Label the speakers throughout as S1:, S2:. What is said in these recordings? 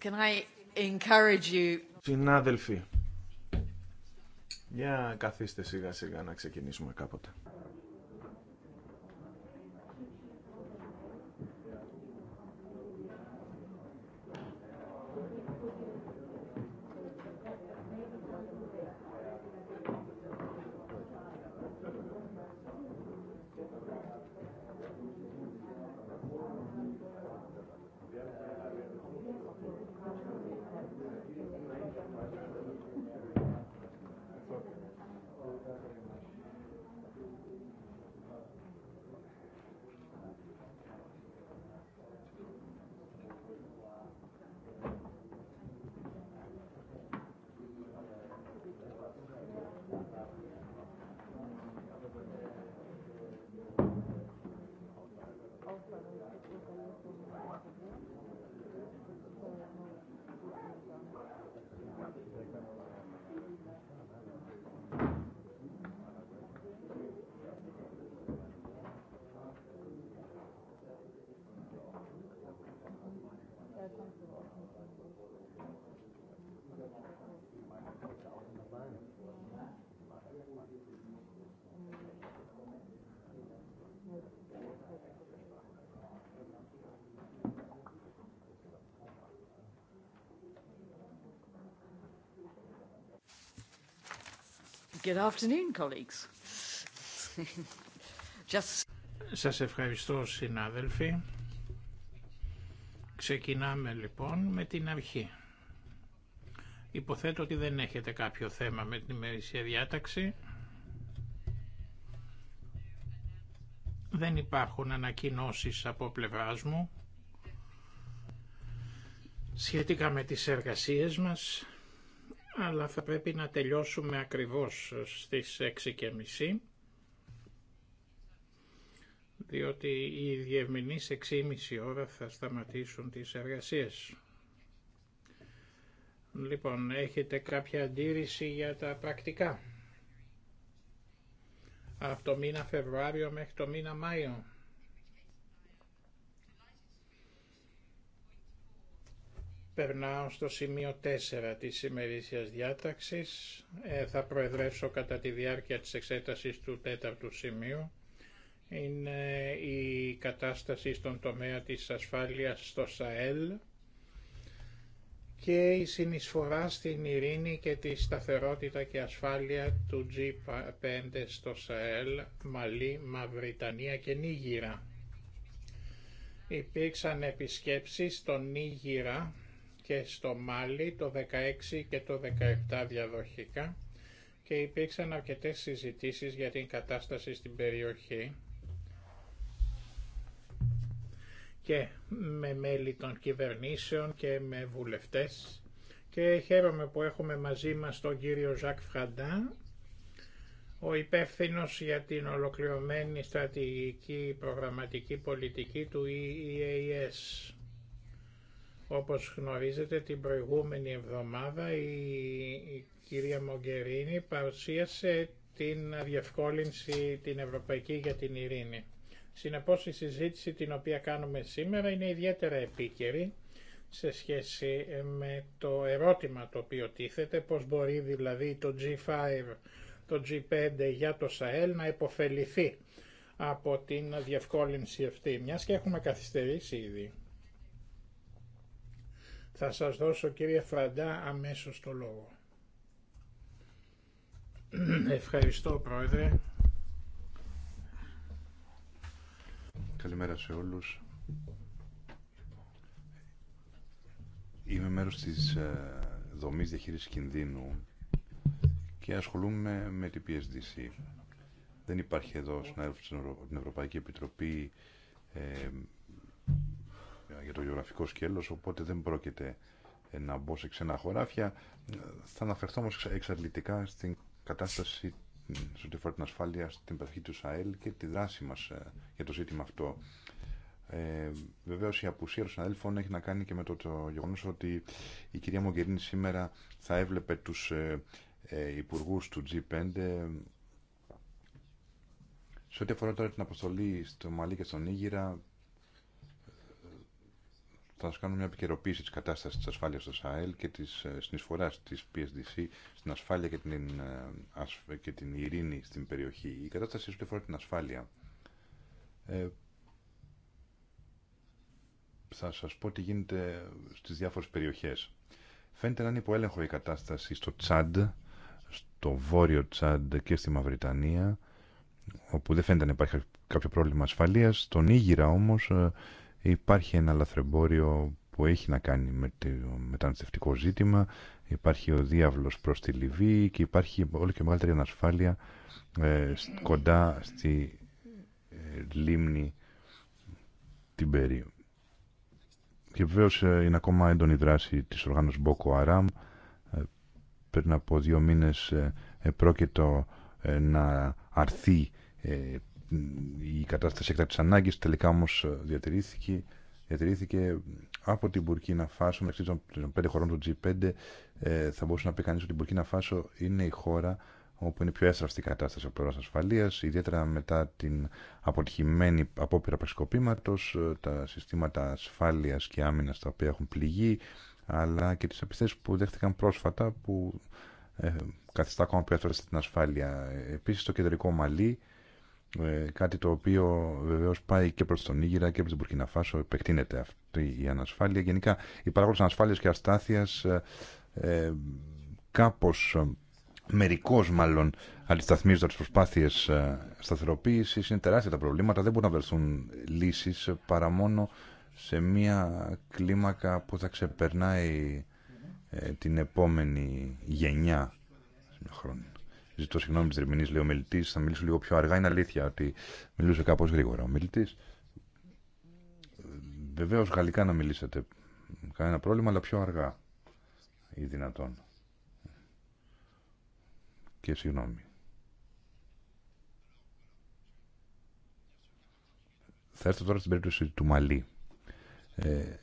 S1: Can I encourage you...
S2: Συνάδελφοι, για καθίστε σιγά σιγά να ξεκινήσουμε κάποτε.
S3: Good afternoon, colleagues.
S1: Just... Σας ευχαριστώ συνάδελφοι. Ξεκινάμε λοιπόν με την αρχή. Υποθέτω ότι δεν έχετε κάποιο θέμα με την ημερησία διάταξη. Δεν υπάρχουν ανακοινώσεις από πλευράς μου σχετικά με τις εργασίες μας αλλά θα πρέπει να τελειώσουμε ακριβώς στις μισή, διότι οι διευμηνείς 6.30 ώρα θα σταματήσουν τις εργασίες. Λοιπόν, έχετε κάποια αντίρρηση για τα πρακτικά. Από το μήνα Φεβρουάριο μέχρι το μήνα Μάιο. Περνάω στο σημείο 4 της σημερινής διάταξης. Ε, θα προεδρεύσω κατά τη διάρκεια της εξέτασης του τέταρτου σημείου. Είναι η κατάσταση στον τομέα της ασφάλειας στο ΣΑΕΛ και η συνεισφορά στην ειρήνη και τη σταθερότητα και ασφάλεια του G5 στο ΣΑΕΛ, Μαλή, Μαυριτανία και Νίγηρα. Υπήρξαν επισκέψεις στο Νίγηρα και στο Μάλι το 16 και το 17 διαδοχικά και υπήρξαν αρκετές συζητήσεις για την κατάσταση στην περιοχή και με μέλη των κυβερνήσεων και με βουλευτές και χαίρομαι που έχουμε μαζί μας τον κύριο Ζακ Φραντά, ο υπεύθυνο για την ολοκληρωμένη στρατηγική προγραμματική πολιτική του EAS. E όπως γνωρίζετε την προηγούμενη εβδομάδα η κυρία Μογκερίνη παρουσίασε την διευκόλυνση την Ευρωπαϊκή για την Ειρήνη. Συνεπώς η συζήτηση την οποία κάνουμε σήμερα είναι ιδιαίτερα επίκαιρη σε σχέση με το ερώτημα το οποίο τίθεται, πώς μπορεί δηλαδή το G5, το G5 για το ΣΑΕΛ να υποφεληθεί από την διευκόλυνση αυτή, μιας και έχουμε καθυστερήσει ήδη. Θα σας δώσω κύριε Φραντά αμέσως το λόγο. Ευχαριστώ Πρόεδρε.
S3: Καλημέρα σε όλους. Είμαι μέρος της ε, δομής διαχείρισης κινδύνου και ασχολούμαι με την PSDC. Δεν υπάρχει εδώ στην Ευρωπαϊκή Επιτροπή ε, για το γεωγραφικό σκέλος, οπότε δεν πρόκειται ε, να μπω σε ξένα χωράφια. Θα αναφερθώ όμως εξαρτητικά στην κατάσταση σε ό,τι αφορά την ασφάλεια στην περιοχή του ΣΑΕΛ και τη δράση μας ε, για το ζήτημα αυτό. Ε, Βεβαίω η απουσία των συναδέλφων έχει να κάνει και με το, το γεγονό ότι η κυρία Μογκερίνη σήμερα θα έβλεπε του ε, ε, υπουργού του G5. Σε ό,τι αφορά τώρα την αποστολή στο Μαλί και στον Ήγηρα, θα σα κάνω μια επικαιροποίηση τη κατάσταση τη ασφάλεια στο ΣΑΕΛ και τη ε, συνεισφορά τη PSDC στην ασφάλεια και την, ε, και την ειρήνη στην περιοχή. Η κατάσταση ό,τι αφορά την ασφάλεια. Ε, θα σα πω τι γίνεται στι διάφορε περιοχέ. Φαίνεται να είναι υποέλεγχο η κατάσταση στο Τσάντ, στο βόρειο Τσάντ και στη Μαυριτανία, όπου δεν φαίνεται να υπάρχει κάποιο πρόβλημα ασφαλεία. Στον Ήγυρα όμω. Υπάρχει ένα λαθρεμπόριο που έχει να κάνει με το μεταναστευτικό ζήτημα, υπάρχει ο διάβλος προς τη Λιβύη και υπάρχει όλο και μεγαλύτερη ανασφάλεια ε, κοντά στη ε, λίμνη την Περίου. Και βεβαίω ε, είναι ακόμα έντονη δράση της οργάνωσης Boko Haram. Ε, πριν από δύο μήνες ε, πρόκειτο να αρθεί η κατάσταση εκτάκτη ανάγκη, τελικά όμως ε, διατηρήθηκε, διατηρήθηκε από την Μπουρκίνα Φάσο μεταξύ των πέντε χωρών του G5 ε, θα μπορούσε να πει κανείς ότι η Μπουρκίνα Φάσο είναι η χώρα όπου είναι πιο έστραυστη η κατάσταση από πλευρά ασφαλεία, ιδιαίτερα μετά την αποτυχημένη απόπειρα πραξικοπήματο, ε, τα συστήματα ασφάλεια και άμυνα τα οποία έχουν πληγεί, αλλά και τι επιθέσει που δέχτηκαν πρόσφατα που ε, καθιστά ακόμα πιο έστραυστη την ασφάλεια. Επίση, το κεντρικό Μαλί ε, κάτι το οποίο βεβαίως πάει και προς τον Ήγηρα και προς την Μπουρκίνα Φάσο, επεκτείνεται αυτή η ανασφάλεια. Γενικά οι παράγοντες ανασφάλεια και αστάθεια ε, ε, κάπως ε, μερικώ μάλλον αντισταθμίζοντα τι προσπάθειε σταθεροποίηση. Είναι τεράστια τα προβλήματα. Δεν μπορούν να βρεθούν λύσει παρά μόνο σε μια κλίμακα που θα ξεπερνάει την επόμενη γενιά. Χρόνια. Ζητώ συγγνώμη τη Δερμηνή, λέει ο μιλητή. Θα μιλήσω λίγο πιο αργά. Είναι αλήθεια ότι μιλούσε κάπω γρήγορα ο μιλητή. Βεβαίω γαλλικά να μιλήσετε. Κανένα πρόβλημα, αλλά πιο αργά ή δυνατόν. Και συγγνώμη. Θα έρθω τώρα στην περίπτωση του Μαλή. Ε,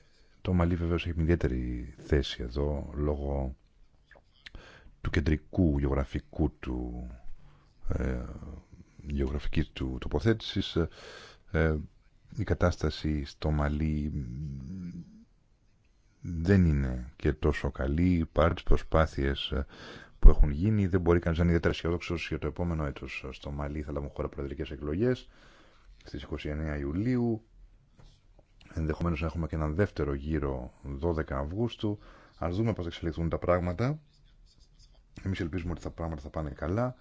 S3: το Μαλή βεβαίως έχει μια ιδιαίτερη θέση εδώ λόγω του κεντρικού γεωγραφικού του ε, του τοποθέτησης ε, ε, η κατάσταση στο Μαλί δεν είναι και τόσο καλή παρά τις προσπάθειες ε, που έχουν γίνει δεν μπορεί κανείς να είναι ιδιαίτερα αισιοδόξο για το επόμενο έτος στο Μαλί θα λάβουν χώρα προεδρικές εκλογές στις 29 Ιουλίου ενδεχομένως να έχουμε και έναν δεύτερο γύρο 12 Αυγούστου ας δούμε πώς εξελιχθούν τα πράγματα εμείς ελπίζουμε ότι τα πράγματα θα πάνε καλά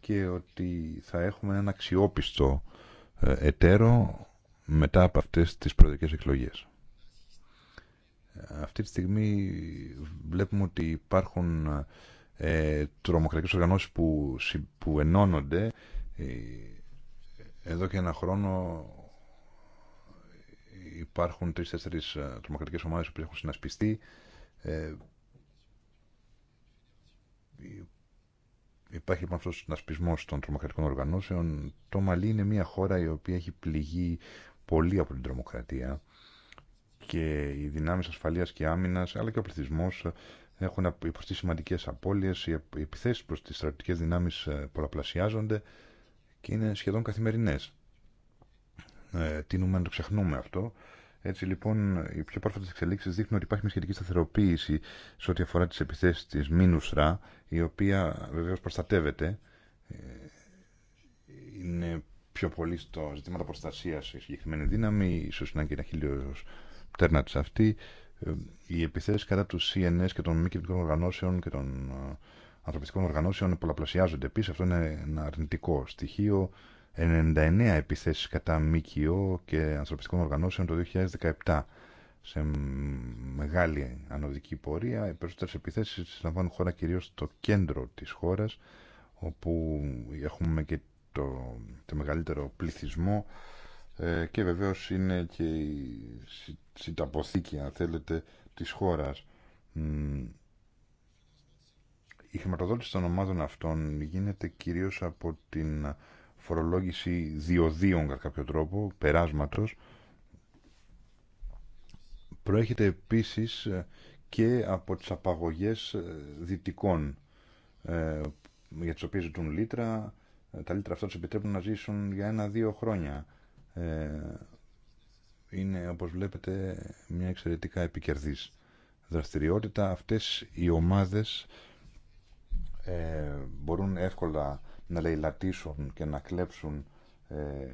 S3: και ότι θα έχουμε ένα αξιόπιστο ε, εταίρο μετά από αυτές τις προεδρικές εκλογές. Αυτή τη στιγμή βλέπουμε ότι υπάρχουν ε, τρομοκρατικές οργανώσεις που, που ενώνονται ε, εδώ και ένα χρόνο υπάρχουν τρεις-τέσσερις ε, τρομοκρατικές ομάδες που έχουν συνασπιστεί υπάρχει λοιπόν αυτό ο συνασπισμό των τρομοκρατικών οργανώσεων. Το Μαλή είναι μια χώρα η οποία έχει πληγεί πολύ από την τρομοκρατία και οι δυνάμεις ασφαλείας και άμυνας αλλά και ο πληθυσμό ε, έχουν υποστεί σημαντικέ απώλειε. οι επιθέσεις προς τις στρατιωτικές δυνάμεις ε, πολλαπλασιάζονται και είναι σχεδόν καθημερινέ. Ε, τίνουμε να το ξεχνούμε αυτό έτσι λοιπόν, οι πιο πρόσφατε εξελίξει δείχνουν ότι υπάρχει μια σχετική σταθεροποίηση σε ό,τι αφορά τι επιθέσει τη Μίνουσρα, η οποία βεβαίω προστατεύεται. Ε, είναι πιο πολύ στο ζητήματα προστασία η συγκεκριμένη δύναμη, ίσω να και ένα χίλιο πτέρνα τη αυτή. Ε, οι επιθέσει κατά του CNS και των μη κυβερνητικών οργανώσεων και των ε, ανθρωπιστικών οργανώσεων πολλαπλασιάζονται επίση. Αυτό είναι ένα αρνητικό στοιχείο. 99 επιθέσεις κατά ΜΚΟ και ανθρωπιστικών οργανώσεων το 2017 σε μεγάλη ανωδική πορεία. Οι περισσότερες επιθέσεις συναντώνουν χώρα κυρίως στο κέντρο της χώρας όπου έχουμε και το, το μεγαλύτερο πληθυσμό ε, και βεβαίως είναι και η συνταποθήκη αν θέλετε της χώρας. Η χρηματοδότηση των ομάδων αυτών γίνεται κυρίως από την φορολόγηση διοδίων κατά κάποιο τρόπο, περάσματος, προέρχεται επίσης ε, και από τις απαγωγές ε, δυτικών ε, για τις οποίες ζητούν λίτρα. Τα λίτρα αυτά τους επιτρέπουν να ζήσουν για ένα-δύο χρόνια. Είναι, όπως βλέπετε, μια εξαιρετικά επικερδής δραστηριότητα. Αυτές οι ομάδες μπορούν εύκολα να λαιλατίσουν και να κλέψουν ε,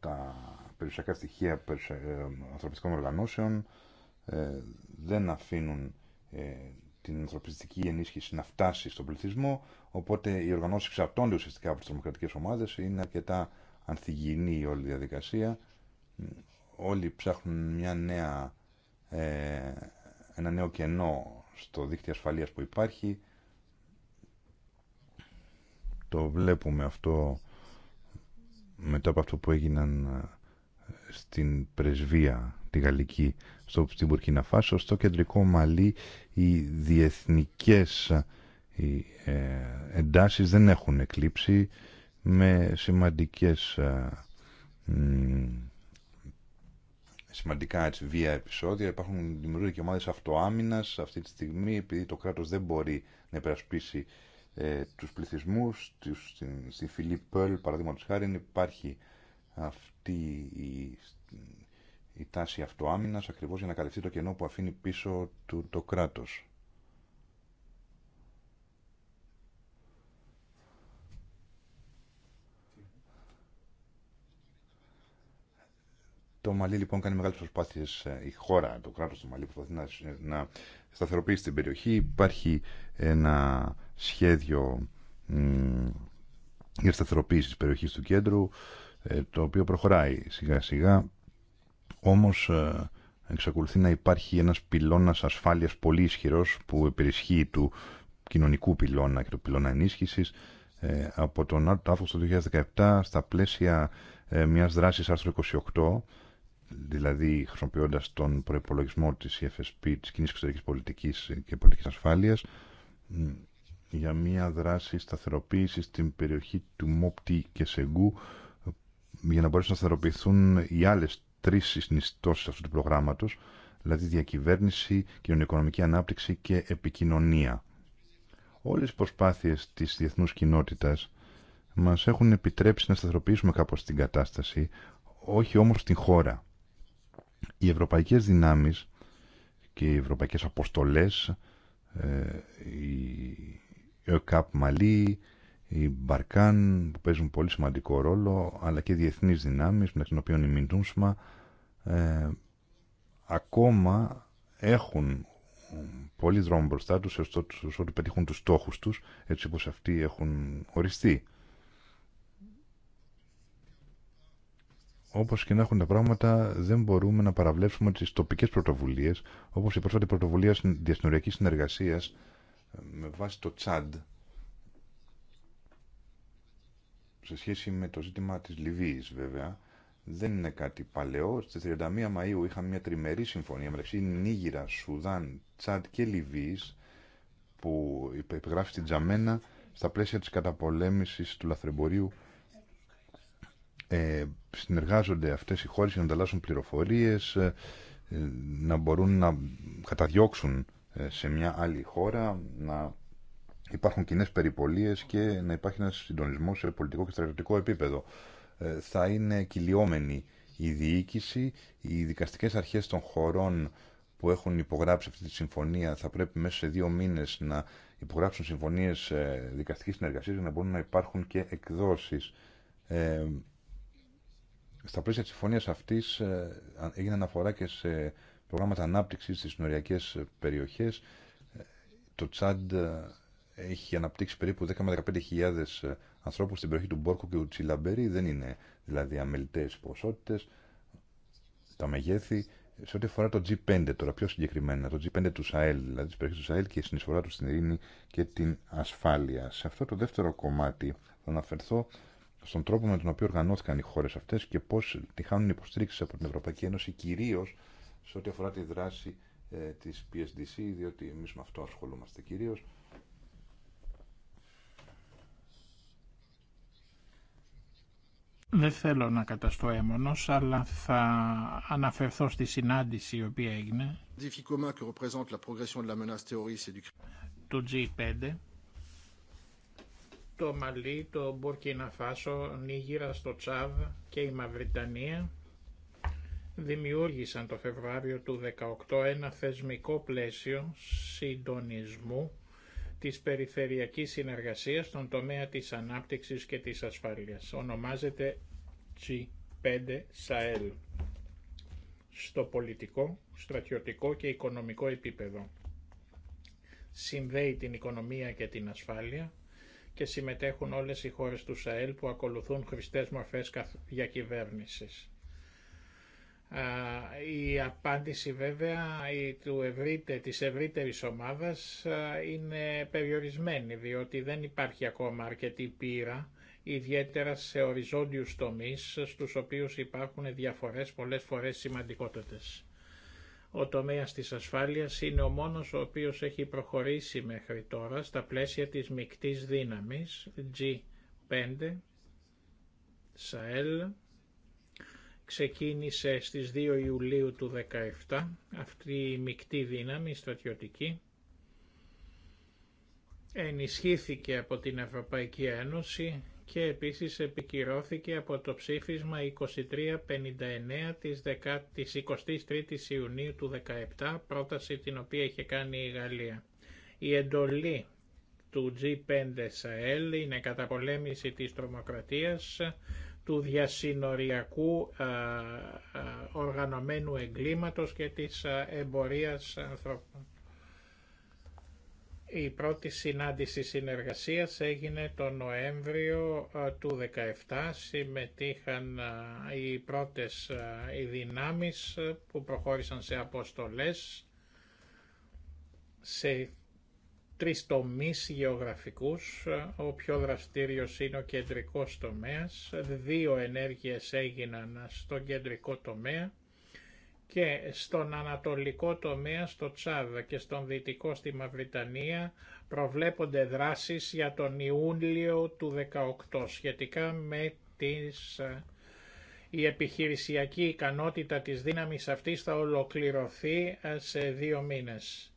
S3: τα περιουσιακά στοιχεία ε, ανθρωπιστικών οργανώσεων, ε, δεν αφήνουν ε, την ανθρωπιστική ενίσχυση να φτάσει στον πληθυσμό, οπότε οι οργανώσει εξαρτώνται ουσιαστικά από τις τρομοκρατικέ ομάδε, είναι αρκετά ανθυγιεινή η όλη διαδικασία. Όλοι ψάχνουν μια νέα, ε, ένα νέο κενό στο δίκτυο ασφαλείας που υπάρχει το βλέπουμε αυτό μετά από αυτό που έγιναν ε, στην πρεσβεία τη Γαλλική στο, στην Μπουρκίνα στο κεντρικό Μαλί οι διεθνικές οι, ε, εντάσεις δεν έχουν εκλείψει με σημαντικές ε, σημαντικά έτσι, βία επεισόδια. Υπάρχουν δημιουργούνται και ομάδες αυτοάμυνας αυτή τη στιγμή επειδή το κράτος δεν μπορεί να υπερασπίσει ε, τους πληθυσμούς, τους, στην, στη Φιλίπ Πέλ, παραδείγματος χάρη, υπάρχει αυτή η, η τάση αυτοάμυνας ακριβώς για να καλυφθεί το κενό που αφήνει πίσω του, το κράτος. Το Μαλί λοιπόν κάνει μεγάλες προσπάθειες, ε, η χώρα, το κράτος του Μαλί προσπαθεί να, να σταθεροποιήσει την περιοχή. Υπάρχει ένα σχέδιο για σταθεροποίηση της περιοχής του κέντρου ε, το οποίο προχωράει σιγά σιγά όμως ε, εξακολουθεί να υπάρχει ένας πυλώνας ασφάλειας πολύ ισχυρός που περισχύει του κοινωνικού πυλώνα και του πυλώνα ενίσχυσης ε, από τον Αύγουστο του 2017 στα πλαίσια μιας δράσης άρθρο 28 δηλαδή χρησιμοποιώντας τον προπολογισμό της ΕΦΣΠ, της κοινής εξωτερικής πολιτικής και πολιτικής ασφάλειας για μια δράση σταθεροποίησης στην περιοχή του Μόπτη και Σεγκού για να μπορέσουν να σταθεροποιηθούν οι άλλες τρεις συνιστώσεις αυτού του προγράμματος, δηλαδή διακυβέρνηση, κοινωνικονομική ανάπτυξη και επικοινωνία. Όλες οι προσπάθειες της διεθνούς κοινότητας μας έχουν επιτρέψει να σταθεροποιήσουμε κάπως την κατάσταση, όχι όμως την χώρα. Οι ευρωπαϊκές δυνάμεις και οι ευρωπαϊκές αποστολές, ε, οι ο Κάπ Μαλή, η Μπαρκάν που παίζουν πολύ σημαντικό ρόλο αλλά και διεθνείς δυνάμεις μεταξύ των οποίων η Μιντούσμα ε, ακόμα έχουν πολύ δρόμο μπροστά τους έως ότι πετύχουν τους στόχους τους έτσι όπως αυτοί έχουν οριστεί. Όπω και να έχουν τα πράγματα δεν μπορούμε να παραβλέψουμε τις τοπικέ πρωτοβουλίες όπω η πρόσφατη πρωτοβουλία διασυνοριακή συνεργασία με βάση το Τσάντ σε σχέση με το ζήτημα της Λιβύης βέβαια δεν είναι κάτι παλαιό. Στις 31 Μαΐου είχαμε μια τριμερή συμφωνία μεταξύ Νίγηρα, Σουδάν, Τσάντ και Λιβύης που υπεγράφει στην Τζαμένα στα πλαίσια της καταπολέμησης του λαθρεμπορίου ε, συνεργάζονται αυτές οι χώρες για να ανταλλάσσουν πληροφορίες, ε, ε, να μπορούν να καταδιώξουν ε, σε μια άλλη χώρα, να υπάρχουν κοινέ περιπολίες και να υπάρχει ένα συντονισμό σε πολιτικό και στρατιωτικό επίπεδο. Ε, θα είναι κυλιόμενη η διοίκηση, οι δικαστικές αρχές των χωρών που έχουν υπογράψει αυτή τη συμφωνία θα πρέπει μέσα σε δύο μήνες να υπογράψουν συμφωνίες ε, δικαστικής συνεργασία για να μπορούν να υπάρχουν και εκδόσει. Ε, στα πλαίσια της συμφωνίας αυτής έγινε αναφορά και σε προγράμματα ανάπτυξης στις νοριακές περιοχές. Το Τσάντ έχει αναπτύξει περίπου 10 με 15.000 ανθρώπους στην περιοχή του Μπόρκου και του Τσιλαμπέρι. Δεν είναι δηλαδή αμελητές ποσότητες. Τα μεγέθη σε ό,τι αφορά το G5 τώρα πιο συγκεκριμένα, το G5 του Σαέλ, δηλαδή τη περιοχή του Σαέλ και η συνεισφορά του στην ειρήνη και την ασφάλεια. Σε αυτό το δεύτερο κομμάτι θα αναφερθώ στον τρόπο με τον οποίο οργανώθηκαν οι χώρε αυτέ και πώ τη υποστήριξη από την Ευρωπαϊκή Ένωση, κυρίω σε ό,τι αφορά τη δράση ε, της PSDC, διότι εμείς με αυτό ασχολούμαστε κυρίως.
S1: Δεν θέλω να καταστώ έμονος, αλλά θα αναφερθώ στη συνάντηση η οποία έγινε του G5 το Μαλί, το Μπουρκίνα Φάσο, Νίγηρα στο Τσάβ και η Μαυριτανία δημιούργησαν το Φεβρουάριο του 2018 ένα θεσμικό πλαίσιο συντονισμού της περιφερειακής συνεργασίας στον τομέα της ανάπτυξης και της ασφάλειας. Ονομάζεται G5 Sahel στο πολιτικό, στρατιωτικό και οικονομικό επίπεδο. Συνδέει την οικονομία και την ασφάλεια και συμμετέχουν όλες οι χώρες του ΣΑΕΛ που ακολουθούν χρηστές μορφές διακυβέρνησης. Η απάντηση βέβαια του ευρύτε, της ευρύτερης ομάδας είναι περιορισμένη διότι δεν υπάρχει ακόμα αρκετή πείρα ιδιαίτερα σε οριζόντιους τομείς στους οποίους υπάρχουν διαφορές πολλές φορές σημαντικότητες. Ο τομέας της ασφάλειας είναι ο μόνος ο οποίος έχει προχωρήσει μέχρι τώρα στα πλαίσια της μικτής δύναμης G5, ΣΑΕΛ, ξεκίνησε στις 2 Ιουλίου του 2017 αυτή η μεικτή δύναμη στρατιωτική ενισχύθηκε από την Ευρωπαϊκή Ένωση και επίσης επικυρώθηκε από το ψήφισμα 2359 της, 23ης Ιουνίου του 2017, πρόταση την οποία είχε κάνει η Γαλλία. Η εντολή του G5 Sahel είναι καταπολέμηση της τρομοκρατίας, του διασυνοριακού ε, ε, οργανωμένου εγκλήματος και της ε, εμπορίας ανθρώπων. Η πρώτη συνάντηση συνεργασίας έγινε τον Νοέμβριο του 2017. Συμμετείχαν οι πρώτες οι δυνάμεις που προχώρησαν σε αποστολές σε τρεις τομείς γεωγραφικούς, ο πιο δραστήριος είναι ο κεντρικός τομέας, δύο ενέργειες έγιναν στον κεντρικό τομέα και στον ανατολικό τομέα στο Τσάδ και στον δυτικό στη Μαυριτανία προβλέπονται δράσεις για τον Ιούλιο του 18 σχετικά με τις ε, η επιχειρησιακή ικανότητα της δύναμης αυτής θα ολοκληρωθεί ε, σε δύο μήνες.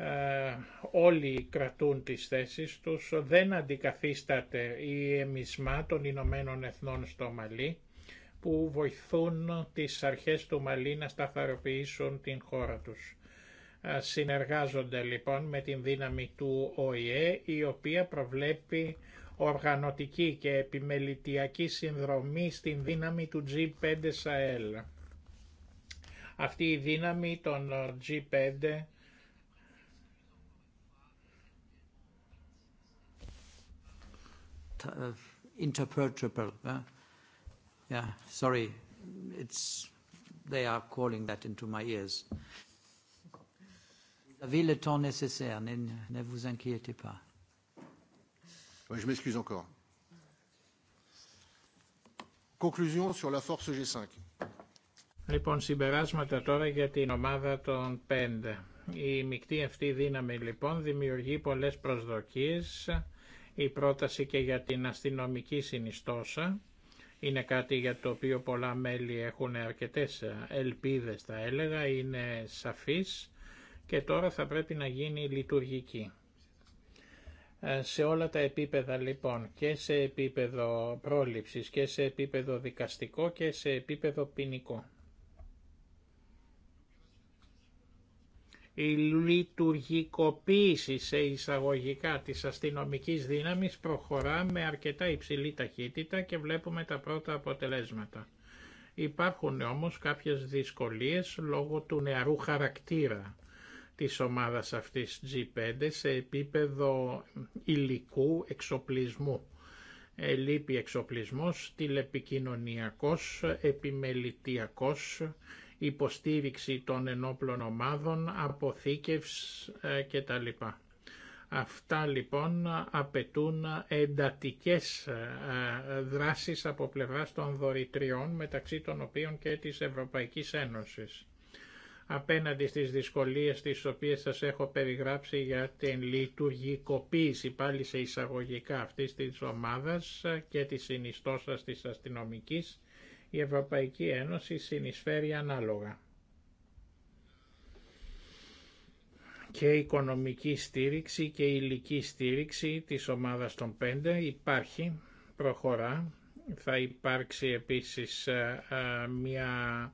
S1: Ε, όλοι κρατούν τις θέσεις τους, δεν αντικαθίσταται η εμισμά των Ηνωμένων Εθνών στο Μαλί, που βοηθούν τις αρχές του Μαλή να σταθεροποιήσουν την χώρα τους. Ε, συνεργάζονται λοιπόν με την δύναμη του ΟΗΕ, η οποία προβλέπει οργανωτική και επιμελητιακή συνδρομή στην δύναμη του G5 Σαέλ. Αυτή η δύναμη των G5 interpretable. Yeah, sorry, it's they are calling that into my ears. Vous avez le temps nécessaire, ne, ne vous inquiétez pas. Oui, je m'excuse encore.
S2: Conclusion sur la force G5.
S1: Λοιπόν, συμπεράσματα τώρα για την ομάδα των 5. Η μεικτή αυτή δύναμη λοιπόν δημιουργεί πολλές προσδοκίες η πρόταση και για την αστυνομική συνιστόσα. Είναι κάτι για το οποίο πολλά μέλη έχουν αρκετές ελπίδες θα έλεγα, είναι σαφής και τώρα θα πρέπει να γίνει λειτουργική. Ε, σε όλα τα επίπεδα λοιπόν, και σε επίπεδο πρόληψης και σε επίπεδο δικαστικό και σε επίπεδο ποινικό. η λειτουργικοποίηση σε εισαγωγικά της αστυνομικής δύναμης προχωρά με αρκετά υψηλή ταχύτητα και βλέπουμε τα πρώτα αποτελέσματα. Υπάρχουν όμως κάποιες δυσκολίες λόγω του νεαρού χαρακτήρα της ομάδας αυτής G5 σε επίπεδο υλικού εξοπλισμού. Ε, λείπει εξοπλισμός, τηλεπικοινωνιακός, επιμελητιακός υποστήριξη των ενόπλων ομάδων, αποθήκευση ε, κτλ. Αυτά λοιπόν απαιτούν εντατικές ε, ε, δράσεις από πλευράς των δωρητριών μεταξύ των οποίων και της Ευρωπαϊκής Ένωσης. Απέναντι στις δυσκολίες τις οποίες σας έχω περιγράψει για την λειτουργικοποίηση πάλι σε εισαγωγικά αυτής της ομάδας και της συνιστώσας της αστυνομικής, η Ευρωπαϊκή Ένωση συνεισφέρει ανάλογα. Και οικονομική στήριξη και ηλική στήριξη της ομάδας των 5 υπάρχει, προχωρά. Θα υπάρξει επίσης ε, ε, μια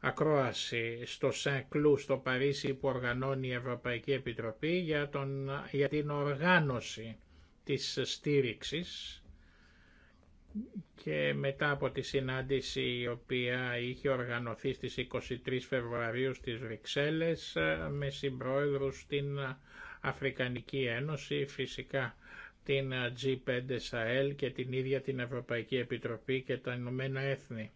S1: ακρόαση στο Σαν Κλού στο Παρίσι που οργανώνει η Ευρωπαϊκή Επιτροπή για, για την οργάνωση της στήριξης και μετά από τη συνάντηση η οποία είχε οργανωθεί στις 23 Φεβρουαρίου στις Βρυξέλλες ε, με συμπρόεδρους στην Αφρικανική Ένωση, φυσικά την G5 Σαέλ και την ίδια την Ευρωπαϊκή Επιτροπή και τα Ηνωμένα Έθνη.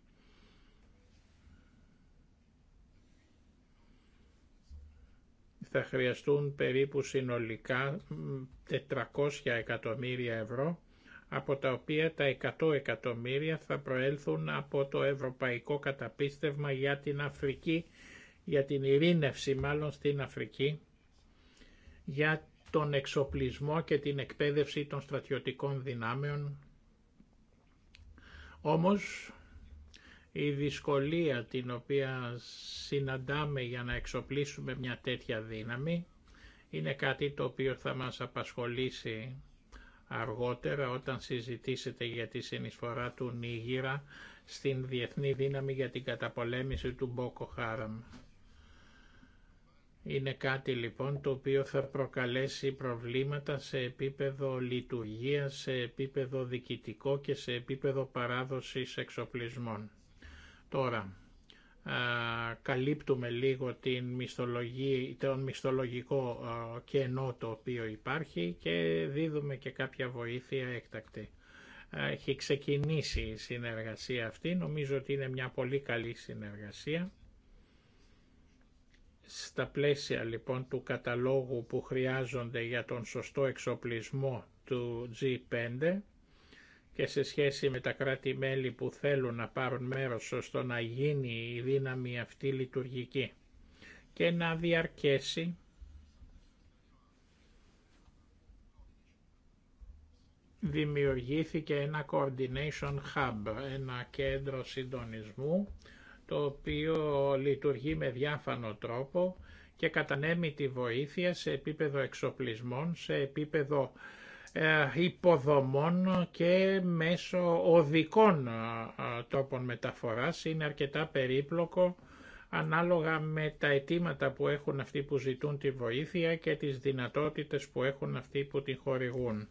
S1: Θα χρειαστούν περίπου συνολικά 400 εκατομμύρια ευρώ από τα οποία τα 100 εκατομμύρια θα προέλθουν από το Ευρωπαϊκό Καταπίστευμα για την Αφρική, για την ειρήνευση μάλλον στην Αφρική, για τον εξοπλισμό και την εκπαίδευση των στρατιωτικών δυνάμεων. Όμως η δυσκολία την οποία συναντάμε για να εξοπλίσουμε μια τέτοια δύναμη είναι κάτι το οποίο θα μας απασχολήσει Αργότερα όταν συζητήσετε για τη συνεισφορά του Νίγηρα στην Διεθνή Δύναμη για την καταπολέμηση του Μπόκο Χάραμ. Είναι κάτι λοιπόν το οποίο θα προκαλέσει προβλήματα σε επίπεδο λειτουργία, σε επίπεδο διοικητικό και σε επίπεδο παράδοσης εξοπλισμών. Τώρα, καλύπτουμε λίγο την τον μισθολογικό κενό το οποίο υπάρχει και δίδουμε και κάποια βοήθεια έκτακτη. Έχει ξεκινήσει η συνεργασία αυτή, νομίζω ότι είναι μια πολύ καλή συνεργασία. Στα πλαίσια λοιπόν του καταλόγου που χρειάζονται για τον σωστό εξοπλισμό του G5, και σε σχέση με τα κράτη-μέλη που θέλουν να πάρουν μέρος ώστε να γίνει η δύναμη αυτή λειτουργική και να διαρκέσει δημιουργήθηκε ένα coordination hub, ένα κέντρο συντονισμού το οποίο λειτουργεί με διάφανο τρόπο και κατανέμει τη βοήθεια σε επίπεδο εξοπλισμών, σε επίπεδο ε, υποδομών και μέσω οδικών ε, τόπων μεταφοράς. Είναι αρκετά περίπλοκο ανάλογα με τα αιτήματα που έχουν αυτοί που ζητούν τη βοήθεια και τις δυνατότητες που έχουν αυτοί που την χορηγούν.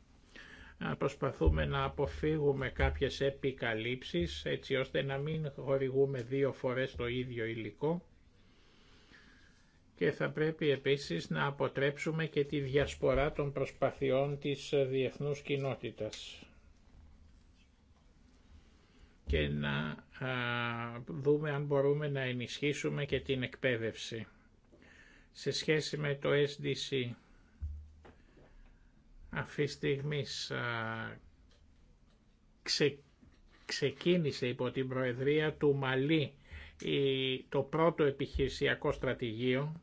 S1: Προσπαθούμε να αποφύγουμε κάποιες επικαλύψεις έτσι ώστε να μην χορηγούμε δύο φορές το ίδιο υλικό και θα πρέπει επίσης να αποτρέψουμε και τη διασπορά των προσπαθειών της διεθνούς κοινότητας και να δούμε αν μπορούμε να ενισχύσουμε και την εκπαίδευση. Σε σχέση με το SDC, αυτή τη στιγμή ξεκίνησε υπό την Προεδρία του Μαλή το πρώτο επιχειρησιακό στρατηγείο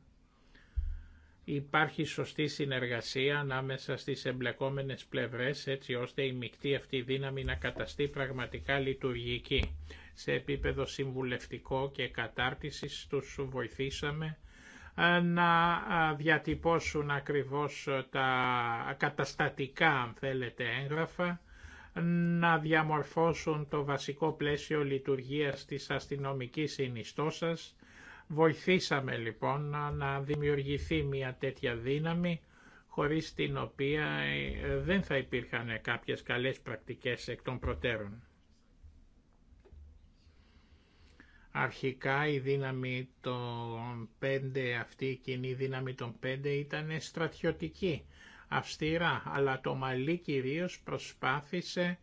S1: υπάρχει σωστή συνεργασία ανάμεσα στις εμπλεκόμενες πλευρές έτσι ώστε η μεικτή αυτή δύναμη να καταστεί πραγματικά λειτουργική. Σε επίπεδο συμβουλευτικό και κατάρτισης τους βοηθήσαμε ε, να ε, διατυπώσουν ακριβώς ε, τα καταστατικά αν θέλετε έγγραφα να διαμορφώσουν το βασικό πλαίσιο λειτουργίας της αστυνομικής συνιστώσας Βοηθήσαμε λοιπόν να δημιουργηθεί μια τέτοια δύναμη χωρίς την οποία ε, δεν θα υπήρχαν κάποιες καλές πρακτικές εκ των προτέρων. Αρχικά η δύναμη των πέντε, αυτή η κοινή δύναμη των πέντε ήταν στρατιωτική, αυστηρά, αλλά το Μαλί κυρίως προσπάθησε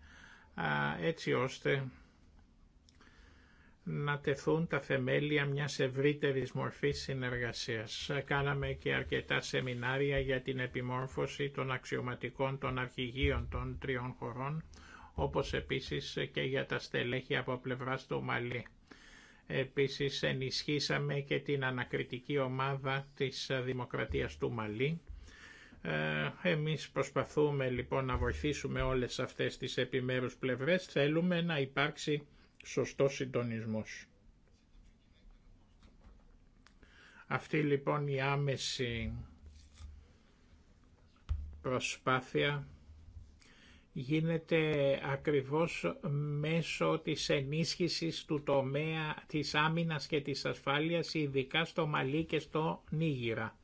S1: έτσι ώστε να τεθούν τα θεμέλια μιας ευρύτερης μορφής συνεργασίας. Κάναμε και αρκετά σεμινάρια για την επιμόρφωση των αξιωματικών των αρχηγείων των τριών χωρών, όπως επίσης και για τα στελέχη από πλευρά του Μαλή. Επίσης ενισχύσαμε και την ανακριτική ομάδα της Δημοκρατίας του Μαλή. Ε, εμείς προσπαθούμε λοιπόν να βοηθήσουμε όλες αυτές τις επιμέρους πλευρές. Θέλουμε να υπάρξει σωστός συντονισμός. Αυτή λοιπόν η άμεση προσπάθεια γίνεται ακριβώς μέσω της ενίσχυσης του τομέα της άμυνας και της ασφάλειας, ειδικά στο Μαλί και στο Νίγηρα.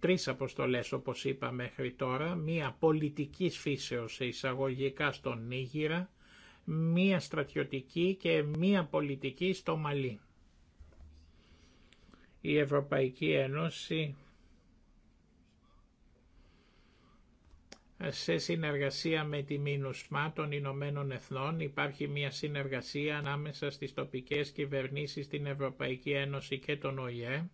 S1: Τρεις αποστολές όπως είπα μέχρι τώρα, μία πολιτικής φύσεως εισαγωγικά στο Νίγηρα, μία στρατιωτική και μία πολιτική στο Μαλί. Η Ευρωπαϊκή Ένωση σε συνεργασία με τη Μίνουσμα των Ηνωμένων Εθνών υπάρχει μια συνεργασία ανάμεσα στις τοπικές κυβερνήσεις στην Ευρωπαϊκή Ένωση και τον ΟΗΕ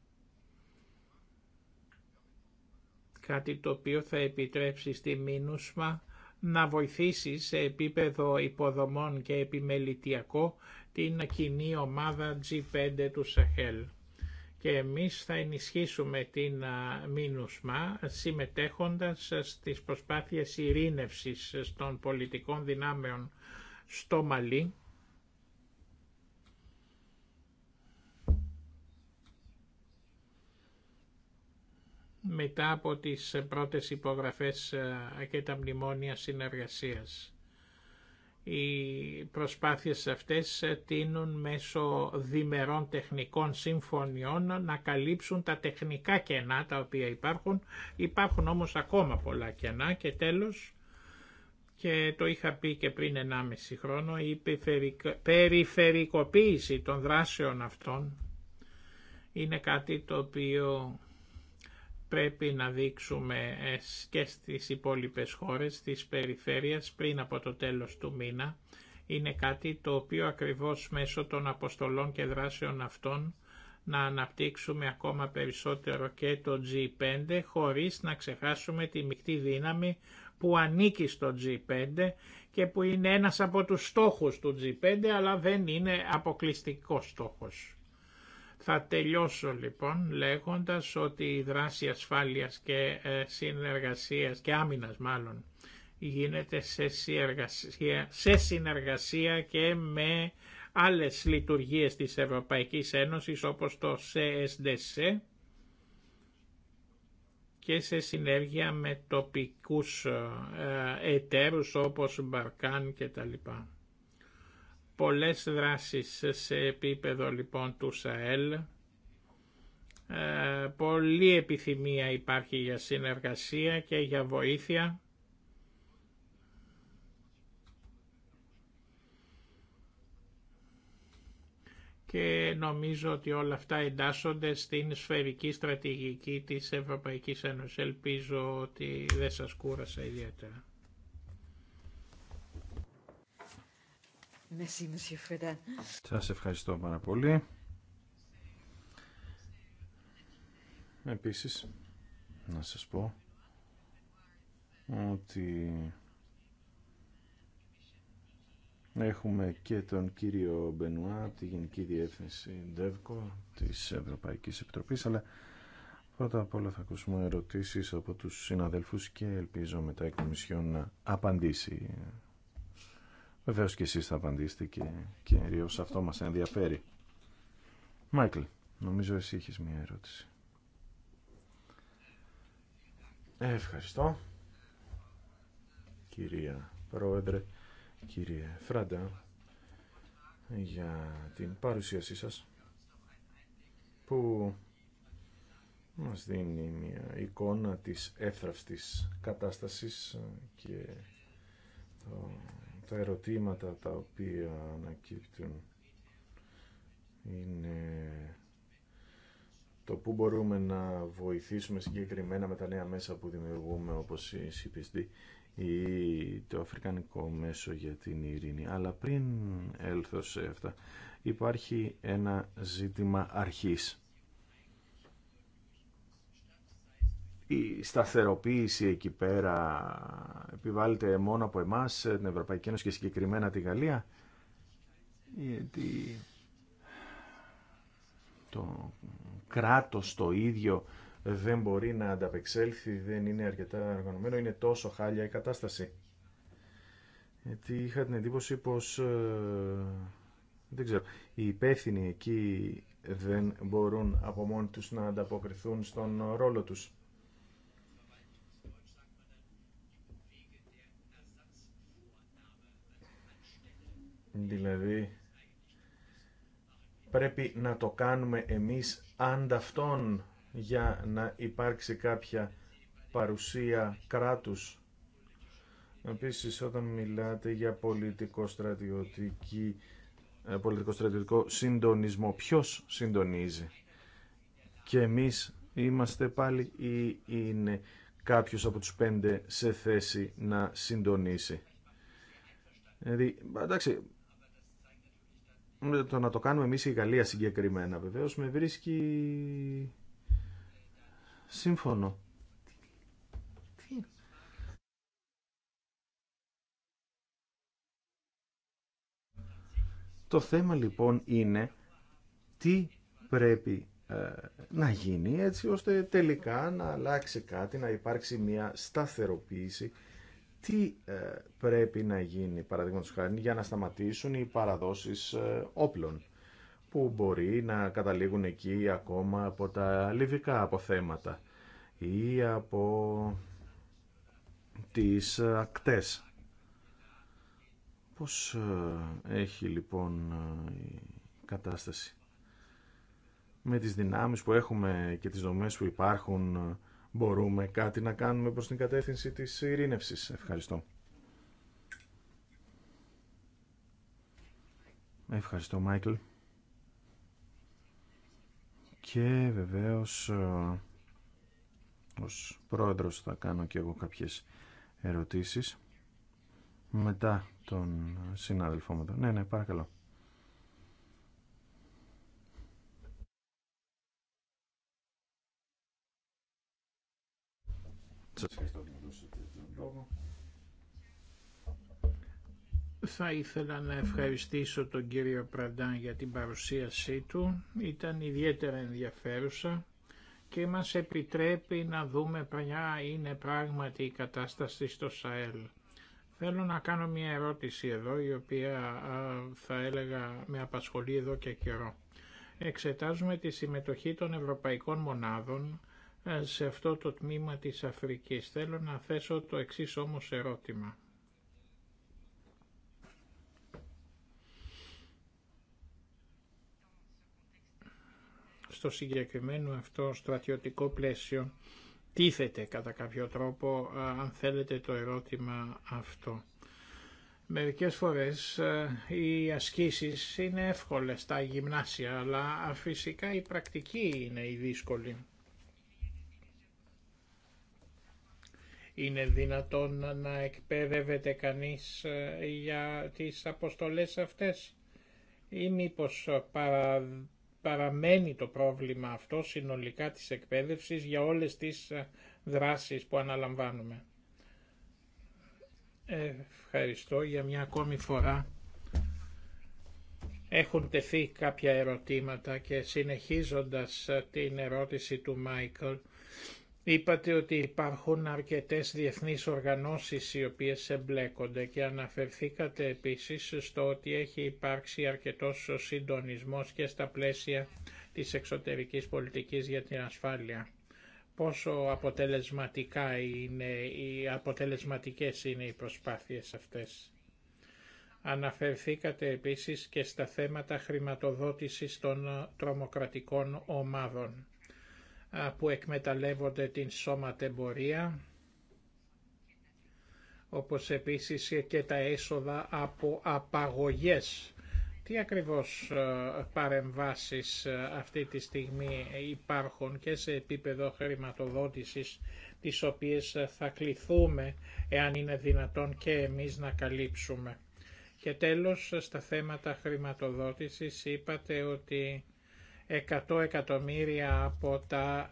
S1: κάτι το οποίο θα επιτρέψει στη Μίνουσμα να βοηθήσει σε επίπεδο υποδομών και επιμελητιακό την κοινή ομάδα G5 του Σαχέλ. Και εμείς θα ενισχύσουμε την μήνουσμα συμμετέχοντας στις προσπάθειες ειρήνευσης των πολιτικών δυνάμεων στο Μαλί μετά από τις πρώτες υπογραφές ε, και τα μνημόνια συνεργασίας. Οι προσπάθειες αυτές ε, τίνουν μέσω διμερών τεχνικών συμφωνιών να καλύψουν τα τεχνικά κενά τα οποία υπάρχουν. Υπάρχουν όμως ακόμα πολλά κενά και τέλος, και το είχα πει και πριν 1,5 χρόνο, η περιφερικοποίηση των δράσεων αυτών είναι κάτι το οποίο πρέπει να δείξουμε ε, και στις υπόλοιπες χώρες της περιφέρειας πριν από το τέλος του μήνα. Είναι κάτι το οποίο ακριβώς μέσω των αποστολών και δράσεων αυτών να αναπτύξουμε ακόμα περισσότερο και το G5 χωρίς να ξεχάσουμε τη μεικτή δύναμη που ανήκει στο G5 και που είναι ένας από τους στόχους του G5 αλλά δεν είναι αποκλειστικός στόχος. Θα τελειώσω λοιπόν λέγοντας ότι η δράση ασφάλειας και ε, συνεργασίας και άμυνας μάλλον γίνεται σε συνεργασία, σε και με άλλες λειτουργίες της Ευρωπαϊκής Ένωσης όπως το CSDC και σε συνέργεια με τοπικούς ε, εταίρους όπως Μπαρκάν και τα λοιπά πολλές δράσεις σε επίπεδο λοιπόν του ΣΑΕΛ. Ε, πολλή επιθυμία υπάρχει για συνεργασία και για βοήθεια. και νομίζω ότι όλα αυτά εντάσσονται στην σφαιρική στρατηγική της Ευρωπαϊκής Ένωσης. Ελπίζω ότι δεν σας κούρασα ιδιαίτερα. Ναι,
S2: σας ευχαριστώ πάρα πολύ. Επίσης, να σας πω ότι έχουμε και τον κύριο Μπενουά τη Γενική Διεύθυνση ΔΕΒΚΟ της Ευρωπαϊκής Επιτροπής, αλλά πρώτα απ' όλα θα ακούσουμε ερωτήσεις από τους συναδελφούς και ελπίζω μετά η Κομισιόν να απαντήσει Βεβαίω και εσεί θα απαντήσετε και κυρίω αυτό μας ενδιαφέρει. Μάικλ, νομίζω εσύ έχεις μια ερώτηση. Ευχαριστώ. Κυρία Πρόεδρε, κυρία Φράντα, για την παρουσίασή σας που μας δίνει μια εικόνα της έθραυστης κατάστασης και τα ερωτήματα τα οποία ανακύπτουν είναι το που μπορούμε να βοηθήσουμε συγκεκριμένα με τα νέα μέσα που δημιουργούμε όπως η CPSD ή το Αφρικανικό Μέσο για την Ειρήνη. Αλλά πριν έλθω σε αυτά υπάρχει ένα ζήτημα αρχής. η σταθεροποίηση εκεί πέρα επιβάλλεται μόνο από εμάς, την Ευρωπαϊκή Ένωση και συγκεκριμένα τη Γαλλία, γιατί το κράτος το ίδιο δεν μπορεί να ανταπεξέλθει, δεν είναι αρκετά οργανωμένο, είναι τόσο χάλια η κατάσταση. Γιατί είχα την εντύπωση πως, ε, δεν ξέρω, οι υπεύθυνοι εκεί δεν μπορούν από μόνοι τους να ανταποκριθούν στον ρόλο τους. Δηλαδή πρέπει να το κάνουμε εμείς ανταυτόν για να υπάρξει κάποια παρουσία κράτους. Επίσης όταν μιλάτε για πολιτικο-στρατιωτική ε, πολιτικο-στρατιωτικό συντονισμό. Ποιος συντονίζει. Και εμείς είμαστε πάλι ή είναι κάποιος από τους πέντε σε θέση να συντονίσει. Δηλαδή, εντάξει, το να το κάνουμε εμείς η Γαλλία συγκεκριμένα βεβαίως με βρίσκει σύμφωνο. Το θέμα λοιπόν είναι τι πρέπει ε, να γίνει έτσι ώστε τελικά να αλλάξει κάτι, να υπάρξει μια σταθεροποίηση τι ε, πρέπει να γίνει, παραδείγματος χάρη, για να σταματήσουν οι παραδόσεις ε, όπλων που μπορεί να καταλήγουν εκεί ακόμα από τα λιβικά αποθέματα ή από τις ακτές. Πώς ε, έχει λοιπόν η κατάσταση. Με τις δυνάμεις που έχουμε και τις δομές που υπάρχουν μπορούμε κάτι να κάνουμε προς την κατεύθυνση της ειρήνευσης. Ευχαριστώ. Ευχαριστώ Μάικλ. Και βεβαίως ε, ως πρόεδρος θα κάνω και εγώ κάποιες ερωτήσεις μετά τον συνάδελφό μου. Ναι, ναι, παρακαλώ.
S1: Θα ήθελα να ευχαριστήσω τον κύριο Πραντάν για την παρουσίασή του. Ήταν ιδιαίτερα ενδιαφέρουσα και μας επιτρέπει να δούμε ποια είναι πράγματι η κατάσταση στο ΣΑΕΛ. Θέλω να κάνω μια ερώτηση εδώ, η οποία θα έλεγα με απασχολεί εδώ και καιρό. Εξετάζουμε τη συμμετοχή των ευρωπαϊκών μονάδων σε αυτό το τμήμα της Αφρικής. Θέλω να θέσω το εξής όμως ερώτημα. Στο συγκεκριμένο αυτό στρατιωτικό πλαίσιο τίθεται κατά κάποιο τρόπο αν θέλετε το ερώτημα αυτό. Μερικές φορές οι ασκήσεις είναι εύκολες στα γυμνάσια, αλλά φυσικά η πρακτική είναι η δύσκολη. Είναι δυνατόν να εκπαίδευεται κανείς ε, για τις αποστολές αυτές ή μήπως ε, παραμένει το πρόβλημα αυτό συνολικά της εκπαίδευσης για όλες τις ε, δράσεις που αναλαμβάνουμε. Ευχαριστώ για μια ακόμη φορά. Έχουν τεθεί κάποια ερωτήματα και συνεχίζοντας την ερώτηση του Μάικλ Είπατε ότι υπάρχουν αρκετές διεθνείς οργανώσεις οι οποίες εμπλέκονται και αναφερθήκατε επίσης στο ότι έχει υπάρξει αρκετός συντονισμός και στα πλαίσια της εξωτερικής πολιτικής για την ασφάλεια. Πόσο αποτελεσματικά είναι, οι αποτελεσματικές είναι οι προσπάθειες αυτές. Αναφερθήκατε επίσης και στα θέματα χρηματοδότησης των τρομοκρατικών ομάδων που εκμεταλλεύονται την σώματεμπορία, όπως επίσης και τα έσοδα από απαγωγές. Τι ακριβώς παρεμβάσεις αυτή τη στιγμή υπάρχουν και σε επίπεδο χρηματοδότησης τις οποίες θα κληθούμε εάν είναι δυνατόν και εμείς να καλύψουμε. Και τέλος στα θέματα χρηματοδότησης είπατε ότι 100 εκατομμύρια από τα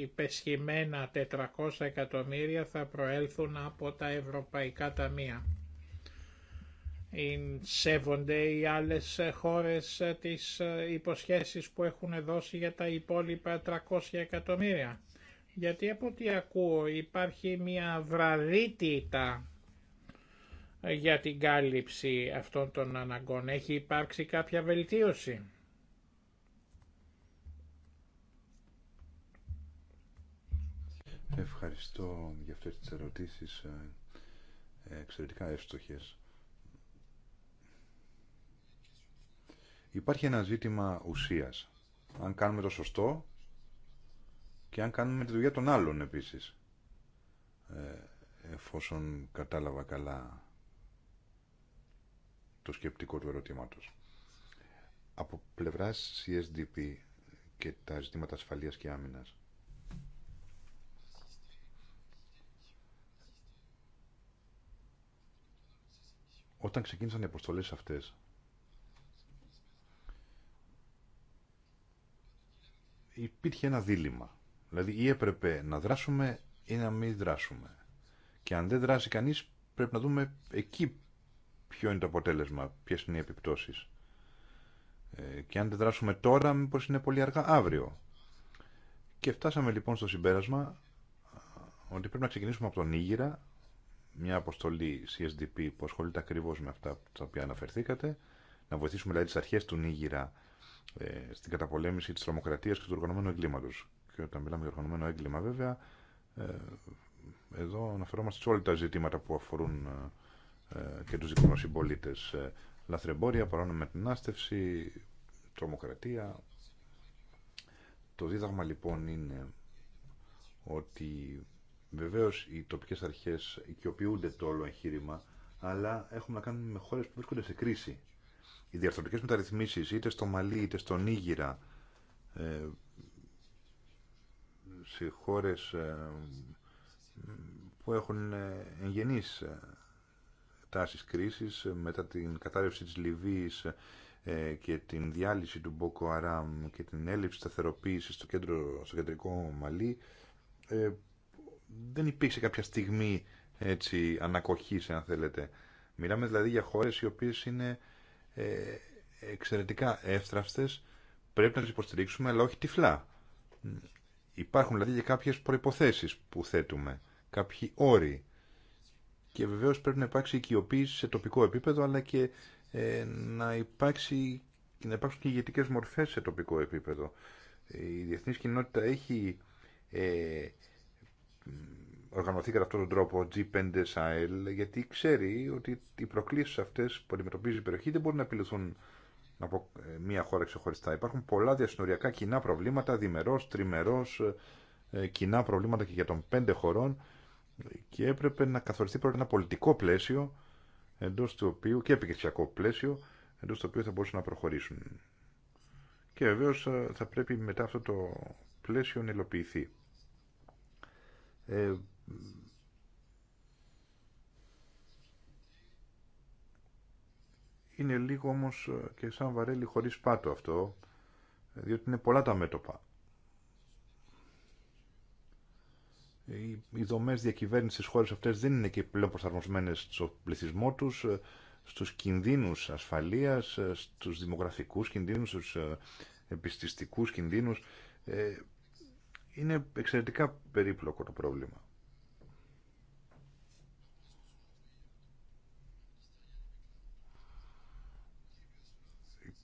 S1: υπεσχημένα 400 εκατομμύρια θα προέλθουν από τα ευρωπαϊκά ταμεία. Σέβονται οι άλλες χώρες τις υποσχέσεις που έχουν δώσει για τα υπόλοιπα 300 εκατομμύρια. Γιατί από ό,τι ακούω υπάρχει μια βραδύτητα για την κάλυψη αυτών των αναγκών. Έχει υπάρξει κάποια βελτίωση.
S3: Ευχαριστώ για αυτές τις ερωτήσεις ε, εξαιρετικά εύστοχες. Υπάρχει ένα ζήτημα ουσίας. Αν κάνουμε το σωστό και αν κάνουμε τη δουλειά των άλλων επίσης. Ε, εφόσον κατάλαβα καλά το σκεπτικό του ερωτήματος. Από πλευράς CSDP και τα ζητήματα ασφαλείας και άμυνας Όταν ξεκίνησαν οι αποστολές αυτές, υπήρχε ένα δίλημα. Δηλαδή ή έπρεπε να δράσουμε ή να μην δράσουμε. Και αν δεν δράσει κανείς πρέπει να δούμε εκεί ποιο είναι το αποτέλεσμα, ποιες είναι οι επιπτώσεις. Ε, και αν δεν δράσουμε τώρα μήπως είναι πολύ αργά αύριο. Και φτάσαμε λοιπόν στο συμπέρασμα ότι πρέπει να ξεκινήσουμε από τον Ήγηρα μια αποστολή CSDP που ασχολείται ακριβώ με αυτά τα οποία αναφερθήκατε, να βοηθήσουμε δηλαδή τι αρχέ του Νίγηρα ε, στην καταπολέμηση τη τρομοκρατία και του οργανωμένου εγκλήματο. Και όταν μιλάμε για οργανωμένο έγκλημα, βέβαια, ε, εδώ αναφερόμαστε σε όλα τα ζητήματα που αφορούν ε, ε και του δικού μα συμπολίτε. Ε, λαθρεμπόρια, παράνομη μετανάστευση, τρομοκρατία. Το δίδαγμα λοιπόν είναι ότι Βεβαίω οι τοπικέ αρχέ οικειοποιούνται το όλο εγχείρημα, αλλά έχουμε να κάνουμε με χώρε που βρίσκονται σε κρίση. Οι διαρθρωτικέ μεταρρυθμίσει είτε στο Μαλί είτε στο Νίγηρα, ε, σε χώρε ε, που έχουν ε, εγγενεί τάσει κρίση μετά την κατάρρευση τη Λιβύη και την διάλυση του Μποκοαράμ και την έλλειψη σταθεροποίηση στο, στο κεντρικό Μαλί δεν υπήρξε κάποια στιγμή έτσι ανακοχής αν θέλετε. Μιλάμε δηλαδή για χώρες οι οποίες είναι ε, εξαιρετικά εύθραυστες, πρέπει να τις υποστηρίξουμε αλλά όχι τυφλά. Υπάρχουν δηλαδή και κάποιες προϋποθέσεις που θέτουμε, κάποιοι όροι και βεβαίως πρέπει να υπάρξει οικειοποίηση σε τοπικό επίπεδο αλλά και ε, να, υπάρξει, να υπάρξουν και ηγετικέ μορφές σε τοπικό επίπεδο. Η διεθνής κοινότητα έχει ε, οργανωθεί κατά αυτόν τον τρόπο G5 Sahel, γιατί ξέρει ότι οι προκλήσει αυτέ που αντιμετωπίζει η περιοχή δεν μπορούν να επιληθούν από ε, μία χώρα ξεχωριστά. Υπάρχουν πολλά διασυνοριακά κοινά προβλήματα, διμερό, τριμερό, ε, κοινά προβλήματα και για των πέντε χωρών και έπρεπε να καθοριστεί πρώτα ένα πολιτικό πλαίσιο εντός του οποίου, και επικοινωνιακό πλαίσιο εντός του οποίου θα μπορούσαν να προχωρήσουν. Και βεβαίω ε, θα πρέπει μετά αυτό το πλαίσιο να υλοποιηθεί. Ε, είναι λίγο όμως ε, και σαν βαρέλι χωρίς πάτο αυτό, διότι είναι πολλά τα μέτωπα. Ε, οι δομές διακυβέρνησης στις χώρες αυτές δεν είναι και πλέον προσαρμοσμένες στον πληθυσμό τους, ε, στους κινδύνους ασφαλείας, στους δημογραφικούς κινδύνους, στους επιστηστικούς κινδύνους είναι εξαιρετικά περίπλοκο το πρόβλημα.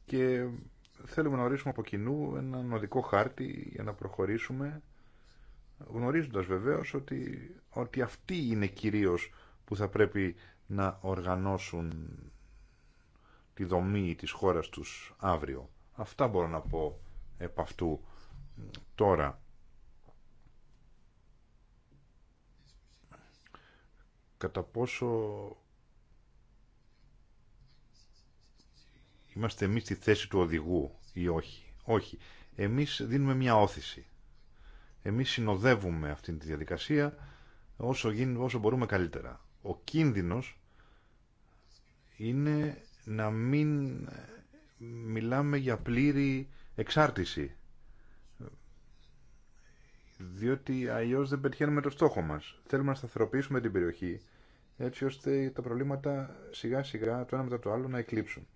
S3: Και θέλουμε να ορίσουμε από κοινού έναν οδικό χάρτη για να προχωρήσουμε, γνωρίζοντας βεβαίως ότι, ότι αυτοί είναι κυρίως που θα πρέπει να οργανώσουν τη δομή της χώρας τους αύριο. Αυτά μπορώ να πω επ' αυτού τώρα. κατά πόσο είμαστε εμείς στη θέση του οδηγού ή όχι. Όχι. Εμείς δίνουμε μια όθηση. Εμείς συνοδεύουμε αυτή τη διαδικασία όσο, γίνει, όσο μπορούμε καλύτερα. Ο κίνδυνος είναι να μην μιλάμε για πλήρη εξάρτηση διότι αλλιώ δεν πετυχαίνουμε το στόχο μας. Θέλουμε να σταθεροποιήσουμε την περιοχή έτσι ώστε τα προβλήματα σιγά σιγά το ένα μετά το άλλο να εκλείψουν.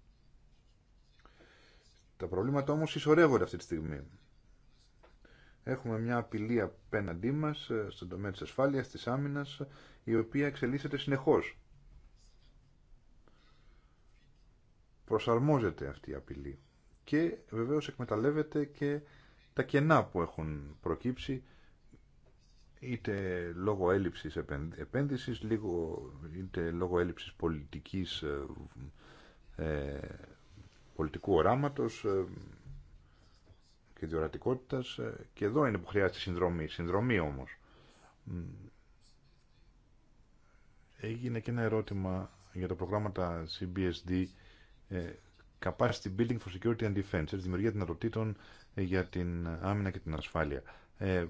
S3: Τα προβλήματα όμως ισορεύονται αυτή τη στιγμή. Έχουμε μια απειλή απέναντί μας ε, στον τομέα της ασφάλειας, της άμυνας, η οποία εξελίσσεται συνεχώς. Προσαρμόζεται αυτή η απειλή και βεβαίως εκμεταλλεύεται και τα κενά που έχουν προκύψει είτε λόγω έλλειψης επένδυσης, λίγο, είτε λόγω έλλειψης πολιτικής, ε, ε πολιτικού οράματος ε, και διορατικότητας. Ε, και εδώ είναι που χρειάζεται συνδρομή. Συνδρομή όμως. Έγινε και ένα ερώτημα για τα προγράμματα CBSD Capacity Building for Security and Defense, δημιουργία δυνατοτήτων για την άμυνα και την ασφάλεια. Ε,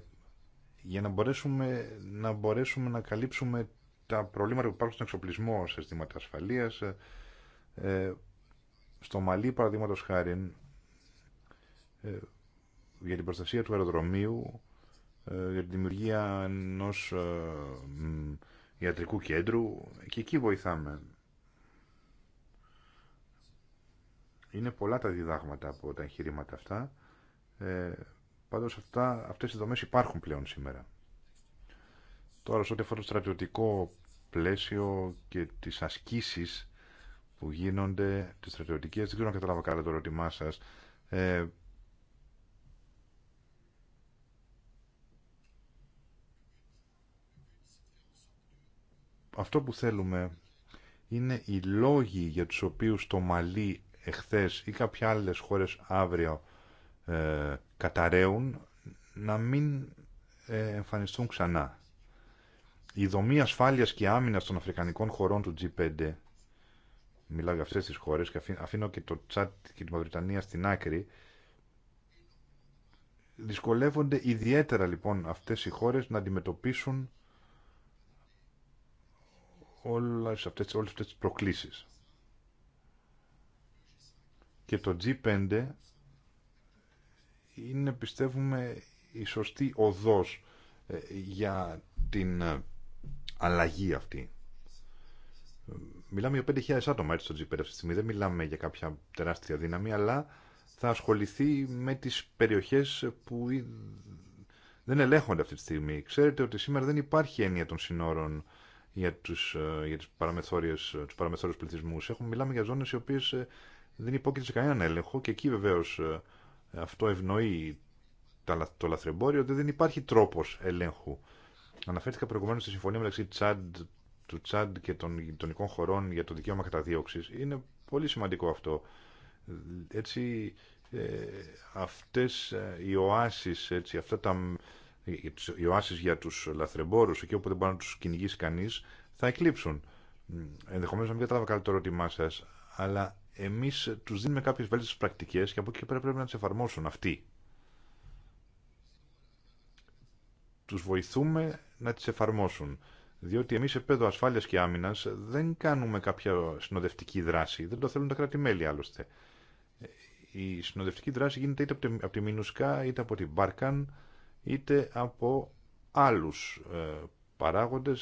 S3: για να μπορέσουμε, να μπορέσουμε να καλύψουμε τα προβλήματα που υπάρχουν στον εξοπλισμό σε αισθήματα ασφαλείας. Ε, ε, στο Μαλί, παραδείγματος χάρη, ε, για την προστασία του αεροδρομίου, ε, για τη δημιουργία ενός ιατρικού κέντρου και εκεί βοηθάμε. Είναι πολλά τα διδάγματα από τα εγχειρήματα αυτά. Πάντως αυτά, αυτές οι δομές υπάρχουν πλέον σήμερα. Τώρα, σε ό,τι αφορά το στρατιωτικό πλαίσιο και τις ασκήσεις που γίνονται, τις στρατιωτικές, δεν ξέρω αν κατάλαβα καλά το ερώτημά σας. Ε, αυτό που θέλουμε είναι οι λόγοι για τους οποίους το Μαλή εχθές ή κάποια άλλες χώρες αύριο ε, καταραίουν να μην ε, εμφανιστούν ξανά. Η δομή ασφάλειας και άμυνας των αφρικανικών χωρών του G5 μιλάω για αυτές τις χώρες και αφήνω και το Τσάτ και τη Μαυριτανία στην άκρη δυσκολεύονται ιδιαίτερα λοιπόν αυτές οι χώρες να αντιμετωπίσουν όλες αυτές, όλες αυτές τις προκλήσεις. Και το G5 είναι πιστεύουμε η σωστή οδός ε, για την ε, αλλαγή αυτή. Μιλάμε για 5.000 άτομα έτσι στο G5 αυτή τη στιγμή, δεν μιλάμε για κάποια τεράστια δύναμη, αλλά θα ασχοληθεί με τις περιοχές που δεν ελέγχονται αυτή τη στιγμή. Ξέρετε ότι σήμερα δεν υπάρχει έννοια των συνόρων για τους, ε, για τις παραμεθόριες, τους παραμεθόριους πληθυσμούς. Έχουμε, μιλάμε για ζώνες οι οποίες δεν υπόκειται σε κανέναν έλεγχο και εκεί βεβαίως αυτό ευνοεί το λαθρεμπόριο, ότι δεν υπάρχει τρόπος ελέγχου. Αναφέρθηκα προηγουμένω στη συμφωνία μεταξύ Τσάντ, του Τσάντ και των γειτονικών χωρών για το δικαίωμα καταδίωξη. Είναι πολύ σημαντικό αυτό. Έτσι, ε, αυτές ε, οι οάσεις, έτσι, αυτά τα, οι οάσεις για τους λαθρεμπόρους, εκεί όπου δεν μπορεί να τους κυνηγήσει κανείς, θα εκλείψουν. Ενδεχομένως να μην κατάλαβα καλά το ερώτημά σας, αλλά εμείς τους δίνουμε κάποιες βέλτιστες πρακτικές και από εκεί πέρα πρέπει να τις εφαρμόσουν αυτοί. Τους βοηθούμε να τις εφαρμόσουν. Διότι εμείς σε επίπεδο και άμυνας δεν κάνουμε κάποια συνοδευτική δράση. Δεν το θέλουν τα κράτη-μέλη άλλωστε. Η συνοδευτική δράση γίνεται είτε από τη Μινουσκά, είτε από την Μπάρκαν, είτε από άλλους ε, παράγοντε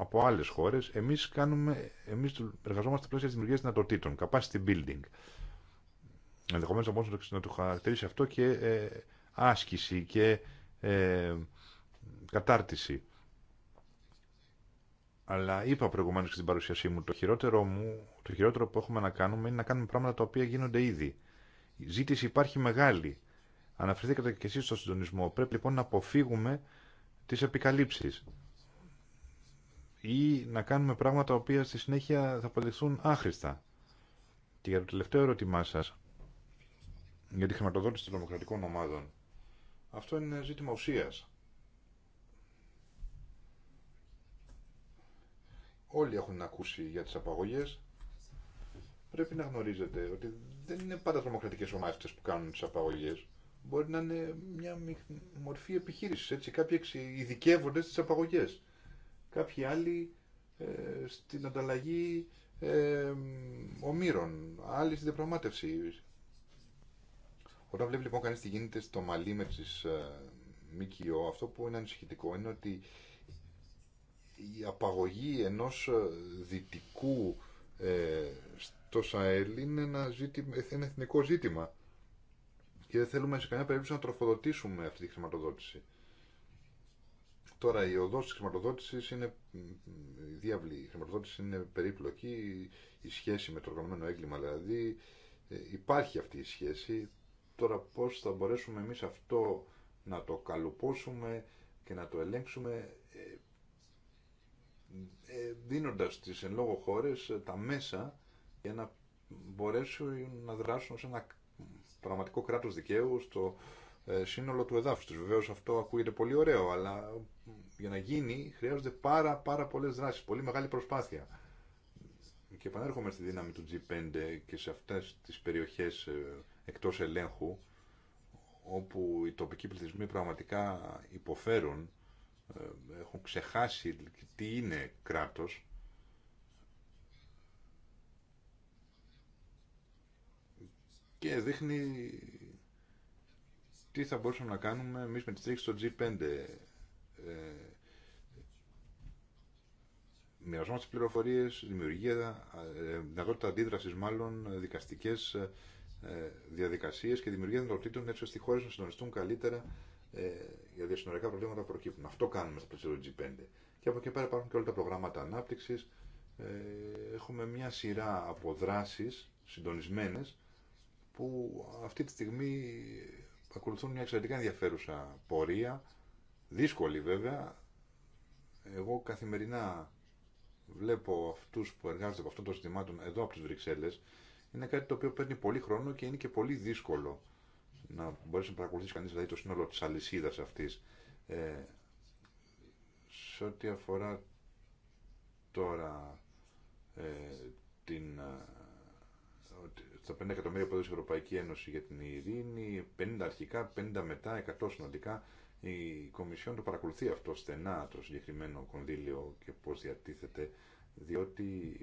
S3: από άλλε χώρε. Εμεί κάνουμε, εμείς εργαζόμαστε πλαίσια δημιουργία δυνατοτήτων, capacity building. Ενδεχομένω όμω να το χαρακτηρίσει αυτό και ε, άσκηση και ε, κατάρτιση. Αλλά είπα προηγουμένω στην παρουσίασή μου, το χειρότερο, μου, το χειρότερο που έχουμε να κάνουμε είναι να κάνουμε πράγματα τα οποία γίνονται ήδη. Η ζήτηση υπάρχει μεγάλη. Αναφερθήκατε και εσεί στο συντονισμό. Πρέπει λοιπόν να αποφύγουμε τι επικαλύψει ή να κάνουμε πράγματα τα οποία στη συνέχεια θα αποδειχθούν άχρηστα. Και για το τελευταίο ερώτημά σα για τη χρηματοδότηση των δημοκρατικών ομάδων. Αυτό είναι ζήτημα ουσίας. Όλοι έχουν ακούσει για τις απαγωγέ. Πρέπει να γνωρίζετε ότι δεν είναι πάντα δημοκρατικές ομάδες που κάνουν τις απαγωγέ. Μπορεί να είναι μια μορφή επιχείρηση. Έτσι. Κάποιοι ειδικεύονται στι απαγωγέ κάποιοι άλλοι ε, στην ανταλλαγή ε, ομήρων, άλλοι στην διαπραγμάτευση. Όταν βλέπει λοιπόν κανείς τι γίνεται στο μαλλί με τις ε, ΜΚΟ, αυτό που είναι ανησυχητικό είναι ότι η απαγωγή ενός ε, δυτικού ε, στο ΣΑΕΛ είναι ένα, ζήτημα, ένα εθνικό ζήτημα και δεν θέλουμε σε κανένα περίπτωση να τροφοδοτήσουμε αυτή τη χρηματοδότηση. Τώρα η οδός της χρηματοδότησης είναι διαβλή. Η χρηματοδότηση είναι περίπλοκη, η σχέση με το οργανωμένο έγκλημα δηλαδή. Ε, υπάρχει αυτή η σχέση. Τώρα πώς θα μπορέσουμε εμείς αυτό να το καλουπώσουμε και να το ελέγξουμε ε, ε, δίνοντας τις εν λόγω χώρες τα μέσα για να μπορέσουν να δράσουν σε ένα πραγματικό κράτος δικαίου στο ε, σύνολο του εδάφους τους. Βεβαίως αυτό ακούγεται πολύ ωραίο, αλλά για να γίνει χρειάζονται πάρα, πάρα πολλές δράσεις, πολύ μεγάλη προσπάθεια. Και επανέρχομαι στη δύναμη του G5 και σε αυτές τις περιοχές ε, εκτός ελέγχου, όπου οι τοπικοί πληθυσμοί πραγματικά υποφέρουν, ε, έχουν ξεχάσει τι είναι κράτος, και δείχνει τι θα μπορούσαμε να κάνουμε εμείς με τη στήριξη στο G5. Ε, μοιραζόμαστε πληροφορίες, δημιουργία, ε, δυνατότητα αντίδρασης μάλλον, δικαστικές διαδικασίε διαδικασίες και δημιουργία δυνατοτήτων έτσι ώστε οι χώρες να συντονιστούν καλύτερα ε, για διασυνοριακά προβλήματα που προκύπτουν. Αυτό κάνουμε στο πλαίσιο του G5. Και από εκεί πέρα υπάρχουν και όλα τα προγράμματα ανάπτυξης. Ε, έχουμε μια σειρά από δράσει συντονισμένες που αυτή τη στιγμή ακολουθούν μια εξαιρετικά ενδιαφέρουσα πορεία, δύσκολη βέβαια. Εγώ καθημερινά βλέπω αυτούς που εργάζονται από αυτών των συστημάτων εδώ από τις Βρυξέλλες. Είναι κάτι το οποίο παίρνει πολύ χρόνο και είναι και πολύ δύσκολο να μπορέσει να παρακολουθήσει κανείς δηλαδή το σύνολο της αλυσίδας αυτής. Ε, σε ό,τι αφορά τώρα ε, την, ε, στα 5 εκατομμύρια που έδωσε η Ευρωπαϊκή Ένωση για την ειρήνη, 50 αρχικά, 50 μετά, 100 συνολικά. Η Κομισιόν το παρακολουθεί αυτό στενά το συγκεκριμένο κονδύλιο και πώ διατίθεται, διότι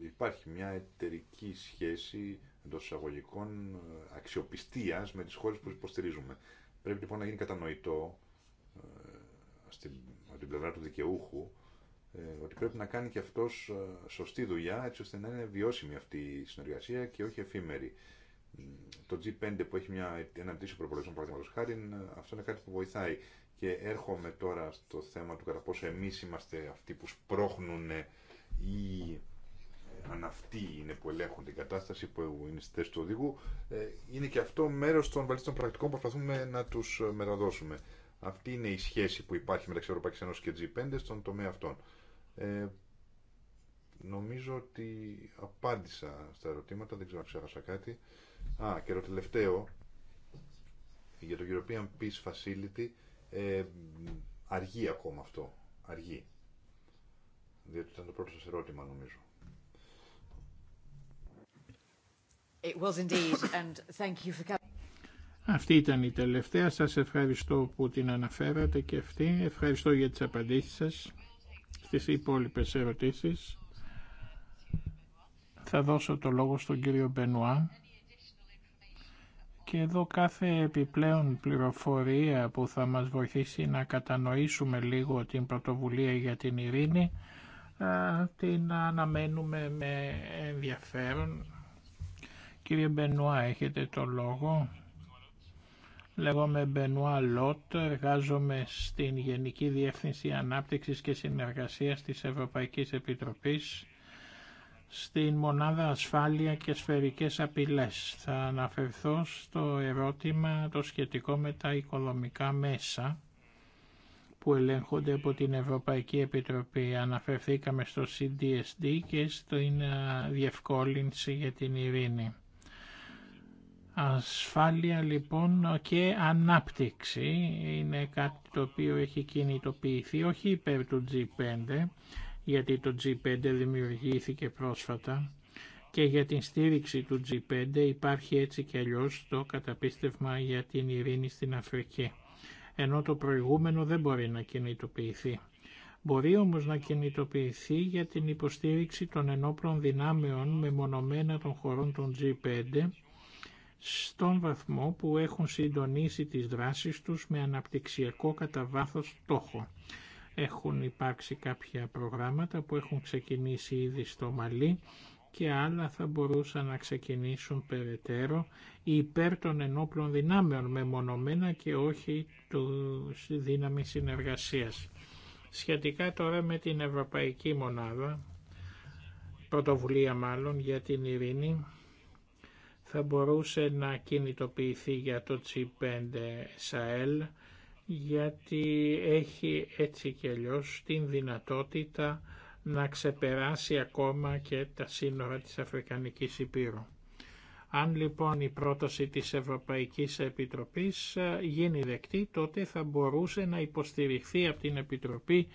S3: υπάρχει μια εταιρική σχέση εντό εισαγωγικών ε, αξιοπιστίας με τις χώρες που υποστηρίζουμε. Πρέπει λοιπόν να γίνει κατανοητό ε, στην, από την πλευρά του δικαιούχου ε, ότι πρέπει να κάνει και αυτός ε, σωστή δουλειά έτσι ώστε να είναι βιώσιμη αυτή η συνεργασία και όχι εφήμερη. Το G5 που έχει μια, ένα αντίστοιχο προπολογισμό, παραδείγματο χάρη, αυτό είναι κάτι που βοηθάει. Και έρχομαι τώρα στο θέμα του κατά πόσο εμείς είμαστε αυτοί που σπρώχνουν ή ε, αν αυτοί είναι που ελέγχουν την κατάσταση που είναι στη θέση του οδηγού, είναι και αυτό μέρο των βαλίστων πρακτικών που προσπαθούμε να τους μεταδώσουμε. Αυτή είναι η σχέση που υπάρχει μεταξύ Ευρωπαϊκή Ένωση και G5 στον τομέα αυτών. Ε, νομίζω ότι απάντησα στα ερωτήματα, δεν ξέρω αν ξέχασα κάτι. Α, και το τελευταίο, για το European Peace Facility, ε, αργεί ακόμα αυτό, αργεί. Διότι ήταν το πρώτο σας ερώτημα, νομίζω.
S2: It was indeed, and thank you for...
S1: Αυτή ήταν η τελευταία. Σας ευχαριστώ που την αναφέρατε και αυτή. Ευχαριστώ για τις απαντήσεις σας στις υπόλοιπες ερωτήσεις θα δώσω το λόγο στον κύριο Μπενουά και εδώ κάθε επιπλέον πληροφορία που θα μας βοηθήσει να κατανοήσουμε λίγο την πρωτοβουλία για την ειρήνη την αναμένουμε με ενδιαφέρον. Κύριε Μπενουά έχετε το λόγο. Λέγομαι Μπενουά Λότ, εργάζομαι στην Γενική Διεύθυνση Ανάπτυξης και Συνεργασίας της Ευρωπαϊκής Επιτροπής στην Μονάδα Ασφάλεια και Σφαιρικές Απειλές. Θα αναφερθώ στο ερώτημα το σχετικό με τα οικονομικά μέσα που ελέγχονται από την Ευρωπαϊκή Επιτροπή. Αναφερθήκαμε στο CDSD και στην διευκόλυνση για την ειρήνη. Ασφάλεια λοιπόν και ανάπτυξη είναι κάτι το οποίο έχει κινητοποιηθεί όχι υπέρ του G5 γιατί το G5 δημιουργήθηκε πρόσφατα και για την στήριξη του G5 υπάρχει έτσι και αλλιώ το καταπίστευμα για την ειρήνη στην Αφρική ενώ το προηγούμενο δεν μπορεί να κινητοποιηθεί. Μπορεί όμως να κινητοποιηθεί για την υποστήριξη των ενόπλων δυνάμεων μεμονωμένα των χωρών των G5 στον βαθμό που έχουν συντονίσει τις δράσεις τους με αναπτυξιακό κατά βάθος στόχο. Έχουν υπάρξει κάποια προγράμματα που έχουν ξεκινήσει ήδη στο Μαλί και άλλα θα μπορούσαν να ξεκινήσουν περαιτέρω υπέρ των ενόπλων δυνάμεων μεμονωμένα και όχι του δύναμη συνεργασίας. Σχετικά τώρα με την Ευρωπαϊκή Μονάδα, πρωτοβουλία μάλλον για την ειρήνη, θα μπορούσε να κινητοποιηθεί για το G5 γιατί γιατί έχει έτσι και αλλιώ την δυνατότητα να ξεπεράσει ακόμα και τα σύνορα της Αφρικανικής Υπήρου. Αν λοιπόν η πρόταση της Ευρωπαϊκής Επιτροπής γίνει δεκτή, τότε θα μπορούσε να υποστηριχθεί από την Επιτροπή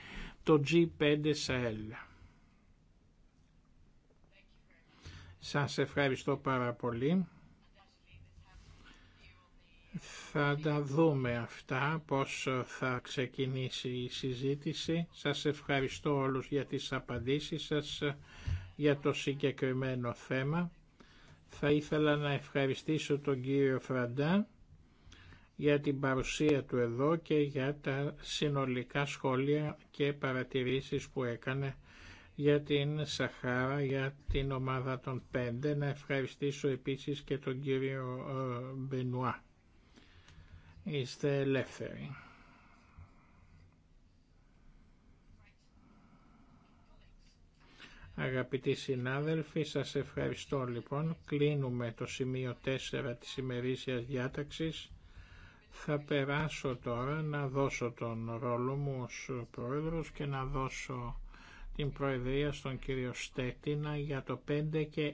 S1: το G5 Sahel. Σας ευχαριστώ πάρα πολύ. Θα τα δούμε αυτά, πώς θα ξεκινήσει η συζήτηση. Σας ευχαριστώ όλους για τις απαντήσεις σας για το συγκεκριμένο θέμα. Θα ήθελα να ευχαριστήσω τον κύριο Φραντά για την παρουσία του εδώ και για τα συνολικά σχόλια και παρατηρήσεις που έκανε για την Σαχάρα, για την ομάδα των πέντε. Να ευχαριστήσω επίσης και τον κύριο ε, Μπενουά. Είστε ελεύθεροι. Αγαπητοί συνάδελφοι, σας ευχαριστώ λοιπόν. Κλείνουμε το σημείο 4 της ημερήσιας διάταξης. Θα περάσω τώρα να δώσω τον ρόλο μου ως πρόεδρος και να δώσω την Προεδρία στον κύριο Στέτινα για το 5 και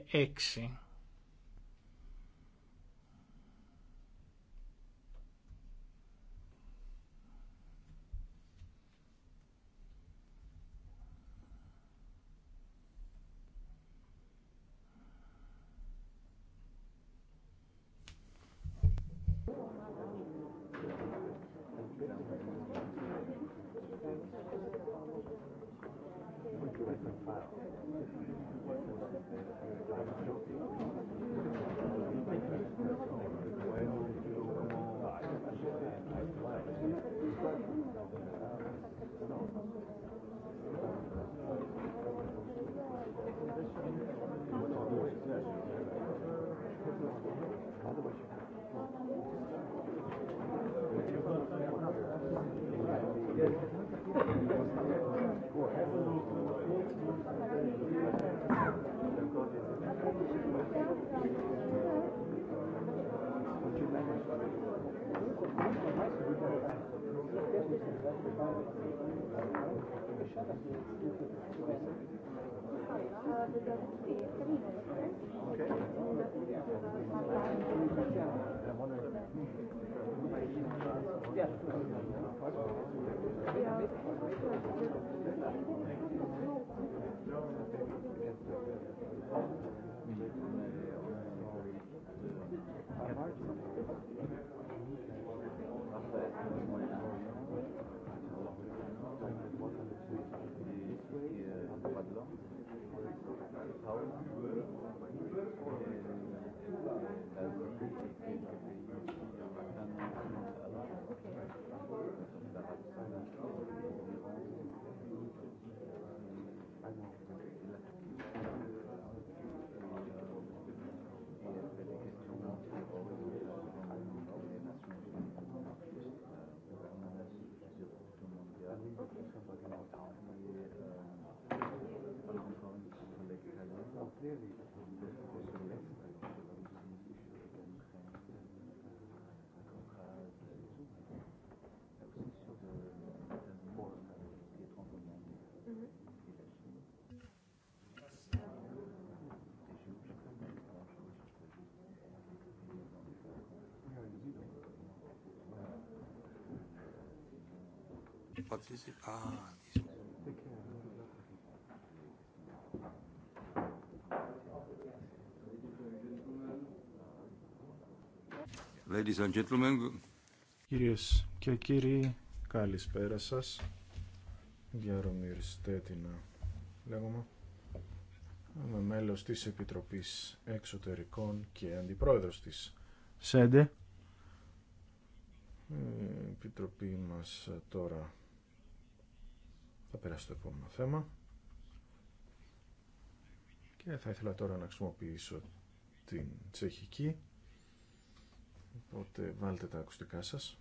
S2: Κυρίε Ladies and gentlemen. Κυρίες και κύριοι, καλησπέρα σας. Γιάρομιρ Στέτινα, λέγομαι. Είμαι μέλος της Επιτροπής Εξωτερικών και Αντιπρόεδρος της ΣΕΝΤΕ. Η ε, Επιτροπή μας ε, τώρα θα περάσω στο επόμενο θέμα. Και θα ήθελα τώρα να χρησιμοποιήσω την τσεχική. Οπότε βάλτε τα ακουστικά σας.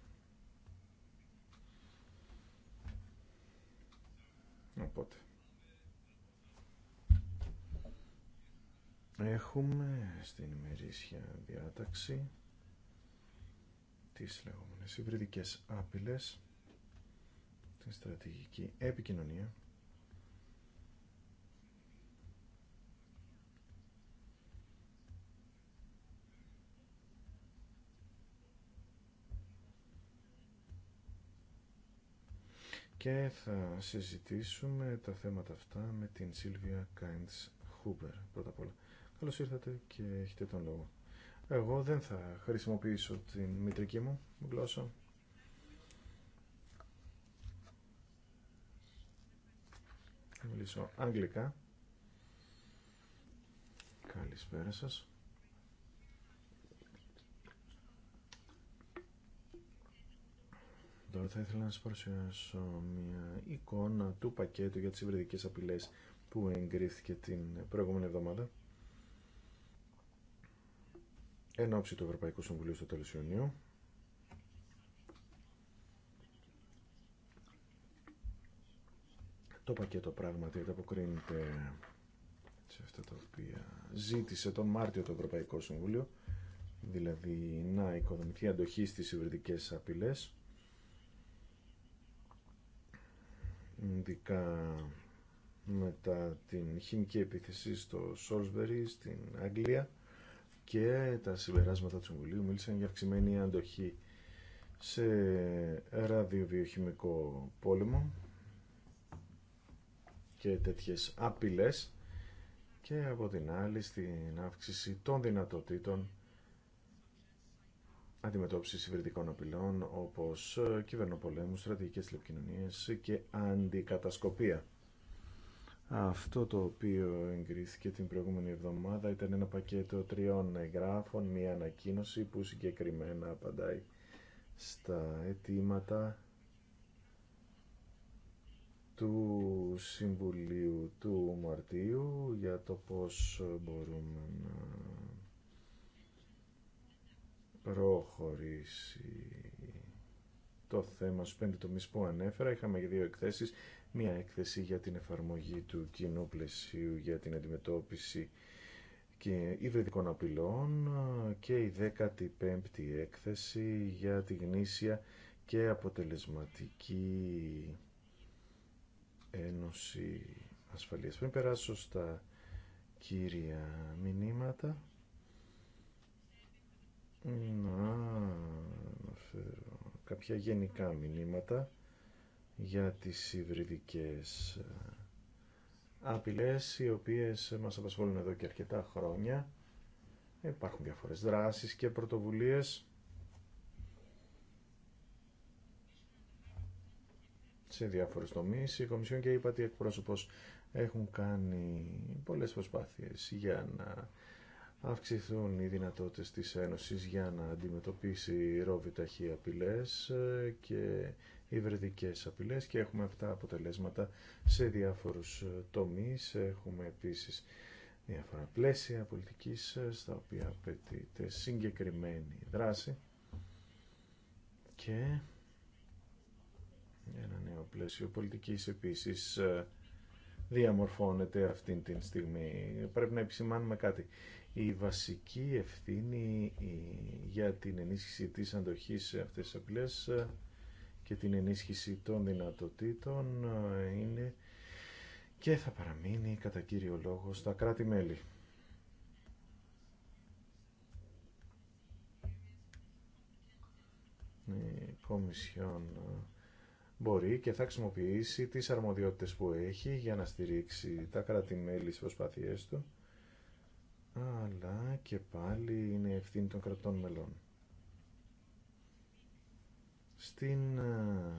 S2: Οπότε. Έχουμε στην ημερήσια διάταξη τις λεγόμενες υβριδικές άπειλες στην στρατηγική επικοινωνία και θα συζητήσουμε τα θέματα αυτά με την Σίλβια Κάιντς Χούμπερ πρώτα απ' όλα. Καλώς ήρθατε και έχετε τον λόγο. Εγώ δεν θα χρησιμοποιήσω την μητρική μου γλώσσα Θα μιλήσω αγγλικά. Καλησπέρα σας. Τώρα θα ήθελα να σας παρουσιάσω μια εικόνα του πακέτου για τις υβριδικές απειλές που εγκρίθηκε την προηγούμενη εβδομάδα εν ώψη του Ευρωπαϊκού Συμβουλίου στο τέλος Ιουνίου. Το πακέτο πράγματι ανταποκρίνεται σε αυτά τα οποία ζήτησε τον Μάρτιο το Ευρωπαϊκό Συμβούλιο, δηλαδή να οικοδομηθεί αντοχή στις υβριδικές απειλές, ειδικά μετά την χημική επίθεση στο Σόλσβερι στην Αγγλία και τα συμπεράσματα του Συμβουλίου μίλησαν για αυξημένη αντοχή σε ραδιοβιοχημικό πόλεμο και τέτοιες απειλές και από την άλλη στην αύξηση των δυνατοτήτων αντιμετώπισης υβριδικών απειλών όπως κυβερνοπολέμους, στρατηγικές τηλεπικοινωνίες και αντικατασκοπία. Αυτό το οποίο εγκρίθηκε την προηγούμενη εβδομάδα ήταν ένα πακέτο τριών εγγράφων, μία ανακοίνωση που συγκεκριμένα απαντάει στα αιτήματα του Συμβουλίου του Μαρτίου για το πώς μπορούμε να προχωρήσει το θέμα στους πέντε τομείς που ανέφερα. Είχαμε δύο εκθέσεις. Μία έκθεση για την εφαρμογή του κοινού πλαισίου για την αντιμετώπιση και υβριδικών απειλών και η δεκατη η έκθεση για τη γνήσια και αποτελεσματική Ένωση Ασφαλείας. Πριν περάσω στα κύρια μηνύματα, να αναφέρω κάποια γενικά μηνύματα για τις υβριδικές ε, απειλές οι οποίες μας απασχολούν εδώ και αρκετά χρόνια. Υπάρχουν διαφορές δράσεις και πρωτοβουλίες σε διάφορους τομείς. Η Κομισιόν και η Πατή Εκπρόσωπος έχουν κάνει πολλές προσπάθειες για να αυξηθούν οι δυνατότητες της Ένωσης για να αντιμετωπίσει ρόβι ταχύ απειλές και υβριδικές απειλές και έχουμε αυτά αποτελέσματα σε διάφορους τομείς. Έχουμε επίσης διάφορα πλαίσια πολιτικής στα οποία απαιτείται συγκεκριμένη δράση και ένα νέο πλαίσιο πολιτικής επίσης ε, διαμορφώνεται αυτή την στιγμή. Πρέπει να επισημάνουμε κάτι. Η βασική ευθύνη για την ενίσχυση της αντοχής σε αυτές τις ε, και την ενίσχυση των δυνατοτήτων ε, είναι και θα παραμείνει κατά κύριο λόγο στα κράτη-μέλη. Η Κομισιόν μπορεί και θα χρησιμοποιήσει τις αρμοδιότητες που έχει για να στηρίξει τα κράτη-μέλη στις προσπάθειές του, αλλά και πάλι είναι ευθύνη των κρατών μελών. Στην ε,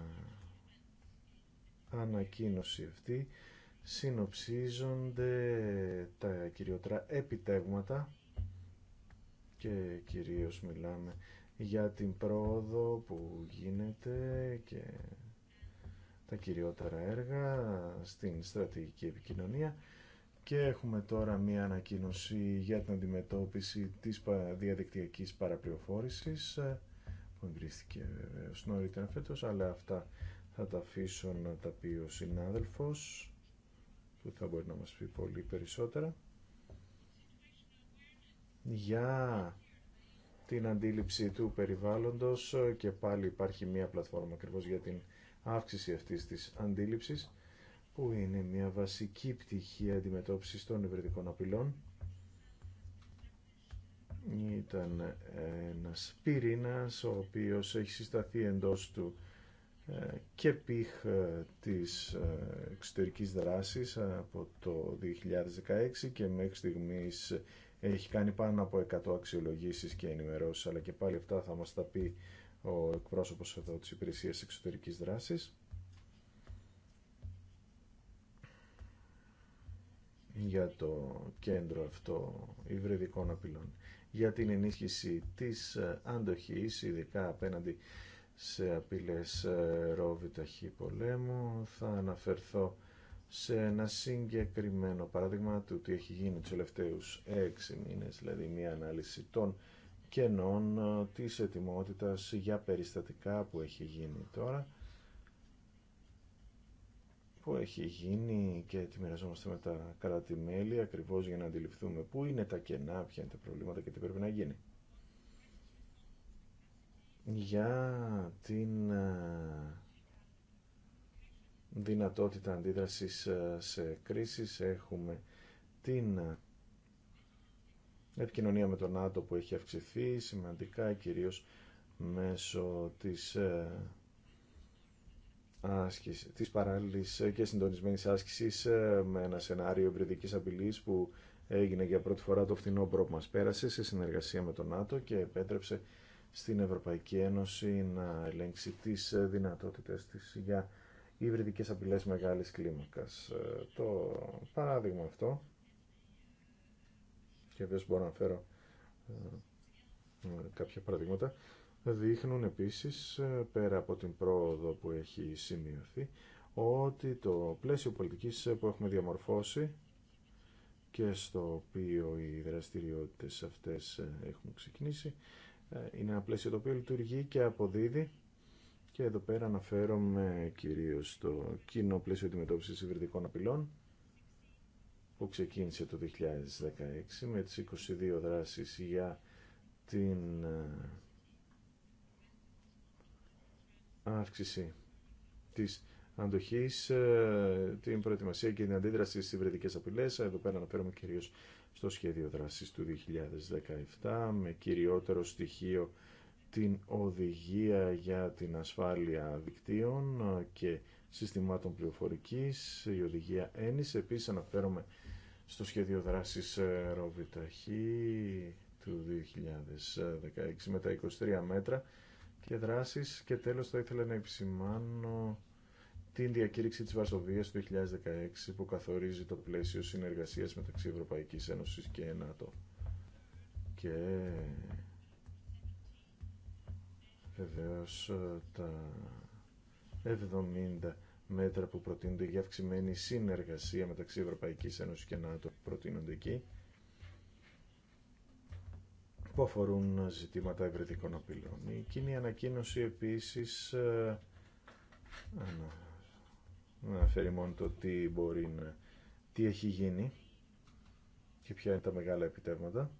S2: ανακοίνωση αυτή συνοψίζονται τα κυριότερα επιτεύγματα και κυρίως μιλάμε για την πρόοδο που γίνεται και τα κυριότερα έργα στην στρατηγική επικοινωνία και έχουμε τώρα μία ανακοίνωση για την αντιμετώπιση της διαδικτυακής παραπληροφόρησης ε, που εγκρίστηκε βεβαίως νωρίτερα φέτος, αλλά αυτά θα τα αφήσω να τα πει ο συνάδελφος που θα μπορεί να μας πει πολύ περισσότερα για την αντίληψη του περιβάλλοντος ε, και πάλι υπάρχει μία πλατφόρμα ακριβώ για την αύξηση αυτής της αντίληψης που είναι μια βασική πτυχή αντιμετώπισης των ευρετικών απειλών. Ήταν ένας πυρήνας ο οποίος έχει συσταθεί εντός του ε, και πύχ ε, της ε, εξωτερικής δράσης από το 2016 και μέχρι στιγμής έχει κάνει πάνω από 100 αξιολογήσεις και ενημερώσεις αλλά και πάλι αυτά θα μας τα πει ο εκπρόσωπος εδώ της Υπηρεσίας Εξωτερικής Δράσης για το κέντρο αυτό υβριδικών απειλών για την ενίσχυση της ε, αντοχής ειδικά απέναντι σε απειλές ε, ρόβι ταχύ πολέμου θα αναφερθώ σε ένα συγκεκριμένο παράδειγμα του τι έχει γίνει τους τελευταίους έξι μήνες δηλαδή μια ανάλυση των κενών ε, της ετοιμότητας για περιστατικά που έχει γίνει τώρα που έχει γίνει και τη μοιραζόμαστε με τα κράτη-μέλη ακριβώς για να αντιληφθούμε πού είναι τα κενά, ποια είναι τα προβλήματα και τι πρέπει να γίνει. Για την ε, δυνατότητα αντίδρασης ε, σε κρίσεις έχουμε την επικοινωνία με τον ΝΑΤΟ που έχει αυξηθεί σημαντικά κυρίως μέσω της ε, άσκηση, της παράλληλης και συντονισμένης άσκησης ε, με ένα σενάριο ευρυδικής απειλής που έγινε για πρώτη φορά το φθηνό που μας πέρασε σε συνεργασία με τον ΝΑΤΟ και επέτρεψε στην Ευρωπαϊκή Ένωση να ελέγξει τις ε, δυνατότητες της για υβριδικές απειλές μεγάλης κλίμακας. Το παράδειγμα αυτό και βέβαια μπορώ να φέρω ε, ε, κάποια παραδείγματα, δείχνουν επίσης, ε, πέρα από την πρόοδο που έχει σημειωθεί, ότι το πλαίσιο πολιτικής που έχουμε διαμορφώσει και στο οποίο οι δραστηριότητες αυτές έχουν ξεκινήσει, είναι ένα πλαίσιο το οποίο λειτουργεί και αποδίδει και εδώ πέρα αναφέρομαι κυρίως στο κοινό πλαίσιο αντιμετώπισης υβριδικών απειλών, που ξεκίνησε το 2016 με τις 22 δράσεις για την ε, αύξηση της αντοχής, ε, την προετοιμασία και την αντίδραση στις υβριδικές απειλές. Εδώ πέρα αναφέρομαι κυρίως στο σχέδιο δράσης του 2017 με κυριότερο στοιχείο την οδηγία για την ασφάλεια δικτύων ε, και συστημάτων πληροφορικής, η οδηγία ένιση. Επίσης αναφέρομαι στο σχέδιο δράσης ε, Ροβιταχή του 2016 με τα 23 μέτρα και δράσεις και τέλος θα ήθελα να επισημάνω την διακήρυξη της Βαρσοβίας του 2016 που καθορίζει το πλαίσιο συνεργασίας μεταξύ Ευρωπαϊκής Ένωσης και ΕΝΑΤΟ Και βεβαίως ε, τα 70 μέτρα που προτείνονται για αυξημένη συνεργασία μεταξύ Ευρωπαϊκής Ένωσης και ΝΑΤΟ που προτείνονται εκεί που αφορούν ζητήματα ευρετικών απειλών. Η κοινή ανακοίνωση επίσης ε, αναφέρει μόνο το τι μπορεί να, τι έχει γίνει και ποια είναι τα μεγάλα επιτεύγματα.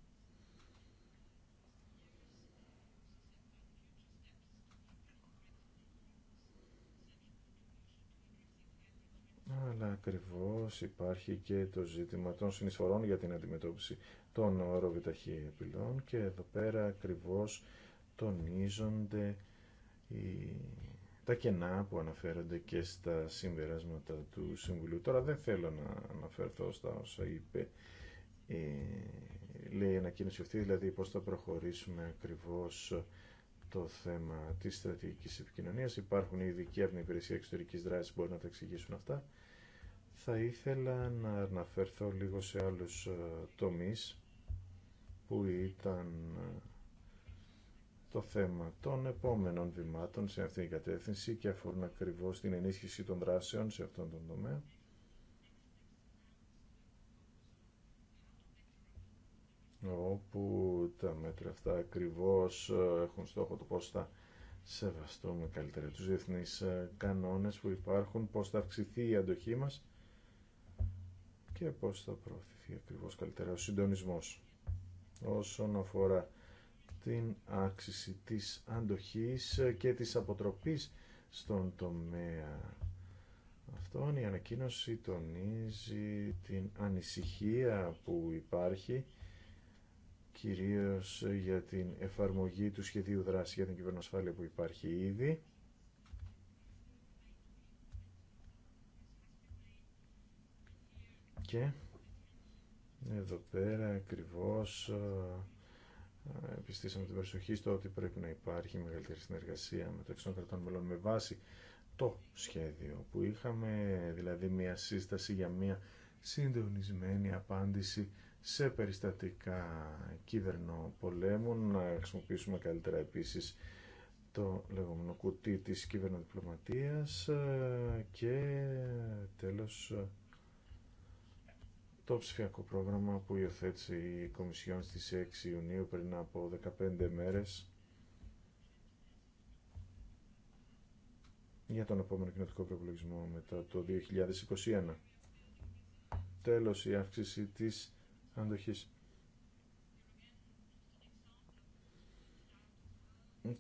S2: αλλά ακριβώς υπάρχει και το ζήτημα των συνεισφορών για την αντιμετώπιση των οροβιταχή επιλών και εδώ πέρα ακριβώς τονίζονται οι... τα κενά που αναφέρονται και στα συμπεράσματα του Συμβουλίου. Τώρα δεν θέλω να αναφερθώ στα όσα είπε ε, λέει η ανακοίνωση αυτή, δηλαδή πώς θα προχωρήσουμε ακριβώς το θέμα της στρατηγικής επικοινωνίας. Υπάρχουν ειδικοί από την Υπηρεσία Εξωτερικής Δράσης που μπορούν να τα εξηγήσουν αυτά. Θα ήθελα να αναφερθώ λίγο σε άλλους ε, τομείς που ήταν ε, το θέμα των επόμενων βημάτων σε αυτήν την κατεύθυνση και αφορούν ακριβώς την ενίσχυση των δράσεων σε αυτόν τον τομέα. όπου τα μέτρα αυτά ακριβώς ε, έχουν στόχο το πώς θα σεβαστούμε καλύτερα τους διεθνείς κανόνες που υπάρχουν, πώς θα αυξηθεί η αντοχή μας και πώς θα προωθηθεί ακριβώς καλύτερα ο συντονισμός όσον αφορά την άξιση της αντοχής και της αποτροπής στον τομέα αυτόν. Η ανακοίνωση τονίζει την ανησυχία που υπάρχει κυρίως για την εφαρμογή του σχεδίου δράση για την κυβερνοσφάλεια που υπάρχει ήδη και εδώ πέρα ακριβώς ε, ε, επιστήσαμε την προσοχή στο ότι πρέπει να υπάρχει μεγαλύτερη συνεργασία μεταξύ των κρατών μελών με βάση το σχέδιο που είχαμε, δηλαδή μια σύσταση για μια συντονισμένη απάντηση σε περιστατικά κυβερνοπολέμων, να χρησιμοποιήσουμε καλύτερα επίσης το λεγόμενο κουτί της κυβερνοδιπλωματίας ε, και τέλος το ψηφιακό πρόγραμμα που υιοθέτησε η Κομισιόν στις 6 Ιουνίου πριν από 15 μέρες για τον επόμενο κοινοτικό προπολογισμό μετά το 2021. Τέλος, η αύξηση της αντοχής.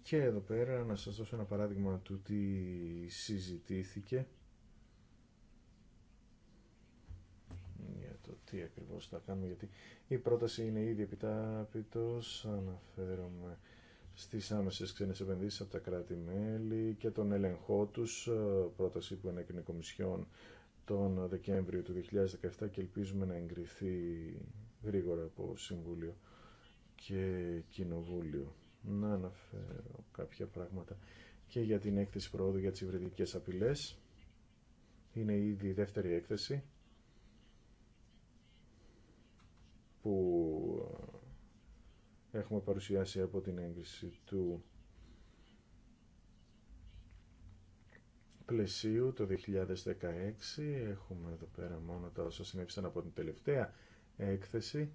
S2: Και εδώ πέρα να σας δώσω ένα παράδειγμα του τι συζητήθηκε τι ακριβώς θα κάνουμε, γιατί η πρόταση είναι ήδη επιτάπητος, αναφέρομαι στις άμεσες ξένες επενδύσεις από τα κράτη-μέλη και τον ελεγχό τους, πρόταση που ενέκρινε η Κομισιόν τον Δεκέμβριο του 2017 και ελπίζουμε να εγκριθεί γρήγορα από Συμβούλιο και Κοινοβούλιο. Να αναφέρω κάποια πράγματα και για την έκθεση προόδου για τις υβριδικές απειλές. Είναι ήδη η δεύτερη έκθεση που ε, έχουμε παρουσιάσει από την έγκριση του πλαισίου το 2016. Έχουμε εδώ πέρα μόνο τα όσα συνέβησαν από την τελευταία έκθεση.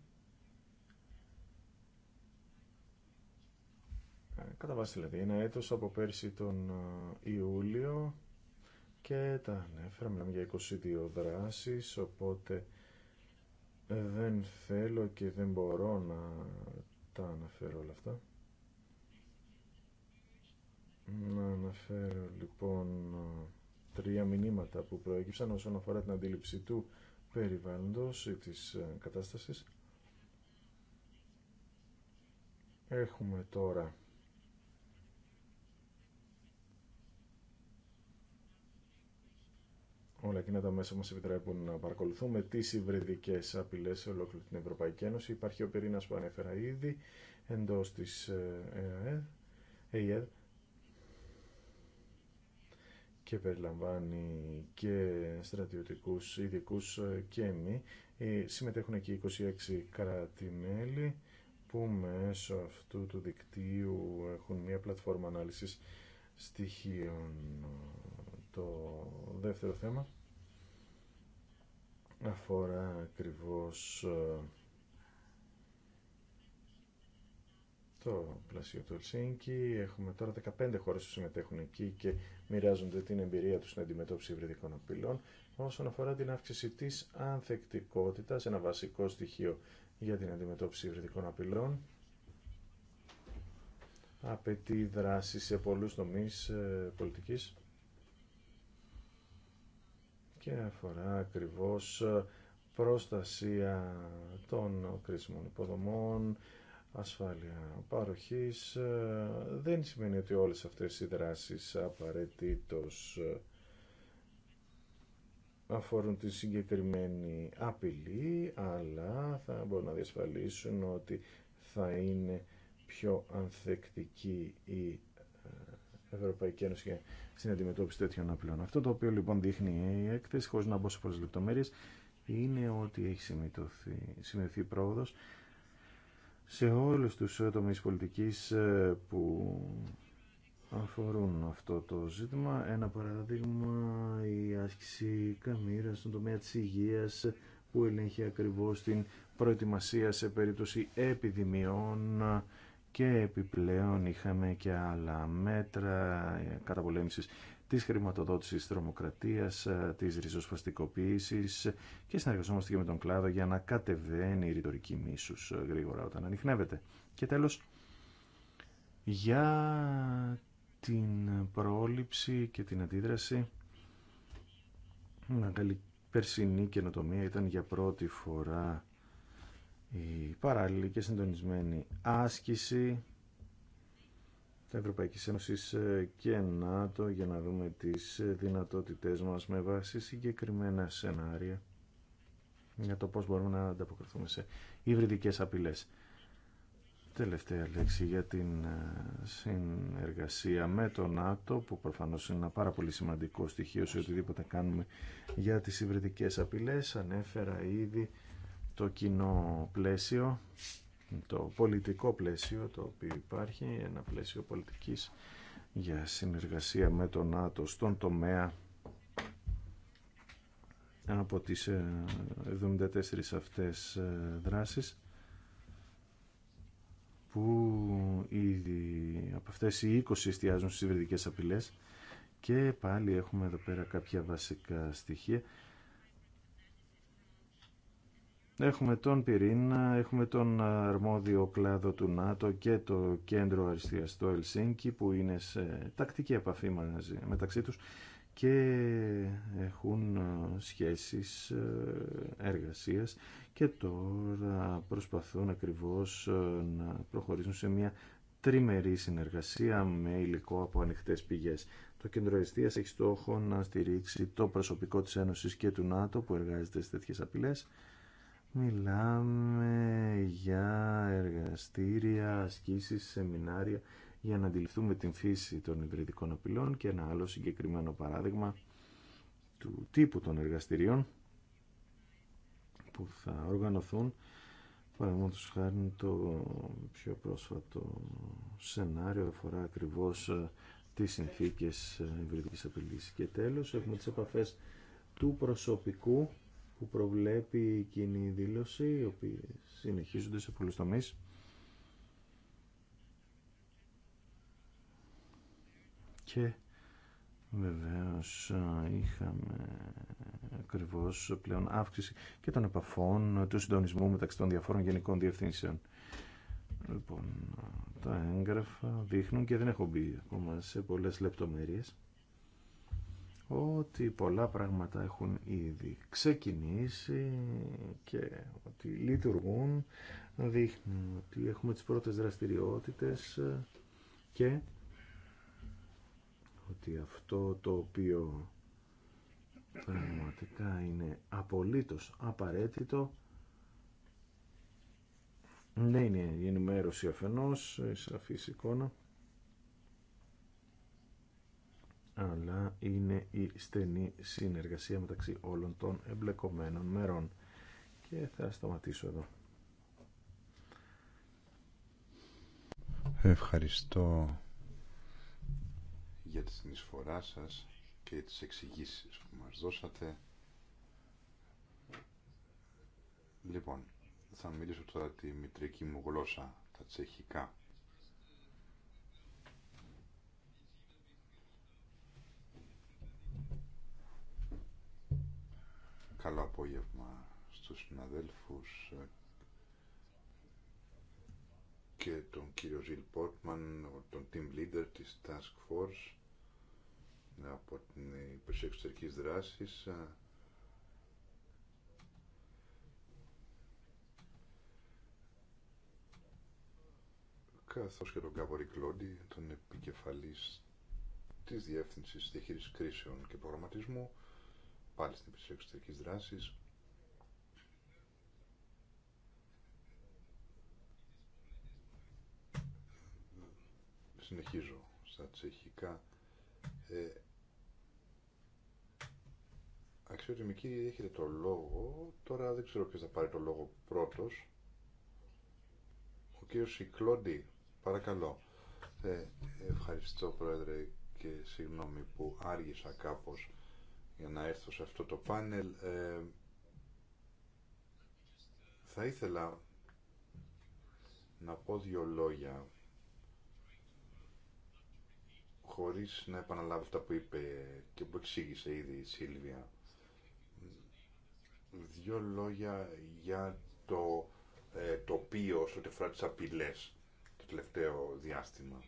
S2: Ε, κατά βάση δηλαδή, ένα έτος από πέρσι τον ε, Ιούλιο και τα ανέφερα, μιλάμε για 22 δράσεις, οπότε δεν θέλω και δεν μπορώ να τα αναφέρω όλα αυτά. Να αναφέρω λοιπόν τρία μηνύματα που προέκυψαν όσον αφορά την αντίληψη του περιβάλλοντος ή της ε, κατάστασης. Έχουμε τώρα όλα εκείνα τα μέσα μα μας επιτρέπουν να παρακολουθούμε τις υβριδικές απειλέ σε ολόκληρη την Ευρωπαϊκή Ένωση. Υπάρχει ο πυρήνα που ανέφερα ήδη εντός της ΕΕΔ και περιλαμβάνει και στρατιωτικούς ειδικού και μη. Συμμετέχουν εκεί 26 κράτη-μέλη που μέσω αυτού του δικτύου έχουν μια πλατφόρμα ανάλυσης στοιχείων. Το δεύτερο θέμα αφορά ακριβώς ε, το πλασίο του Ελσίνκη. Έχουμε τώρα 15 χώρες που συμμετέχουν εκεί και μοιράζονται την εμπειρία τους στην αντιμετώπιση υβριδικών απειλών. Όσον αφορά την αύξηση της ανθεκτικότητας, ένα βασικό στοιχείο για την αντιμετώπιση υβριδικών απειλών, απαιτεί δράση σε πολλούς τομείς ε, πολιτικής και αφορά ακριβώς ε, προστασία των κρίσιμων υποδομών, ασφάλεια παροχής. Ε, δεν σημαίνει ότι όλες αυτές οι δράσεις απαραίτητος ε, αφορούν τη συγκεκριμένη απειλή, αλλά θα μπορούν να διασφαλίσουν ότι θα είναι πιο ανθεκτική η Ευρωπαϊκή Ένωση στην αντιμετώπιση τέτοιων απλών. Αυτό το οποίο λοιπόν δείχνει η έκθεση, χωρί να μπω σε πολλέ λεπτομέρειε, είναι ότι έχει σημειωθεί πρόοδο σε όλους τους τομείς πολιτικής ε, που αφορούν αυτό το ζήτημα. Ένα παράδειγμα, η άσκηση καμήρα στον τομέα της υγείας που ελέγχει ακριβώς την προετοιμασία σε περίπτωση επιδημιών και επιπλέον είχαμε και άλλα μέτρα καταπολέμησης της χρηματοδότησης τρομοκρατίας, ε, της ριζοσπαστικοποίησης και συνεργαζόμαστε και με τον κλάδο για να κατεβαίνει η ρητορική μίσους ε, γρήγορα όταν ανοιχνεύεται. Και τέλος, για την πρόληψη και την αντίδραση, μια καλή περσινή καινοτομία ήταν για πρώτη φορά η παράλληλη και συντονισμένη άσκηση τα Ευρωπαϊκής Ένωσης ε, και ΝΑΤΟ για να δούμε τις ε, δυνατότητές μας με βάση συγκεκριμένα σενάρια για το πώς μπορούμε να ανταποκριθούμε σε υβριδικές απειλές. Τελευταία λέξη για την ε, συνεργασία με το ΝΑΤΟ που προφανώς είναι ένα πάρα πολύ σημαντικό στοιχείο σε οτιδήποτε κάνουμε για τις υβριδικές απειλές. Ανέφερα ήδη το κοινό πλαίσιο, το πολιτικό πλαίσιο το οποίο υπάρχει, ένα πλαίσιο πολιτικής για συνεργασία με τον ΝΑΤΟ στον τομέα από τις 74 ε, αυτές ε, δράσεις που ήδη από αυτές οι 20 εστιάζουν στις υβριδικές απειλές και πάλι έχουμε εδώ πέρα κάποια βασικά στοιχεία Έχουμε τον πυρήνα, έχουμε τον αρμόδιο κλάδο του ΝΑΤΟ και το κέντρο αριστείας στο Ελσίνκι που είναι σε τακτική επαφή μεταξύ τους και έχουν ε, σχέσεις ε, εργασίας και τώρα προσπαθούν ακριβώς ε, να προχωρήσουν σε μια τριμερή συνεργασία με υλικό από ανοιχτές πηγές. Το κέντρο αριστείας έχει στόχο να στηρίξει το προσωπικό της Ένωσης και του ΝΑΤΟ που εργάζεται σε τέτοιες απειλές Μιλάμε για εργαστήρια, ασκήσεις, σεμινάρια για να αντιληφθούμε την φύση των υβριδικών απειλών και ένα άλλο συγκεκριμένο παράδειγμα του τύπου των εργαστηριών που θα οργανωθούν παραδείγματος χάρη το πιο πρόσφατο σενάριο αφορά ακριβώς ε, τις συνθήκες ε, υβριδικής απειλής και τέλος έχουμε τις επαφές του προσωπικού που προβλέπει η κοινή δήλωση, οι οποίοι συνεχίζονται σε πολλούς τομείς. Και βεβαίως είχαμε ακριβώς πλέον αύξηση και των επαφών, του συντονισμού μεταξύ των διαφόρων γενικών διευθύνσεων. Λοιπόν, τα έγγραφα δείχνουν και δεν έχω μπει ακόμα σε πολλές λεπτομέρειες ότι πολλά πράγματα έχουν ήδη ξεκινήσει και ότι λειτουργούν δείχνει ότι έχουμε τις πρώτες δραστηριότητες και ότι αυτό το οποίο πραγματικά είναι απολύτως απαραίτητο ναι είναι η ενημέρωση αφενός η σαφής εικόνα αλλά είναι η στενή συνεργασία μεταξύ όλων των εμπλεκομένων μερών.
S3: Και θα σταματήσω εδώ. Ευχαριστώ για τη συνεισφορά σας και τις εξηγήσεις που μας δώσατε. Λοιπόν, θα μιλήσω τώρα τη μητρική μου γλώσσα, τα τσεχικά. καλό απόγευμα στους συναδέλφους και τον κύριο Ζιλ Πόρτμαν, τον team leader της Task Force από την Υπηρεσία εξωτερική Δράσης. καθώς και τον Κάβορη Κλόντι, τον επικεφαλής της Διεύθυνσης Διαχείρισης Κρίσεων και Προγραμματισμού πάλι στην υπηρεσία εξωτερικής Συνεχίζω στα τσεχικά. Ε, αξιοτιμική έχετε το λόγο. Τώρα δεν ξέρω ποιος θα πάρει το λόγο πρώτος. Ο κύριο Σικλόντι, παρακαλώ. Ε, ευχαριστώ πρόεδρε και συγγνώμη που άργησα κάπως για να έρθω σε αυτό το πάνελ. Ε, θα ήθελα να πω δύο λόγια χωρίς να επαναλάβω αυτά που είπε και που εξήγησε ήδη η Σίλβια. Δύο λόγια για το ε, τοπίο στο τεφρά αφορά τις απειλές το τελευταίο διάστημα.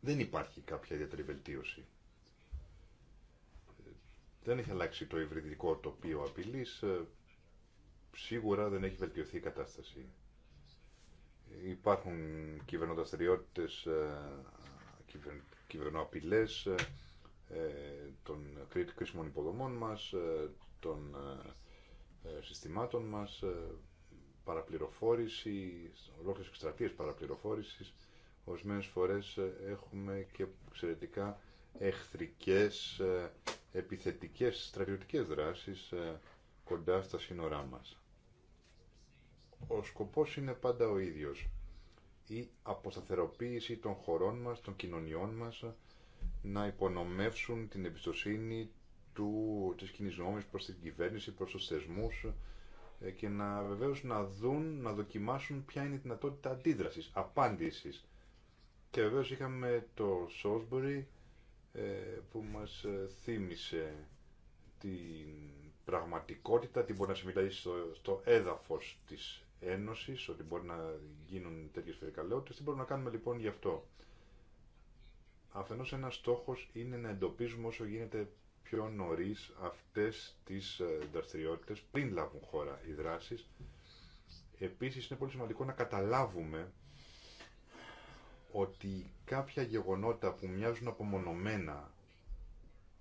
S3: Δεν υπάρχει κάποια ιδιαίτερη βελτίωση. Δεν έχει αλλάξει το υβριδικό τοπίο απειλή ε, Σίγουρα δεν έχει βελτιωθεί η κατάσταση. Υπάρχουν κυβερνοδραστηριότητε, ε, κυβερνοαπειλές ε, των κρίσιμων υποδομών μας, των συστημάτων μας, παραπληροφόρηση, ολόκληρε εκστρατείε παραπληροφόρησης. Ορισμένε φορές έχουμε και εξαιρετικά εχθρικές επιθετικές στρατιωτικές δράσεις ε, κοντά στα σύνορά μας. Ο σκοπός είναι πάντα ο ίδιος. Η αποσταθεροποίηση των χωρών μας, των κοινωνιών μας, να υπονομεύσουν την εμπιστοσύνη του, της κοινής νόμης προς την κυβέρνηση, προς τους θεσμούς ε, και να βεβαίως να δουν, να δοκιμάσουν ποια είναι η δυνατότητα αντίδρασης, απάντησης. Και βεβαίως είχαμε το Σόσμπορι, ε, που μας ε, θύμισε την πραγματικότητα, τι μπορεί να συμβεί στο, στο έδαφος της Ένωσης, ότι μπορεί να γίνουν τέτοιες περικαλαιότητες, τι μπορούμε να κάνουμε λοιπόν γι' αυτό. Αφενός ένας στόχος είναι να εντοπίζουμε όσο γίνεται πιο νωρίς αυτές τις ε, δραστηριότητες πριν λάβουν χώρα οι δράσεις. Επίσης είναι πολύ σημαντικό να καταλάβουμε ότι κάποια γεγονότα που μοιάζουν απομονωμένα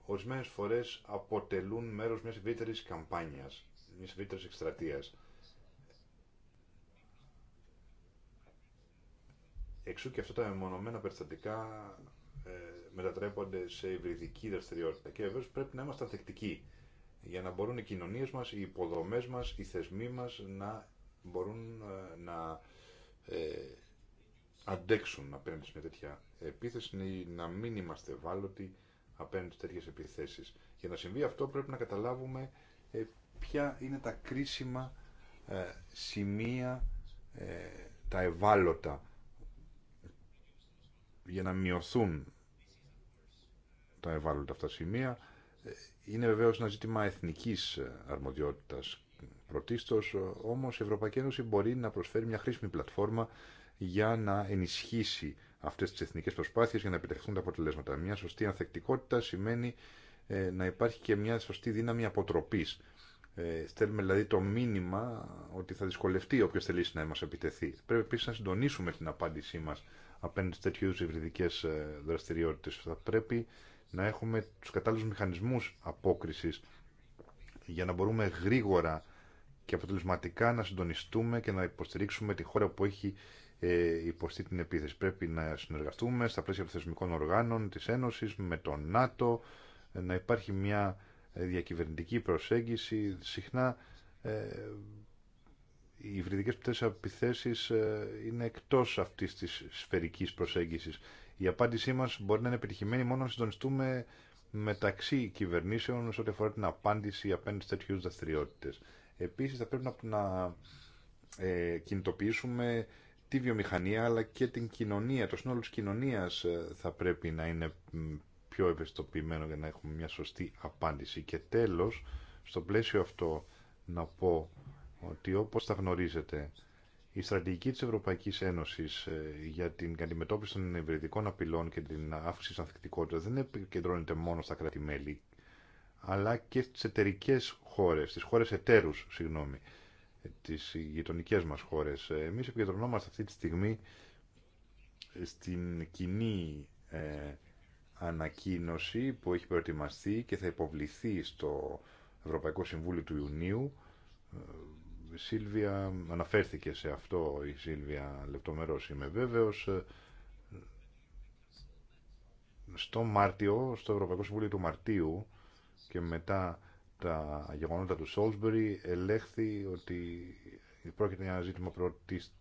S3: ορισμένε φορές αποτελούν μέρος μιας ευρύτερη καμπάνιας, μιας ευρύτερη εκστρατείας. Εξού και αυτά τα μεμονωμένα περιστατικά ε, μετατρέπονται σε υβριδική δραστηριότητα και βεβαίω πρέπει να είμαστε ανθεκτικοί για να μπορούν οι κοινωνίες μας, οι υποδομές μας, οι θεσμοί μας να μπορούν ε, να ε, αντέξουν απέναντι σε μια τέτοια επίθεση, να μην είμαστε ευάλωτοι απέναντι σε τέτοιε επιθέσεις. Για να συμβεί αυτό πρέπει να καταλάβουμε ε, ποια είναι τα κρίσιμα ε, σημεία, ε, τα ευάλωτα, για να μειωθούν τα ευάλωτα αυτά σημεία. Είναι βεβαίως ένα ζήτημα εθνικής αρμοδιότητας πρωτίστως, όμως η Ευρωπαϊκή Ένωση μπορεί να προσφέρει μια χρήσιμη πλατφόρμα για να ενισχύσει αυτέ τι εθνικέ προσπάθειε για να επιτευχθούν τα αποτελέσματα. Μια σωστή ανθεκτικότητα σημαίνει ε, να υπάρχει και μια σωστή δύναμη αποτροπή. Ε, στέλνουμε δηλαδή το μήνυμα ότι θα δυσκολευτεί όποιο θελήσει να μα επιτεθεί. Πρέπει επίση να συντονίσουμε την απάντησή μα απέναντι σε τέτοιου είδου υβριδικέ ε, δραστηριότητε. Θα πρέπει να έχουμε του κατάλληλου μηχανισμού απόκριση για να μπορούμε γρήγορα και αποτελεσματικά να συντονιστούμε και να υποστηρίξουμε τη χώρα που έχει ε, υποστεί την επίθεση. Πρέπει να συνεργαστούμε στα πλαίσια των θεσμικών οργάνων της Ένωσης, με το ΝΑΤΟ, ε, να υπάρχει μια ε, διακυβερνητική προσέγγιση. Συχνά ε, οι υβριδικές πτές επιθέσεις ε, είναι εκτός αυτής της σφαιρικής προσέγγισης. Η απάντησή μας μπορεί να είναι επιτυχημένη μόνο να συντονιστούμε μεταξύ κυβερνήσεων σε ό,τι αφορά την απάντηση απέναντι σε τέτοιου δραστηριότητε. Επίση, θα πρέπει να, να ε, κινητοποιήσουμε τη βιομηχανία αλλά και την κοινωνία, το σύνολο της κοινωνίας ε, θα πρέπει να είναι πιο ευαισθητοποιημένο για να έχουμε μια σωστή απάντηση. Και τέλος, στο πλαίσιο αυτό να πω ότι όπως θα γνωρίζετε, η στρατηγική της Ευρωπαϊκής Ένωσης ε, για την αντιμετώπιση των ευρυδικών απειλών και την αύξηση της ανθεκτικότητας δεν επικεντρώνεται μόνο στα κράτη-μέλη, αλλά και στις εταιρικέ χώρες, στις χώρες εταίρους, συγγνώμη τις γειτονικέ μας χώρες. Εμείς επικεντρωνόμαστε αυτή τη στιγμή στην κοινή ε, ανακοίνωση που έχει προετοιμαστεί και θα υποβληθεί στο Ευρωπαϊκό Συμβούλιο του Ιουνίου. Σύλβια ε, Σίλβια αναφέρθηκε σε αυτό η Σίλβια λεπτομερώς είμαι βέβαιος. Ε, στο Μάρτιο, στο Ευρωπαϊκό Συμβούλιο του Μαρτίου και μετά τα γεγονότα του Σόλσμπερι ελέγχθη ότι πρόκειται για ένα ζήτημα πρώτης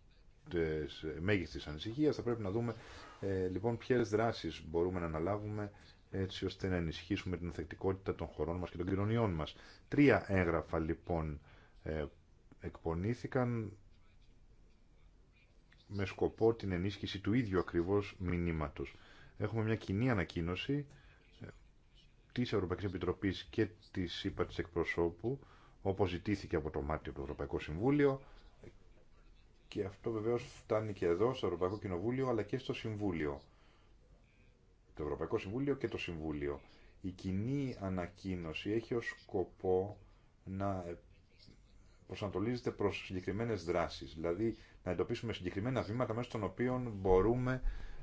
S3: μέγιστης ανησυχίας. Θα πρέπει να δούμε ε, λοιπόν ποιες δράσεις μπορούμε να αναλάβουμε έτσι ώστε να ενισχύσουμε την ανθεκτικότητα των χωρών μας και των κοινωνιών μας. Τρία έγγραφα λοιπόν ε, εκπονήθηκαν με σκοπό την ενίσχυση του ίδιου ακριβώς μηνύματος. Έχουμε μια κοινή ανακοίνωση Τη Ευρωπαϊκή Επιτροπής και τη ΥΠΑ της εκπροσώπου, όπως ζητήθηκε από το Μάρτιο του Ευρωπαϊκό Συμβούλιο. Και αυτό βεβαίως φτάνει και εδώ, στο Ευρωπαϊκό Κοινοβούλιο, αλλά και στο Συμβούλιο. Το Ευρωπαϊκό Συμβούλιο και το Συμβούλιο. Η κοινή ανακοίνωση έχει ως σκοπό να προσανατολίζεται προς συγκεκριμένε δράσεις, δηλαδή να εντοπίσουμε συγκεκριμένα βήματα μέσα των οποίων μπορούμε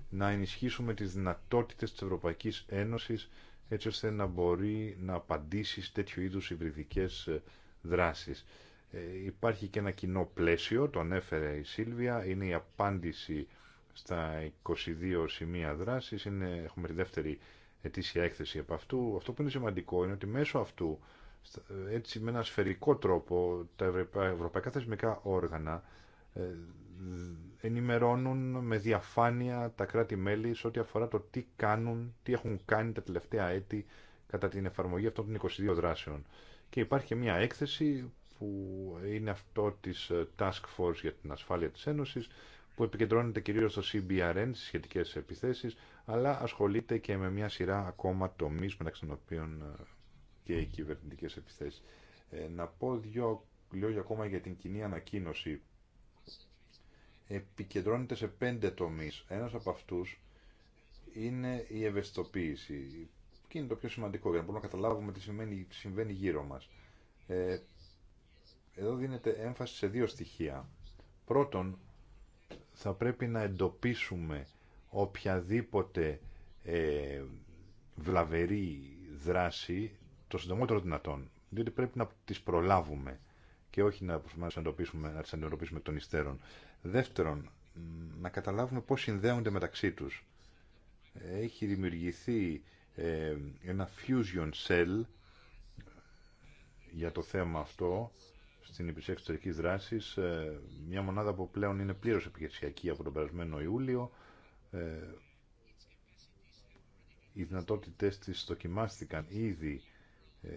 S3: να ενισχύσουμε τις δυνατότητες της Ευρωπαϊκής Ένωσης έτσι ώστε να μπορεί να απαντήσει σε τέτοιου είδους υβριδικές ε, δράσεις. Ε, υπάρχει και ένα κοινό πλαίσιο, το ανέφερε η Σίλβια, είναι η απάντηση στα 22 σημεία δράσης, είναι, έχουμε τη δεύτερη ετήσια έκθεση από αυτού. Αυτό που είναι σημαντικό είναι ότι μέσω αυτού, ε, έτσι με ένα σφαιρικό τρόπο, τα ευρωπαϊκά θεσμικά όργανα ενημερώνουν με διαφάνεια τα κράτη-μέλη σε ό,τι αφορά το τι κάνουν, τι έχουν κάνει τα τελευταία έτη κατά την εφαρμογή αυτών των 22 δράσεων. Και υπάρχει και μια έκθεση που είναι αυτό της ε, Task Force για την Ασφάλεια της Ένωσης που επικεντρώνεται κυρίως στο CBRN, στις σχετικές επιθέσεις, αλλά ασχολείται και με μια σειρά ακόμα τομείς μεταξύ των οποίων ε, και οι κυβερνητικές επιθέσεις. Ε, να πω δύο λόγια ακόμα για την κοινή ανακοίνωση επικεντρώνεται σε πέντε τομείς. Ένας από αυτούς είναι η ευαισθητοποίηση και είναι το πιο σημαντικό για να μπορούμε να καταλάβουμε τι συμβαίνει, συμβαίνει γύρω μας. Ε, εδώ δίνεται έμφαση σε δύο στοιχεία. Πρώτον, θα πρέπει να εντοπίσουμε οποιαδήποτε ε, βλαβερή δράση το συντομότερο δυνατόν, διότι πρέπει να τις προλάβουμε και όχι να προσπαθούμε να τι αντιμετωπίσουμε των υστέρων. Δεύτερον, να καταλάβουμε πώς συνδέονται μεταξύ τους. Έχει δημιουργηθεί ε, ένα fusion cell για το θέμα αυτό στην υπηρεσία εξωτερική δράση, ε, μια μονάδα που πλέον είναι πλήρω επιχειρησιακή από τον περασμένο Ιούλιο. Ε, οι δυνατότητε τη δοκιμάστηκαν ήδη ε,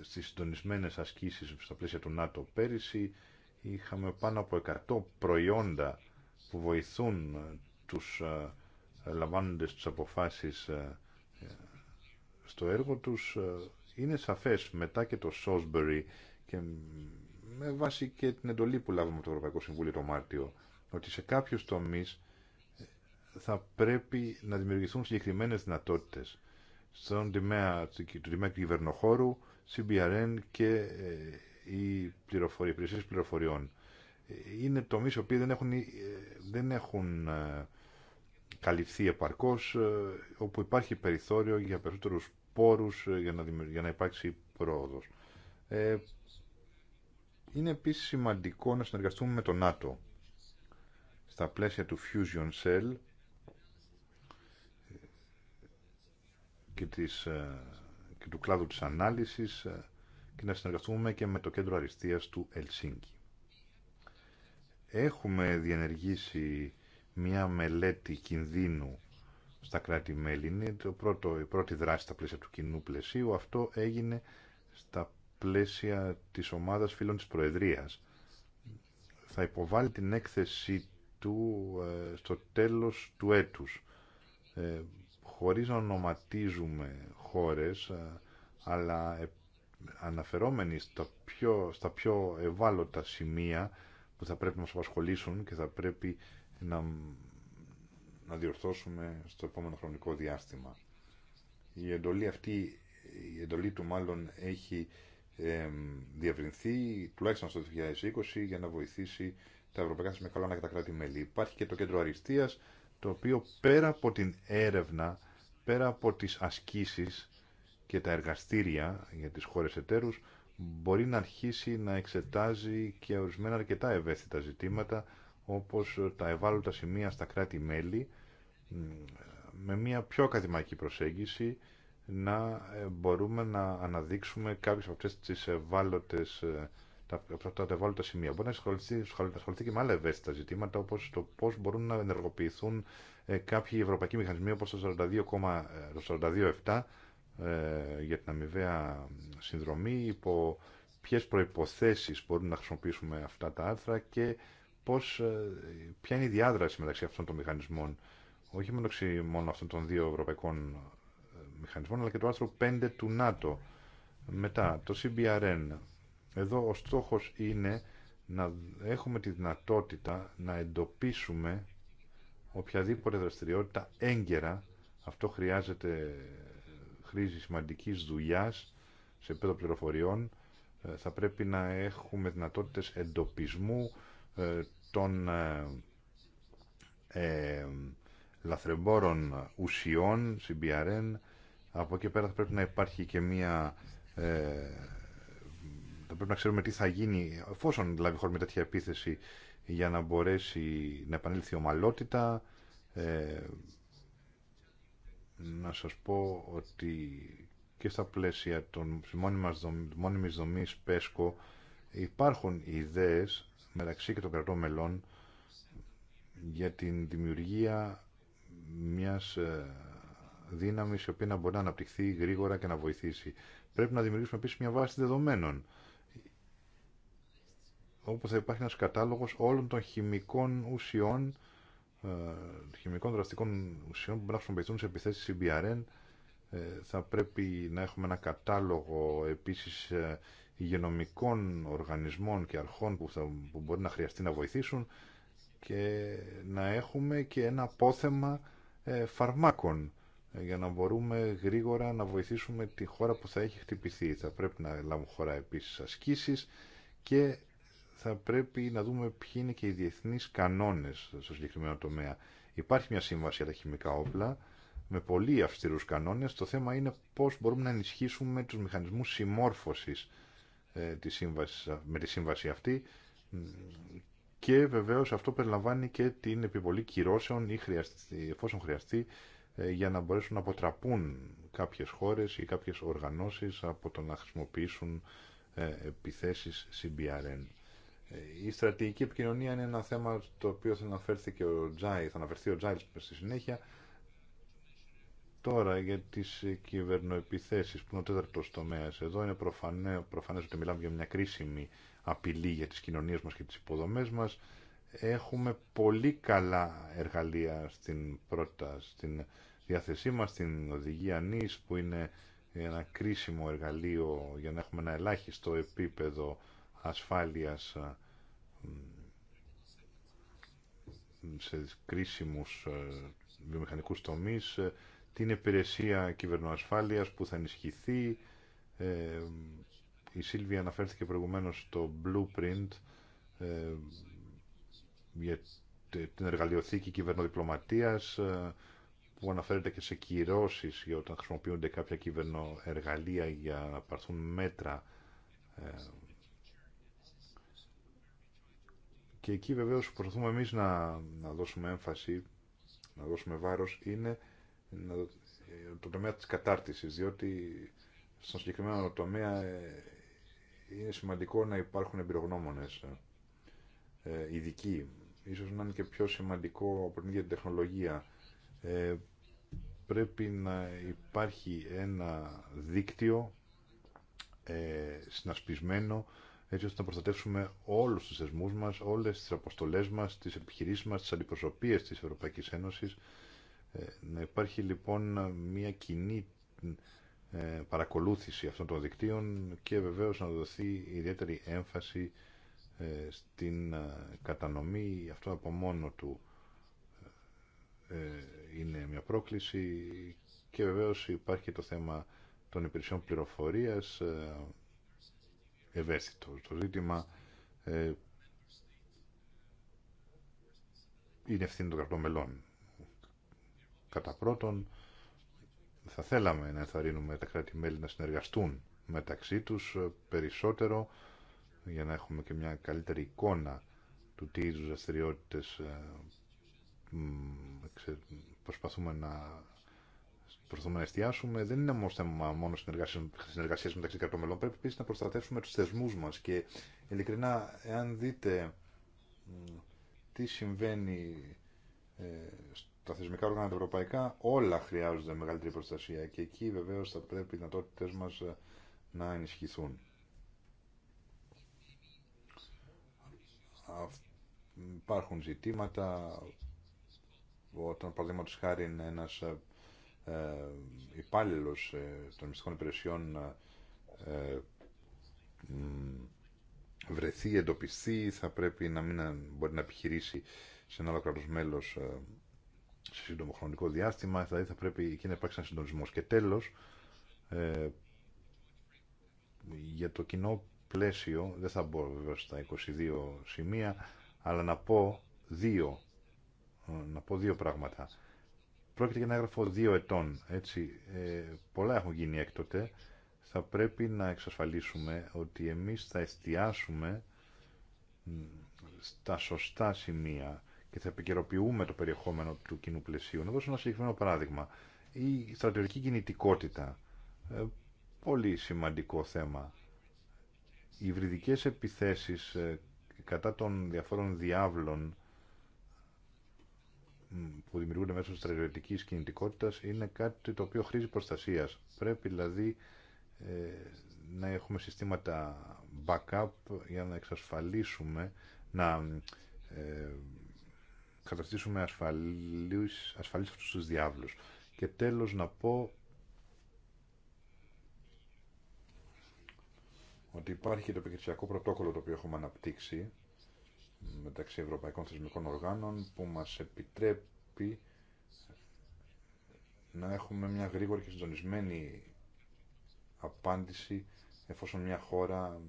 S3: στις συντονισμένες ασκήσεις στα πλαίσια του ΝΑΤΟ πέρυσι είχαμε πάνω από 100 προϊόντα που βοηθούν ε, τους ε, λαμβάνοντες τις αποφάσεις ε, στο έργο τους είναι σαφές μετά και το Σόσμπερι και με βάση και την εντολή που λάβαμε από το Ευρωπαϊκό Συμβούλιο το Μάρτιο ότι σε κάποιους τομείς θα πρέπει να δημιουργηθούν συγκεκριμένες δυνατότητες στον τομέα του κυβερνοχώρου CBRN και ε, οι πληροφορίες, πληροφοριών. Είναι τομείς οι οποίοι δεν έχουν, ε, δεν έχουν ε, καλυφθεί επαρκώς, όπου υπάρχει περιθώριο για περισσότερους πόρους για να, για να υπάρξει πρόοδος. είναι επίσης σημαντικό να συνεργαστούμε με το ΝΑΤΟ στα πλαίσια του Fusion Cell και της και του κλάδου της ανάλυσης ε, και να συνεργαστούμε και με το κέντρο αριστείας του Ελσίνκη. Έχουμε διενεργήσει μια μελέτη κινδύνου στα κράτη-μέλη. το η πρώτη δράση στα πλαίσια του κοινού πλαισίου. Αυτό έγινε στα πλαίσια της ομάδας φίλων της Προεδρίας. Θα υποβάλει την έκθεση του ε, στο τέλος του έτους. Ε, χωρίς να ονοματίζουμε, χώρες, ε, αλλά ε, αναφερόμενοι στα πιο, στα πιο ευάλωτα σημεία που θα πρέπει να μας απασχολήσουν και θα πρέπει να, να διορθώσουμε στο επόμενο χρονικό διάστημα. Η εντολή αυτή, η εντολή του μάλλον έχει ε, διευρυνθεί τουλάχιστον στο 2020 για να βοηθήσει τα ευρωπαϊκά σημεία και τα κράτη-μέλη. Υπάρχει και το κέντρο αριστείας, το οποίο πέρα από την έρευνα πέρα από τις ασκήσεις και τα εργαστήρια για τις χώρες εταίρους μπορεί να αρχίσει να εξετάζει και ορισμένα αρκετά ευαίσθητα ζητήματα όπως τα ευάλωτα σημεία στα κράτη-μέλη με μια πιο ακαδημαϊκή προσέγγιση να μπορούμε να αναδείξουμε κάποιες από αυτές τις ευάλωτες ε, τα ατεβάλλοντα σημεία. Μπορεί να ασχοληθεί, ασχοληθεί και με άλλα ευαίσθητα ζητήματα, όπω το πώ μπορούν να ενεργοποιηθούν ε, κάποιοι ευρωπαϊκοί μηχανισμοί, όπω το 42,7 ε, ε, για την αμοιβαία συνδρομή, υπό ποιε προποθέσει μπορούν να χρησιμοποιήσουμε αυτά τα άρθρα και πώς, ποια είναι η διάδραση μεταξύ αυτών των μηχανισμών. Όχι μεταξύ μόνο αυτών των δύο ευρωπαϊκών μηχανισμών, αλλά και του άρθρου 5 του ΝΑΤΟ. Μετά, το CBRN, εδώ ο στόχος είναι να έχουμε τη δυνατότητα να εντοπίσουμε οποιαδήποτε δραστηριότητα έγκαιρα. Αυτό χρειάζεται χρήση σημαντικής δουλειάς σε επίπεδο πληροφοριών. Ε, θα πρέπει να έχουμε δυνατότητες εντοπισμού ε, των ε, ε, λαθρεμπόρων ουσιών, CBRN. Από εκεί πέρα θα πρέπει να υπάρχει και μία θα πρέπει να ξέρουμε τι θα γίνει εφόσον λάβει χώρο με τέτοια επίθεση για να μπορέσει να επανέλθει η ομαλότητα. Ε, να σας πω ότι και στα πλαίσια των μόνιμης δομής ΠΕΣΚΟ υπάρχουν ιδέες μεταξύ και των κρατών μελών για την δημιουργία μιας ε, δύναμης η οποία να μπορεί να αναπτυχθεί γρήγορα και να βοηθήσει. Πρέπει να δημιουργήσουμε επίσης μια βάση δεδομένων όπου θα υπάρχει ένας κατάλογος όλων των χημικών ουσιών, ε, χημικών δραστικών ουσιών που μπορεί να χρησιμοποιηθούν σε επιθέσεις CBRN. Ε, θα πρέπει να έχουμε ένα κατάλογο επίσης ε, υγειονομικών οργανισμών και αρχών που, θα, που μπορεί να χρειαστεί να βοηθήσουν και να έχουμε και ένα απόθεμα φαρμάκων για να μπορούμε γρήγορα να βοηθήσουμε τη χώρα που θα έχει χτυπηθεί. Θα πρέπει να λάβουν χώρα επίσης ασκήσεις και θα πρέπει να δούμε ποιοι είναι και οι διεθνείς κανόνες στο συγκεκριμένο τομέα. Υπάρχει μια σύμβαση για τα χημικά όπλα με πολύ αυστηρούς κανόνες. Το θέμα είναι πώς μπορούμε να ενισχύσουμε τους μηχανισμούς συμμόρφωσης ε, με τη σύμβαση αυτή και βεβαίως αυτό περιλαμβάνει και την επιβολή κυρώσεων ή χρειαστεί, εφόσον χρειαστεί ε, για να μπορέσουν να αποτραπούν κάποιες χώρες ή κάποιες οργανώσεις από το να χρησιμοποιήσουν ε, επιθέσεις CBRN. Ε, η στρατηγική επικοινωνία είναι ένα θέμα το οποίο θα, και ο Τζάι, θα αναφερθεί ο Τζάι στη συνέχεια. Τώρα για τι κυβερνοεπιθέσει, που είναι ο τέταρτο τομέα Εδώ είναι προφανέ, προφανές ότι μιλάμε για μια κρίσιμη απειλή για τι κοινωνίε μα και τι υποδομέ μα. Έχουμε πολύ καλά εργαλεία στην πρώτα, στην διάθεσή μα στην οδηγία νης που είναι ένα κρίσιμο εργαλείο για να έχουμε ένα ελάχιστο επίπεδο ασφάλειας ε, σε κρίσιμους ε, βιομηχανικούς τομείς, ε, την υπηρεσία κυβερνοασφάλειας που θα ενισχυθεί. Η Σίλβια αναφέρθηκε προηγουμένως στο blueprint για την εργαλειοθήκη κυβερνοδιπλωματίας που αναφέρεται και σε κυρώσεις για όταν χρησιμοποιούνται κάποια κυβερνοεργαλεία για να παρθούν μέτρα και εκεί βεβαίως που προσπαθούμε εμείς να, να δώσουμε έμφαση, να δώσουμε βάρος, είναι να, το τομέα της κατάρτισης, διότι στον συγκεκριμένο τομέα ε, είναι σημαντικό να υπάρχουν εμπειρογνώμονες ε, ε, ειδικοί. Ίσως να είναι και πιο σημαντικό από την ίδια την τεχνολογία. Ε, πρέπει να υπάρχει ένα δίκτυο ε, συνασπισμένο έτσι ώστε να προστατεύσουμε όλους τους θεσμούς μας, όλες τις αποστολές μας, τις επιχειρήσεις μας, τις αντιπροσωπείες της Ευρωπαϊκής Ένωσης. Ε, να υπάρχει λοιπόν μια κοινή ε, παρακολούθηση αυτών των δικτύων και βεβαίως να δοθεί ιδιαίτερη έμφαση ε, στην κατανομή. Αυτό από μόνο του είναι μια πρόκληση και βεβαίως υπάρχει το θέμα των υπηρεσιών πληροφορίας ευαίσθητο το ζήτημα. Ε, είναι ευθύνη των κρατών μελών. Κατά πρώτον, θα θέλαμε να ενθαρρύνουμε τα κράτη-μέλη να συνεργαστούν μεταξύ τους ε, περισσότερο για να έχουμε και μια καλύτερη εικόνα του τι είδους δραστηριότητε ε, προσπαθούμε να προσπαθούμε να εστιάσουμε δεν είναι όμω θέμα μόνο συνεργασία μεταξύ κρατών μελών. Πρέπει επίση να προστατεύσουμε του θεσμού μα. Και ειλικρινά, εάν δείτε τι συμβαίνει ε, στα θεσμικά όργανα ευρωπαϊκά, όλα χρειάζονται μεγαλύτερη προστασία. Και εκεί βεβαίω θα πρέπει οι δυνατότητέ μα ε, να ενισχυθούν. Υπάρχουν ζητήματα όταν παραδείγματο χάρη είναι ε, ε, υπάλληλο ε, των μυστικών υπηρεσιών ε, βρεθεί, εντοπιστεί, θα πρέπει να μην μπορεί να επιχειρήσει σε ένα άλλο κράτο μέλο σε σύντομο χρονικό διάστημα, δηλαδή θα πρέπει εκεί να υπάρξει ένα συντονισμό. Και τέλο, για το κοινό πλαίσιο, δεν θα μπω βέβαια στα 22 σημεία, αλλά να πω δύο, να πω δύο πράγματα. Πρόκειται για ένα έγγραφο δύο ετών. Έτσι, ε, πολλά έχουν γίνει έκτοτε. Θα πρέπει να εξασφαλίσουμε ότι εμείς θα εστιάσουμε στα σωστά σημεία και θα επικαιροποιούμε το περιεχόμενο του κοινού πλαισίου. Να δώσω ένα συγκεκριμένο παράδειγμα. Η στρατιωτική κινητικότητα. Ε, πολύ σημαντικό θέμα. Οι υβριδικές επιθέσεις ε, κατά των διαφόρων διάβλων που δημιουργούνται μέσω της στρατιωτικής κινητικότητας είναι κάτι το οποίο χρήζει προστασίας. Πρέπει δηλαδή ε, να έχουμε συστήματα backup για να εξασφαλίσουμε, να ε, καταστήσουμε ασφαλείς, ασφαλείς αυτούς τους διάβλους. Και τέλος να πω ότι υπάρχει το επιχειρησιακό πρωτόκολλο το οποίο έχουμε αναπτύξει μεταξύ ευρωπαϊκών θεσμικών οργάνων που μας επιτρέπει να έχουμε μια γρήγορη και συντονισμένη απάντηση εφόσον μια χώρα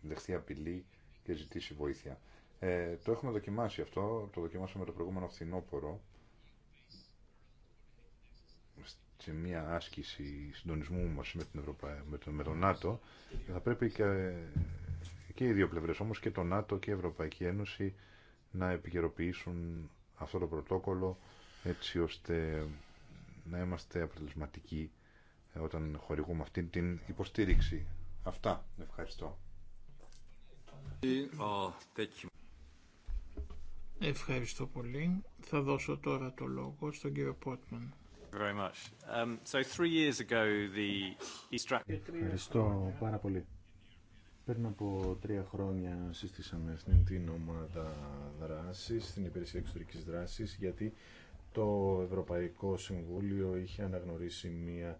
S3: δεχθεί απειλή και ζητήσει βοήθεια. Ε, το έχουμε δοκιμάσει αυτό, το δοκιμάσαμε το προηγούμενο φθινόπωρο σε μια άσκηση συντονισμού μας με, την Ευρωπα... με, τον, με τον θα πρέπει και και οι δύο πλευρές όμως και το ΝΑΤΟ και η Ευρωπαϊκή Ένωση να επικαιροποιήσουν αυτό το πρωτόκολλο έτσι ώστε να είμαστε αποτελεσματικοί ε, όταν χορηγούμε αυτή την υποστήριξη. Αυτά. Ευχαριστώ.
S1: Ευχαριστώ πολύ. Θα δώσω τώρα το λόγο στον κύριο Πότμαν. Um, Ευχαριστώ
S2: πάρα πολύ. Πριν από τρία χρόνια συστήσαμε αυτήν την ομάδα δράσης, την υπηρεσία εξωτερικής δράσης, γιατί το Ευρωπαϊκό Συμβούλιο είχε αναγνωρίσει μία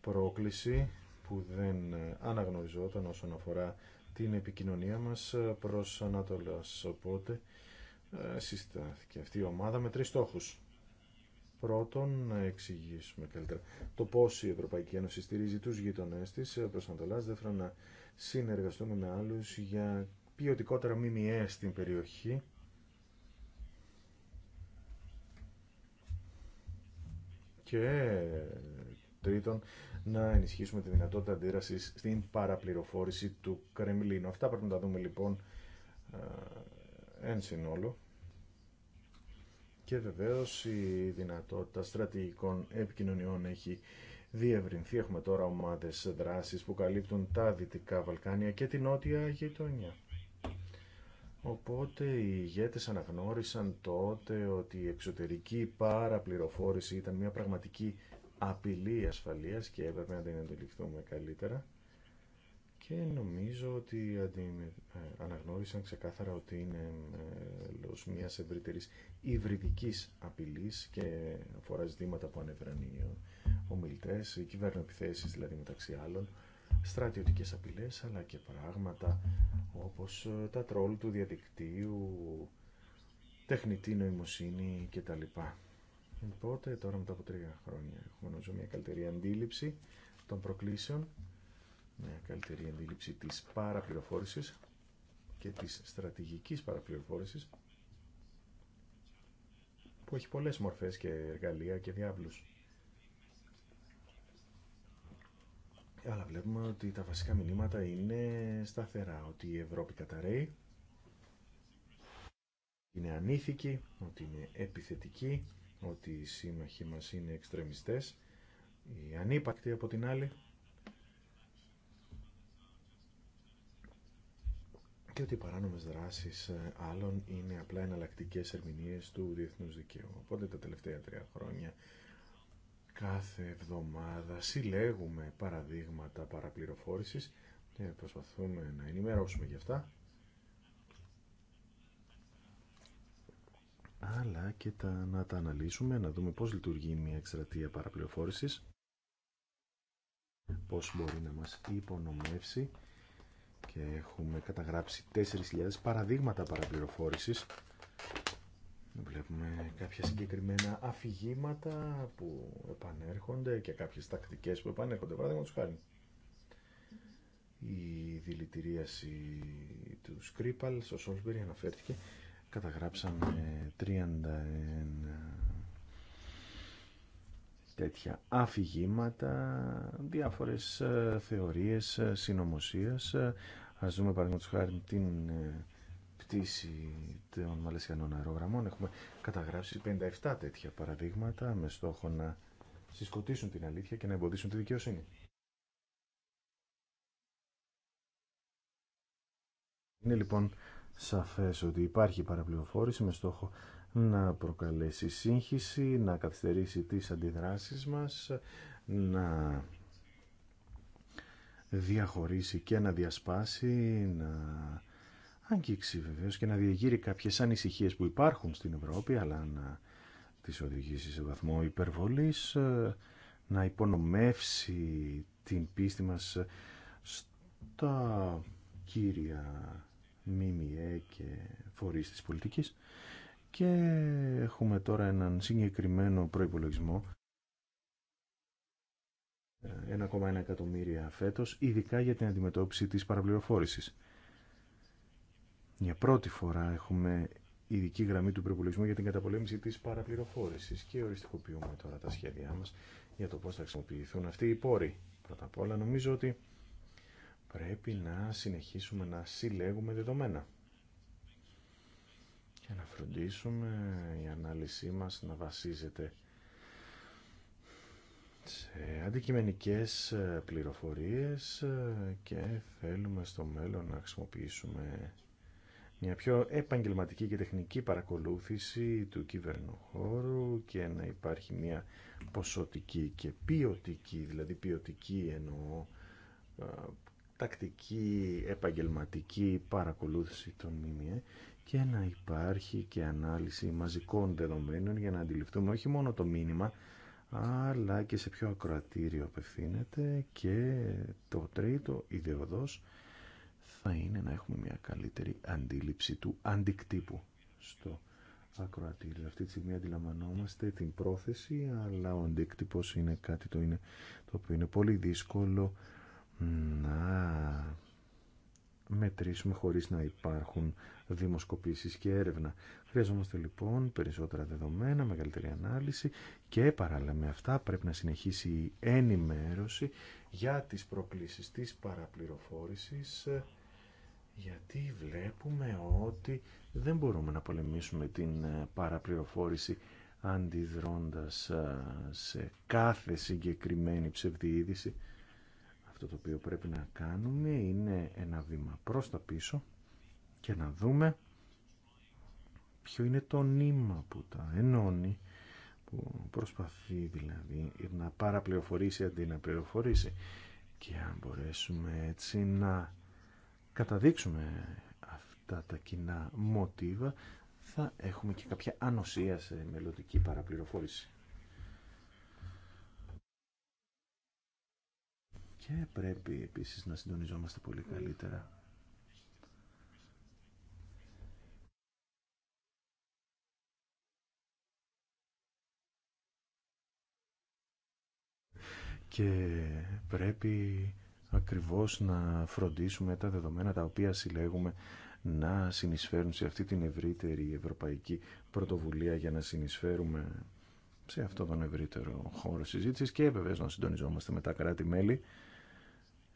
S2: πρόκληση που δεν αναγνωριζόταν όσον αφορά την επικοινωνία μας προς Ανατολάς. Οπότε ε, συστάθηκε αυτή η ομάδα με τρεις στόχους. Πρώτον, να εξηγήσουμε καλύτερα το πώς η Ευρωπαϊκή Ένωση στηρίζει τους γειτονές της προς Ανατολάς συνεργαστούμε με άλλους για ποιοτικότερα ΜΜΕ στην περιοχή. Και τρίτον, να ενισχύσουμε τη δυνατότητα αντίδραση στην παραπληροφόρηση του Κρεμλίνου. Αυτά πρέπει να τα δούμε λοιπόν ε, εν συνόλο. Και βεβαίως η δυνατότητα στρατηγικών επικοινωνιών έχει διευρυνθεί. Έχουμε τώρα ομάδες δράσης που καλύπτουν τα Δυτικά Βαλκάνια και την Νότια Γειτονιά. Οπότε οι ηγέτες αναγνώρισαν τότε ότι η εξωτερική παραπληροφόρηση ήταν μια πραγματική απειλή ασφαλείας και έπρεπε να την αντιληφθούμε καλύτερα και νομίζω ότι ε, αναγνώρισαν ξεκάθαρα ότι είναι μέλος μιας ευρύτερης υβριδικής απειλής και αφορά ζητήματα που ανέφεραν ομιλητές, επιθέσεις δηλαδή μεταξύ άλλων, στρατιωτικές απειλέ, αλλά και πράγματα όπως ε, τα τρόλ του διαδικτύου, τεχνητή νοημοσύνη κτλ. Οπότε τώρα μετά από τρία χρόνια έχουμε νομίζω μια καλύτερη αντίληψη των προκλήσεων, μια καλύτερη αντίληψη της παραπληροφόρησης και της στρατηγικής παραπληροφόρησης που έχει πολλές μορφές και εργαλεία και διάβλους. Αλλά βλέπουμε ότι τα βασικά μηνύματα είναι σταθερά, ότι η Ευρώπη καταραίει, είναι ανήθικη, ότι είναι επιθετική, ότι οι σύμμαχοι μας είναι εξτρεμιστές, οι ανύπαρκτοι από την άλλη και ότι οι παράνομες δράσεις ε, άλλων είναι απλά εναλλακτικές ερμηνείες του διεθνούς δικαίου. Οπότε τα τελευταία τρία χρόνια κάθε εβδομάδα συλλέγουμε παραδείγματα παραπληροφόρησης και ε, προσπαθούμε να ενημερώσουμε γι' αυτά. Αλλά και τα, να τα αναλύσουμε, να δούμε πώς λειτουργεί μια εκστρατεία παραπληροφόρησης, πώς μπορεί να μας υπονομεύσει και έχουμε καταγράψει 4.000 παραδείγματα παραπληροφόρησης Βλέπουμε κάποια συγκεκριμένα αφηγήματα που επανέρχονται και κάποιες τακτικές που επανέρχονται. Παράδειγμα τους χάρη. Η δηλητηρίαση του Σκρίπαλ στο Σόλσμπερι αναφέρθηκε. Καταγράψαμε 31 τέτοια αφηγήματα, διάφορες ε, θεωρίες ε, συνωμοσία. Ε, ας δούμε τους χάρη την πτήση των μαλαισιανών αερογραμμών. Έχουμε καταγράψει 57 τέτοια παραδείγματα με στόχο να συσκοτήσουν την αλήθεια και να εμποδίσουν τη δικαιοσύνη. Είναι λοιπόν σαφές ότι υπάρχει παραπληροφόρηση με στόχο να προκαλέσει σύγχυση, να καθυστερήσει τις αντιδράσεις μας, να διαχωρίσει και να διασπάσει, να αγγίξει βεβαίως και να διεγείρει κάποιες ανησυχίες που υπάρχουν στην Ευρώπη αλλά να τις οδηγήσει σε βαθμό υπερβολής ε, να υπονομεύσει την πίστη μας στα κύρια ΜΜΕ και φορείς της πολιτικής και έχουμε τώρα έναν συγκεκριμένο προϋπολογισμό 1,1 ε, εκατομμύρια φέτος, ειδικά για την αντιμετώπιση της παραπληροφόρησης. Για πρώτη φορά έχουμε ειδική γραμμή του προπολογισμού για την καταπολέμηση της παραπληροφόρησης και οριστικοποιούμε τώρα τα σχέδιά μας για το πώς θα χρησιμοποιηθούν αυτοί οι πόροι. Πρώτα απ' όλα νομίζω ότι πρέπει να συνεχίσουμε να συλλέγουμε δεδομένα και να φροντίσουμε η ανάλυση μας να βασίζεται σε αντικειμενικές ε, πληροφορίες ε, και θέλουμε στο μέλλον να χρησιμοποιήσουμε μια πιο επαγγελματική και τεχνική παρακολούθηση του κυβερνού χώρου και να υπάρχει μια ποσοτική και ποιοτική, δηλαδή ποιοτική εννοώ, τακτική επαγγελματική παρακολούθηση των ΜΜΕ και να υπάρχει και ανάλυση μαζικών δεδομένων για να αντιληφθούμε όχι μόνο το μήνυμα αλλά και σε ποιο ακροατήριο απευθύνεται και το τρίτο ιδεοδός θα είναι να έχουμε μια καλύτερη αντίληψη του αντικτύπου στο ακροατήριο. Αυτή τη στιγμή αντιλαμβανόμαστε την πρόθεση, αλλά ο αντίκτυπος είναι κάτι το, είναι, το οποίο είναι πολύ δύσκολο να μετρήσουμε χωρίς να υπάρχουν δημοσκοπήσεις και έρευνα. Χρειαζόμαστε λοιπόν περισσότερα δεδομένα, μεγαλύτερη ανάλυση και παράλληλα με αυτά πρέπει να συνεχίσει η ενημέρωση για τις προκλήσεις της παραπληροφόρησης γιατί βλέπουμε ότι δεν μπορούμε να πολεμήσουμε την ε, παραπληροφόρηση αντιδρώντας ε, σε κάθε συγκεκριμένη ψευδή Αυτό το οποίο πρέπει να κάνουμε είναι ένα βήμα προς τα πίσω και να δούμε ποιο είναι το νήμα που τα ενώνει, που προσπαθεί δηλαδή να παραπληροφορήσει αντί να πληροφορήσει. Και αν μπορέσουμε έτσι να καταδείξουμε αυτά τα κοινά μοτίβα θα έχουμε και κάποια ανοσία σε μελλοντική παραπληροφόρηση. Και πρέπει επίσης να συντονιζόμαστε πολύ καλύτερα. Και πρέπει ακριβώς να φροντίσουμε τα δεδομένα τα οποία συλλέγουμε να συνεισφέρουν σε αυτή την ευρύτερη ευρωπαϊκή πρωτοβουλία για να συνεισφέρουμε σε αυτό τον ευρύτερο χώρο συζήτησης και βεβαίω να συντονιζόμαστε με τα κράτη-μέλη.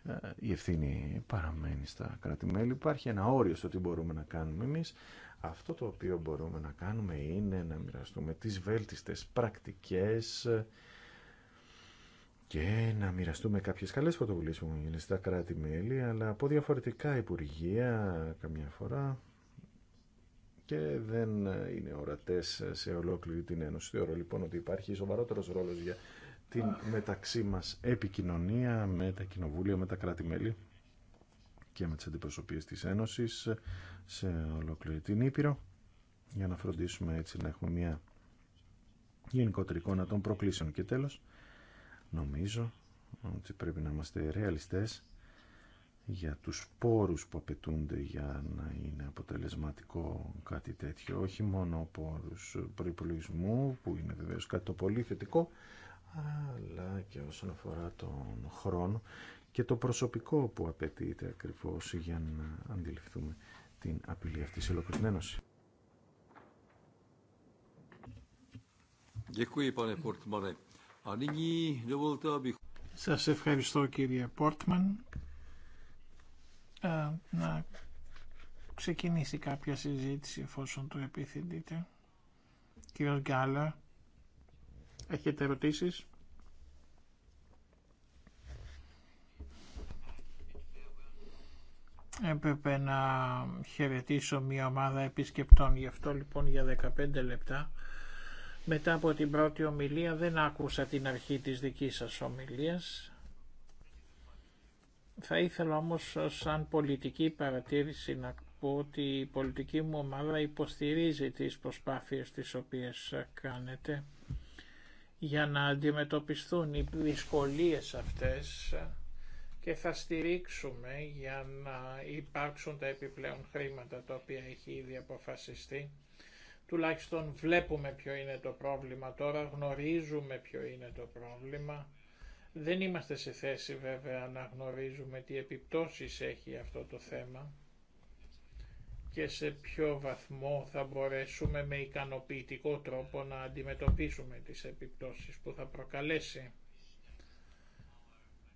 S2: Ε, η ευθύνη παραμένει στα κράτη-μέλη. Υπάρχει ένα όριο στο τι μπορούμε να κάνουμε εμείς. Αυτό το οποίο μπορούμε να κάνουμε είναι να μοιραστούμε τις βέλτιστες πρακτικές και να μοιραστούμε κάποιες καλές πρωτοβουλίες που έχουν γίνει στα κράτη-μέλη, αλλά από διαφορετικά υπουργεία καμιά φορά και δεν είναι ορατές σε ολόκληρη την Ένωση. Θεωρώ λοιπόν ότι υπάρχει σοβαρότερος ρόλος για την μεταξύ μας επικοινωνία με τα κοινοβούλια, με τα κράτη-μέλη και με τις αντιπροσωπείες της Ένωσης σε ολόκληρη την Ήπειρο για να φροντίσουμε έτσι να έχουμε μια γενικότερη εικόνα των προκλήσεων. Και τέλος, Νομίζω ότι πρέπει να είμαστε ρεαλιστές για τους πόρους που απαιτούνται για να είναι αποτελεσματικό κάτι τέτοιο. Όχι μόνο πόρους προϋπολογισμού που είναι βεβαίως κάτι το πολύ θετικό αλλά και όσον αφορά τον χρόνο και το προσωπικό που απαιτείται ακριβώς για να αντιληφθούμε την απειλή αυτή σε ολόκληρη
S1: σας ευχαριστώ κύριε Πόρτμαν. Ε, να ξεκινήσει κάποια συζήτηση εφόσον το επιθυμείτε. Κύριε Γκάλα, έχετε ερωτήσεις. Έπρεπε να χαιρετήσω μια ομάδα επισκεπτών, γι' αυτό λοιπόν για 15 λεπτά μετά από την πρώτη ομιλία δεν άκουσα την αρχή της δικής σας ομιλίας. Θα ήθελα όμως σαν πολιτική παρατήρηση να πω ότι η πολιτική μου ομάδα υποστηρίζει τις προσπάθειες τις οποίες κάνετε για να αντιμετωπιστούν οι δυσκολίες αυτές και θα στηρίξουμε για να υπάρξουν τα επιπλέον χρήματα τα οποία έχει ήδη αποφασιστεί Τουλάχιστον βλέπουμε ποιο είναι το πρόβλημα τώρα, γνωρίζουμε ποιο είναι το πρόβλημα. Δεν είμαστε σε θέση βέβαια να γνωρίζουμε τι επιπτώσεις έχει αυτό το θέμα και σε ποιο βαθμό θα μπορέσουμε με ικανοποιητικό τρόπο να αντιμετωπίσουμε τις επιπτώσεις που θα προκαλέσει.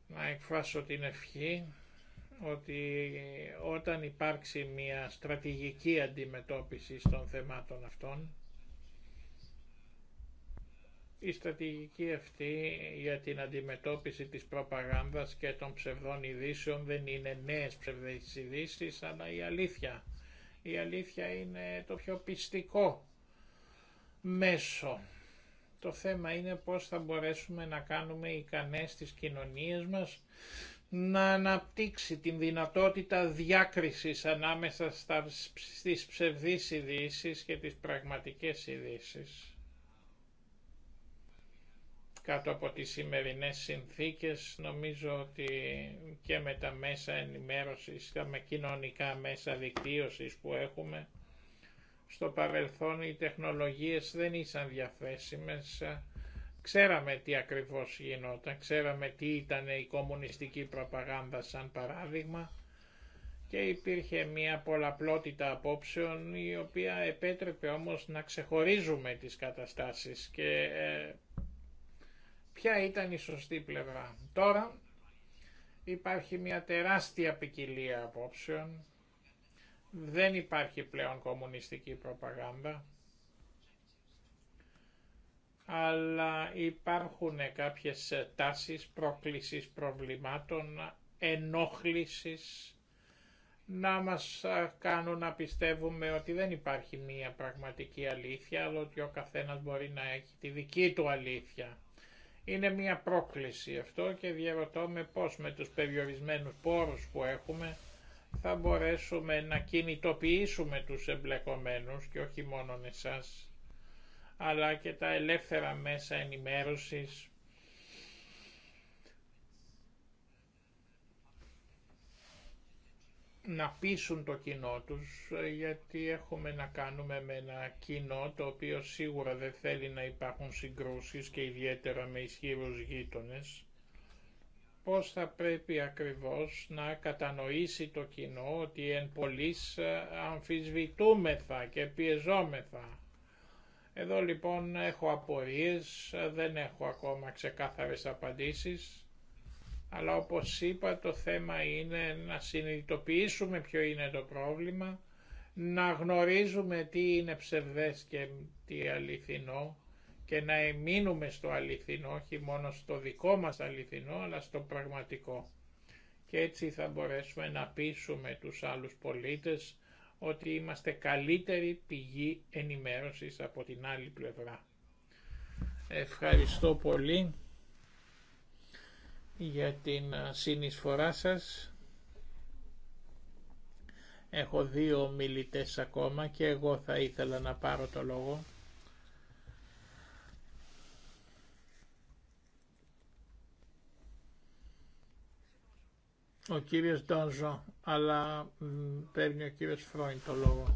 S1: Να εκφράσω την ευχή ότι όταν υπάρξει μια στρατηγική αντιμετώπιση των θεμάτων αυτών, η στρατηγική αυτή για την αντιμετώπιση της προπαγάνδας και των ψευδών ειδήσεων δεν είναι νέες ψευδές ειδήσει, αλλά η αλήθεια. Η αλήθεια είναι το πιο πιστικό μέσο. Το θέμα είναι πώς θα μπορέσουμε να κάνουμε ικανές τις κοινωνίες μας να αναπτύξει την δυνατότητα διάκρισης ανάμεσα στα, στις ψευδείς ειδήσει και τις πραγματικές ειδήσει. Κάτω από τις σημερινές συνθήκες νομίζω ότι και με τα μέσα ενημέρωσης, και με κοινωνικά μέσα δικτύωσης που έχουμε, στο παρελθόν οι τεχνολογίες δεν ήσαν διαθέσιμες Ξέραμε τι ακριβώς γινόταν, ξέραμε τι ήταν η κομμουνιστική προπαγάνδα σαν παράδειγμα και υπήρχε μια πολλαπλότητα απόψεων η οποία επέτρεπε όμως να ξεχωρίζουμε τις καταστάσεις και ε, ποια ήταν η σωστή πλευρά. Τώρα υπάρχει μια τεράστια ποικιλία απόψεων, δεν υπάρχει πλέον κομμουνιστική προπαγάνδα, αλλά υπάρχουν κάποιες τάσεις πρόκλησης προβλημάτων, ενόχλησης, να μας κάνουν να πιστεύουμε ότι δεν υπάρχει μία πραγματική αλήθεια, αλλά ότι ο καθένας μπορεί να έχει τη δική του αλήθεια. Είναι μία πρόκληση αυτό και διαρωτώ με πώς με τους περιορισμένους πόρους που έχουμε θα μπορέσουμε να κινητοποιήσουμε τους εμπλεκομένους και όχι μόνον εσάς αλλά και τα ελεύθερα μέσα ενημέρωσης να πείσουν το κοινό τους, γιατί έχουμε να κάνουμε με ένα κοινό το οποίο σίγουρα δεν θέλει να υπάρχουν συγκρούσεις και ιδιαίτερα με ισχύρους γείτονες, πώς θα πρέπει ακριβώς να κατανοήσει το κοινό ότι εν πολλής αμφισβητούμεθα και πιεζόμεθα εδώ λοιπόν έχω απορίες, δεν έχω ακόμα ξεκάθαρες απαντήσεις, αλλά όπως είπα το θέμα είναι να συνειδητοποιήσουμε ποιο είναι το πρόβλημα, να γνωρίζουμε τι είναι ψευδές και τι αληθινό και να εμείνουμε στο αληθινό, όχι μόνο στο δικό μας αληθινό, αλλά στο πραγματικό. Και έτσι θα μπορέσουμε να πείσουμε τους άλλους πολίτες ότι είμαστε καλύτερη πηγή ενημέρωσης από την άλλη πλευρά. Ευχαριστώ πολύ για την συνεισφορά σας. Έχω δύο μιλητές ακόμα και εγώ θα ήθελα να πάρω το λόγο. Ο κύριος Ντόνζο αλλά παίρνει ο κύριος Φρόιν το λόγο.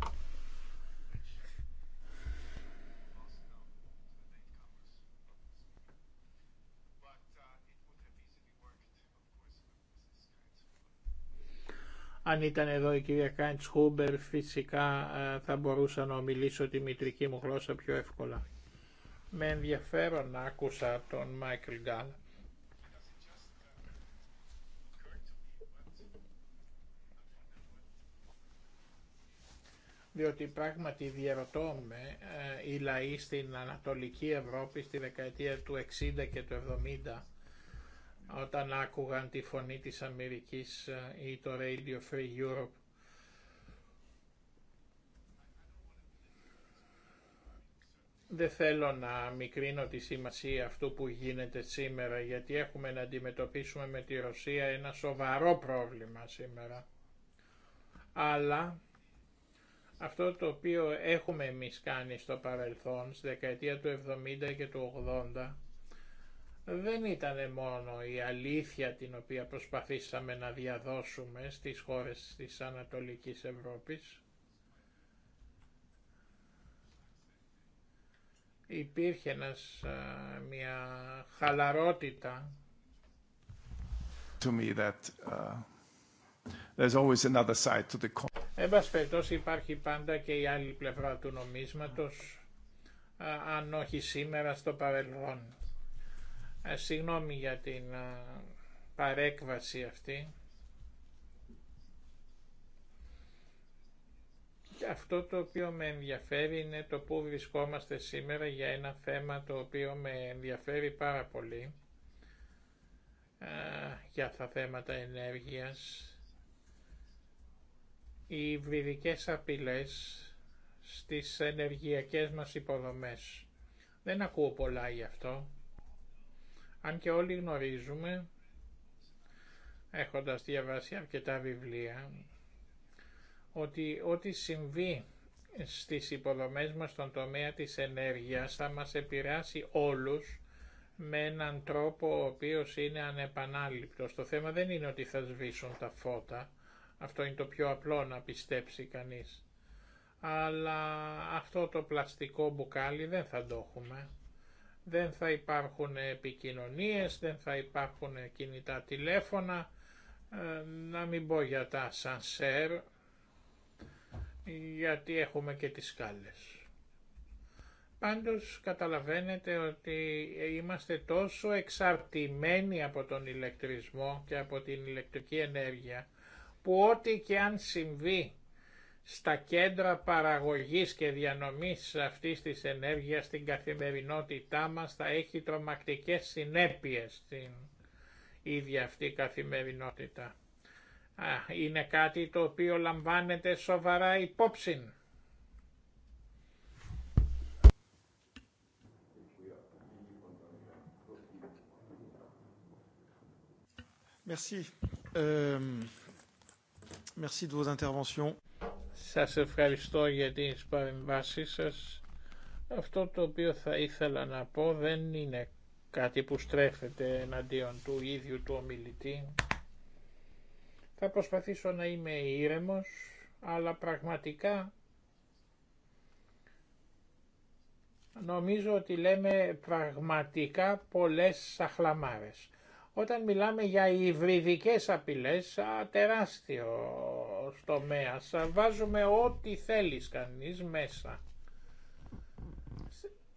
S1: Αν ήταν εδώ η κυρία Κάιντς Χούμπερ φυσικά ε, θα μπορούσα να μιλήσω τη μητρική μου γλώσσα πιο εύκολα. Με ενδιαφέρον άκουσα τον Μάικλ Γκάλ διότι πράγματι διαρωτώ με ε, οι λαοί στην Ανατολική Ευρώπη στη δεκαετία του 60 και του 70 όταν άκουγαν τη φωνή της Αμερικής ε, ή το Radio Free Europe Δεν θέλω να μικρύνω τη σημασία αυτού που γίνεται σήμερα, γιατί έχουμε να αντιμετωπίσουμε με τη Ρωσία ένα σοβαρό πρόβλημα σήμερα. Αλλά αυτό το οποίο έχουμε εμείς κάνει στο παρελθόν, στη δεκαετία του 70 και του 80, δεν ήταν μόνο η αλήθεια την οποία προσπαθήσαμε να διαδώσουμε στις χώρες της Ανατολικής Ευρώπης. Υπήρχε ένας, μια χαλαρότητα to me uh, There's υπάρχει πάντα και η άλλη πλευρά του νομίσματος, αν όχι σήμερα στο παρελθόν. Ε, συγγνώμη για την παρέκβαση αυτή. Και αυτό το οποίο με ενδιαφέρει είναι το που βρισκόμαστε σήμερα για ένα θέμα το οποίο με ενδιαφέρει πάρα πολύ για τα θέματα ενέργειας οι βιβλικές απειλές στις ενεργειακές μας υποδομές. Δεν ακούω πολλά γι' αυτό. Αν και όλοι γνωρίζουμε, έχοντας διαβάσει αρκετά βιβλία, ότι ό,τι συμβεί στις υποδομές μας στον τομέα της ενέργειας θα μας επηρεάσει όλους με έναν τρόπο ο οποίος είναι ανεπανάληπτος. Το θέμα δεν είναι ότι θα σβήσουν τα φώτα, αυτό είναι το πιο απλό να πιστέψει κανείς. Αλλά αυτό το πλαστικό μπουκάλι δεν θα το έχουμε. Δεν θα υπάρχουν επικοινωνίες, δεν θα υπάρχουν κινητά τηλέφωνα, ε, να μην πω για τα σανσέρ, γιατί έχουμε και τις σκάλες. Πάντως καταλαβαίνετε ότι είμαστε τόσο εξαρτημένοι από τον ηλεκτρισμό και από την ηλεκτρική ενέργεια που ό,τι και αν συμβεί στα κέντρα παραγωγής και διανομής αυτής της ενέργειας στην καθημερινότητά μας θα έχει τρομακτικές συνέπειες στην ίδια αυτή καθημερινότητα. Α, είναι κάτι το οποίο λαμβάνεται σοβαρά υπόψη.
S2: Merci. Ε, Merci de vos interventions.
S1: Σας ευχαριστώ για τις παρεμβάσεις σας. Αυτό το οποίο θα ήθελα να πω δεν είναι κάτι που στρέφεται εναντίον του ίδιου του ομιλητή. Θα προσπαθήσω να είμαι ήρεμος, αλλά πραγματικά νομίζω ότι λέμε πραγματικά πολλές σαχλαμάρες. Όταν μιλάμε για υβριδικές απειλές, α, τεράστιο τομέα. Βάζουμε ό,τι θέλεις κανείς μέσα.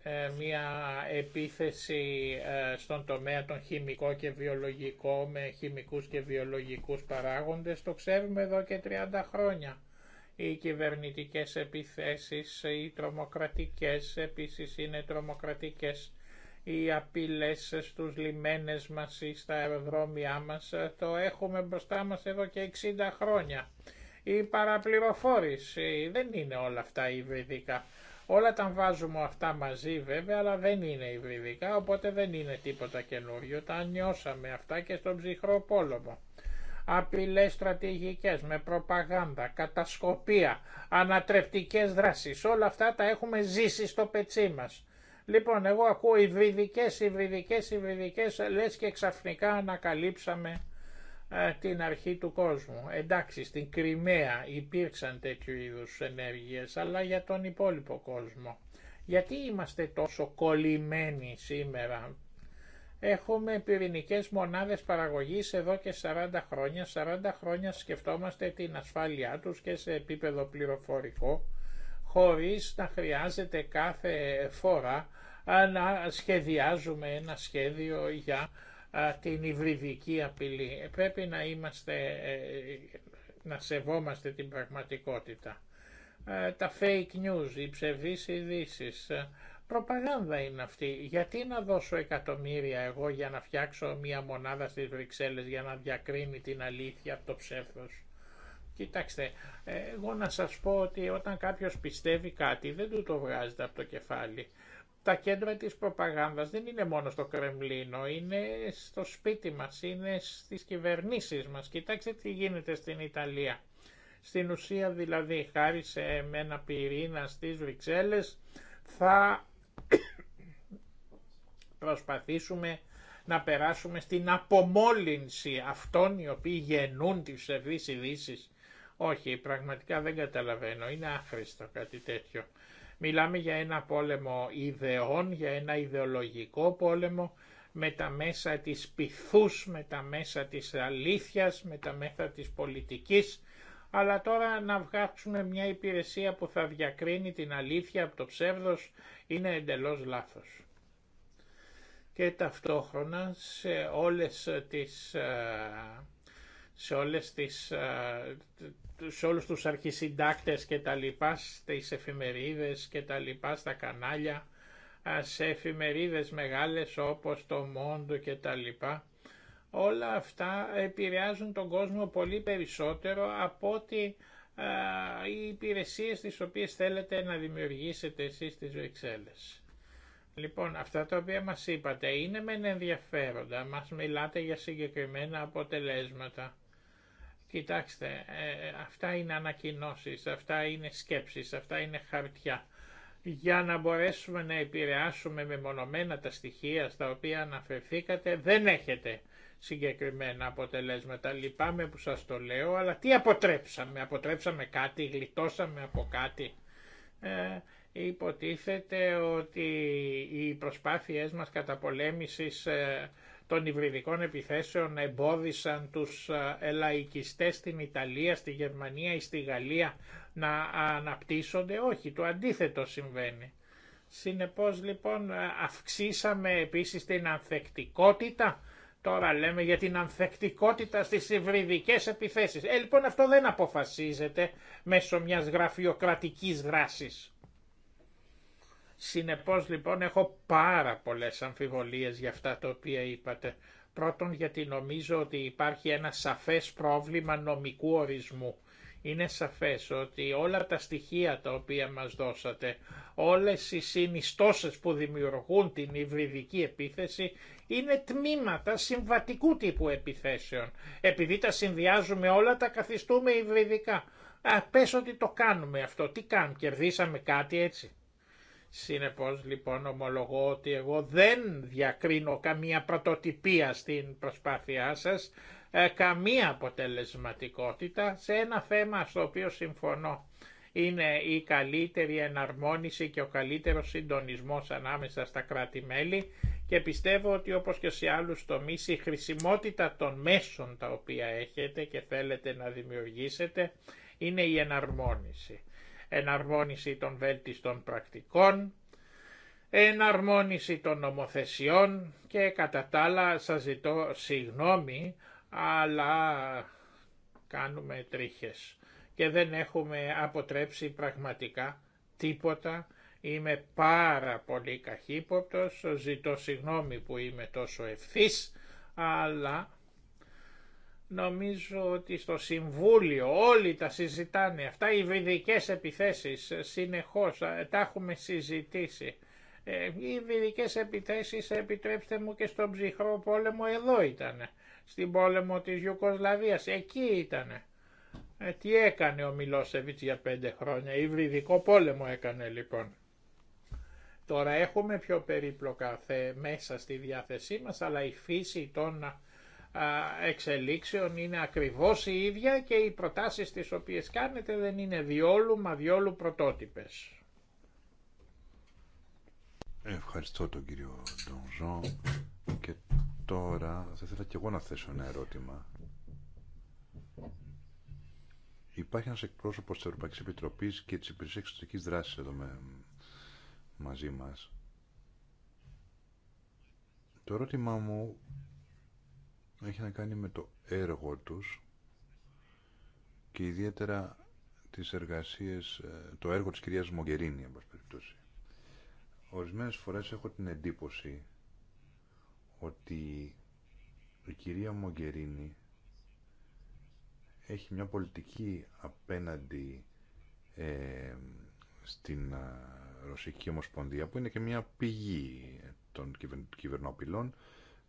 S1: Ε, μια επίθεση ε, στον τομέα των χημικό και βιολογικό με χημικούς και βιολογικούς παράγοντες το ξέρουμε εδώ και 30 χρόνια. Οι κυβερνητικές επιθέσεις, οι τρομοκρατικές επίσης είναι τρομοκρατικές οι απειλές στους λιμένες μας ή στα αεροδρόμια μας. Ε, το έχουμε μπροστά μας εδώ και 60 χρόνια. Η παραπληροφόρηση ε, δεν είναι όλα αυτά υβριδικά. Όλα τα βάζουμε αυτά μαζί βέβαια, αλλά δεν είναι υβριδικά, οπότε δεν είναι τίποτα καινούριο. Τα νιώσαμε αυτά και στον ψυχρό πόλεμο. Απειλές στρατηγικές με προπαγάνδα, κατασκοπία, ανατρεπτικές δράσεις, όλα αυτά τα έχουμε ζήσει στο πετσί μας. Λοιπόν, εγώ ακούω υβριδικές, υβριδικές, υβριδικές, λες και ξαφνικά ανακαλύψαμε ε, την αρχή του κόσμου. Εντάξει, στην Κρυμαία υπήρξαν τέτοιου είδους ενέργειες, αλλά για τον υπόλοιπο κόσμο. Γιατί είμαστε τόσο κολλημένοι σήμερα. Έχουμε πυρηνικές μονάδες παραγωγής εδώ και 40 χρόνια. 40 χρόνια σκεφτόμαστε την ασφάλειά τους και σε επίπεδο πληροφορικό χωρίς να χρειάζεται κάθε φορά να σχεδιάζουμε ένα σχέδιο για την υβριδική απειλή. Ε, πρέπει να είμαστε, ε, να σεβόμαστε την πραγματικότητα. Ε, τα fake news, οι ψευδείς ειδήσει. Προπαγάνδα είναι αυτή. Γιατί να δώσω εκατομμύρια εγώ για να φτιάξω μία μονάδα στις Βρυξέλλες για να διακρίνει την αλήθεια από το ψεύδος. Κοιτάξτε, εγώ να σας πω ότι όταν κάποιος πιστεύει κάτι δεν του το βγάζετε από το κεφάλι τα κέντρα της προπαγάνδας δεν είναι μόνο στο Κρεμλίνο, είναι στο σπίτι μας, είναι στις κυβερνήσεις μας. Κοιτάξτε τι γίνεται στην Ιταλία. Στην ουσία δηλαδή χάρη σε ένα πυρήνα στις Βρυξέλλες θα προσπαθήσουμε να περάσουμε στην απομόλυνση αυτών οι οποίοι γεννούν τις ψευδείς ειδήσει. Όχι, πραγματικά δεν καταλαβαίνω. Είναι άχρηστο κάτι τέτοιο. Μιλάμε για ένα πόλεμο ιδεών, για ένα ιδεολογικό πόλεμο με τα μέσα της πυθούς, με τα μέσα της αλήθειας, με τα μέσα της πολιτικής, αλλά τώρα να βγάψουμε μια υπηρεσία που θα διακρίνει την αλήθεια από το ψεύδος είναι εντελώς λάθος. Και ταυτόχρονα σε όλες τις ε, σε όλες τις, ε, σε όλους τους αρχισυντάκτες και τα λοιπά, στις εφημερίδες και τα λοιπά, στα κανάλια, σε εφημερίδες μεγάλες όπως το Μόντο και τα λοιπά. Όλα αυτά επηρεάζουν τον κόσμο πολύ περισσότερο από ότι οι υπηρεσίες τις οποίες θέλετε να δημιουργήσετε εσείς στις Βεξέλλες. Λοιπόν, αυτά τα οποία μας είπατε είναι μεν ενδιαφέροντα, μας μιλάτε για συγκεκριμένα αποτελέσματα Κοιτάξτε, ε, ε, αυτά είναι ανακοινώσεις, αυτά είναι σκέψεις, αυτά είναι χαρτιά. Για να μπορέσουμε να επηρεάσουμε μονόμενα τα στοιχεία στα οποία αναφερθήκατε, δεν έχετε συγκεκριμένα αποτελέσματα. Λυπάμαι που σας το λέω, αλλά τι αποτρέψαμε, αποτρέψαμε κάτι, γλιτώσαμε από κάτι. Ε, υποτίθεται ότι οι προσπάθειές μας καταπολέμησης ε, των υβριδικών επιθέσεων εμπόδισαν τους ελαικιστές στην Ιταλία, στη Γερμανία ή στη Γαλλία να αναπτύσσονται. Όχι, το αντίθετο συμβαίνει. Συνεπώς λοιπόν αυξήσαμε επίσης την ανθεκτικότητα. Τώρα λέμε για την ανθεκτικότητα στις υβριδικές επιθέσεις. Ε, λοιπόν αυτό δεν αποφασίζεται μέσω μιας γραφειοκρατικής δράσης. Συνεπώς λοιπόν έχω πάρα πολλές αμφιβολίες για αυτά τα οποία είπατε. Πρώτον γιατί νομίζω ότι υπάρχει ένα σαφές πρόβλημα νομικού ορισμού. Είναι σαφές ότι όλα τα στοιχεία τα οποία μας δώσατε, όλες οι συνιστώσεις που δημιουργούν την υβριδική επίθεση είναι τμήματα συμβατικού τύπου επιθέσεων. Επειδή τα συνδυάζουμε όλα τα καθιστούμε υβριδικά. Α, πες ότι το κάνουμε αυτό. Τι κάνουμε, κερδίσαμε κάτι έτσι. Συνεπώς λοιπόν ομολογώ ότι εγώ δεν διακρίνω καμία πρωτοτυπία στην προσπάθειά σας, ε, καμία αποτελεσματικότητα σε ένα θέμα στο οποίο συμφωνώ. Είναι η καλύτερη εναρμόνιση και ο καλύτερος συντονισμός ανάμεσα στα κράτη-μέλη και πιστεύω ότι όπως και σε άλλους τομείς η χρησιμότητα των μέσων τα οποία έχετε και θέλετε να δημιουργήσετε είναι η εναρμόνιση εναρμόνιση των βέλτιστων πρακτικών, εναρμόνιση των νομοθεσιών και κατά τα άλλα σας ζητώ συγγνώμη, αλλά κάνουμε τρίχες και δεν έχουμε αποτρέψει πραγματικά τίποτα. Είμαι πάρα πολύ καχύποπτος, ζητώ συγγνώμη που είμαι τόσο ευθύς, αλλά Νομίζω ότι στο Συμβούλιο όλοι τα συζητάνε. Αυτά οι βιδικές επιθέσεις ε, συνεχώς ε, τα έχουμε συζητήσει. Ε, οι βιδικές επιθέσεις επιτρέψτε μου και στον ψυχρό πόλεμο εδώ ήταν. Στην πόλεμο της Ιουκοσλαβίας. Εκεί ήταν. τι έκανε ο Μιλόσεβιτς για πέντε χρόνια. η Υβριδικό πόλεμο έκανε λοιπόν. Τώρα έχουμε πιο περίπλοκα μέσα στη διάθεσή μας αλλά η φύση των εξελίξεων είναι ακριβώς η ίδια και οι προτάσεις τις οποίες κάνετε δεν είναι διόλου μα διόλου πρωτότυπες.
S3: Ευχαριστώ τον κύριο Ντονζό και τώρα θα ήθελα και εγώ να θέσω ένα ερώτημα. Υπάρχει ένας εκπρόσωπος της Ευρωπαϊκής Επιτροπής και της Υπηρεσίας Εξωτερικής Δράσης εδώ μαζί μας. Το ερώτημά μου έχει να κάνει με το έργο τους και ιδιαίτερα τις εργασίες, ε, το έργο της κυρίας Μογκερίνη, εν περιπτώσει. Ορισμένες φορές έχω την εντύπωση ότι η κυρία Μογκερίνη έχει μια πολιτική απέναντι ε, στην ε, Ρωσική Ομοσπονδία που είναι και μια πηγή των κυβερνόπυλων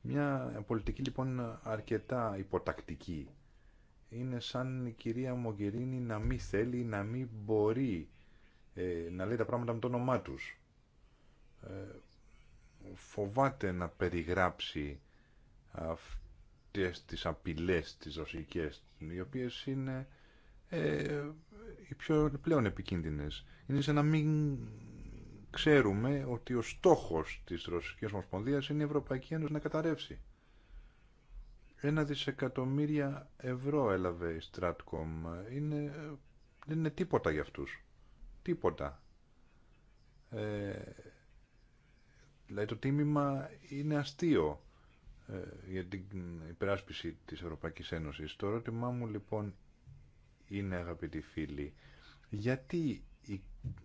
S3: μια πολιτική λοιπόν αρκετά υποτακτική. Είναι σαν η κυρία Μογκερίνη να μην θέλει, να μην μπορεί ε, να λέει τα πράγματα με το όνομά τους. Ε, φοβάται να περιγράψει αυτές τις απειλές τις ρωσικές, οι οποίες είναι ε, οι πιο πλέον επικίνδυνες. Είναι σαν να μην ξέρουμε ότι ο στόχος της Ρωσικής Ομοσπονδίας είναι η Ευρωπαϊκή Ένωση να καταρρεύσει. Ένα δισεκατομμύρια ευρώ έλαβε η Stratcom. Είναι, δεν είναι τίποτα για αυτούς. Τίποτα. Ε, δηλαδή το τίμημα είναι αστείο ε, για την υπεράσπιση της Ευρωπαϊκής Ένωσης. Το ερώτημά μου λοιπόν είναι αγαπητοί φίλοι, γιατί ή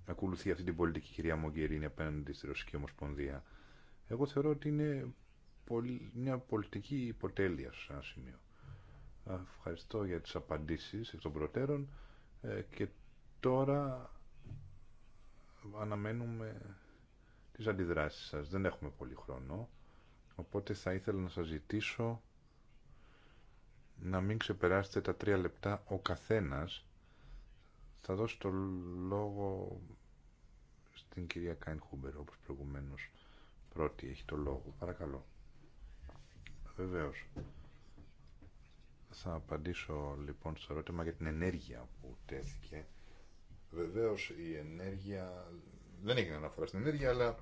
S3: ακολουθεί αυτή την πολιτική κυρία Μογκερίνη απέναντι στη Ρωσική Ομοσπονδία. Εγώ θεωρώ ότι είναι μια πολιτική υποτέλεια σε ένα σημείο. Ευχαριστώ για τις απαντήσεις εκ των προτέρων ε, και τώρα αναμένουμε τις αντιδράσεις σας. Δεν έχουμε πολύ χρόνο, οπότε θα ήθελα να σας ζητήσω να μην ξεπεράσετε τα τρία λεπτά ο καθένας θα δώσω το λόγο στην κυρία Κάιν Χούμπερ, όπως προηγουμένως πρώτη έχει το λόγο. Παρακαλώ. Βεβαίως. Θα απαντήσω λοιπόν στο ερώτημα για την ενέργεια που τέθηκε. Βεβαίως η ενέργεια, δεν έγινε αναφορά στην ενέργεια, αλλά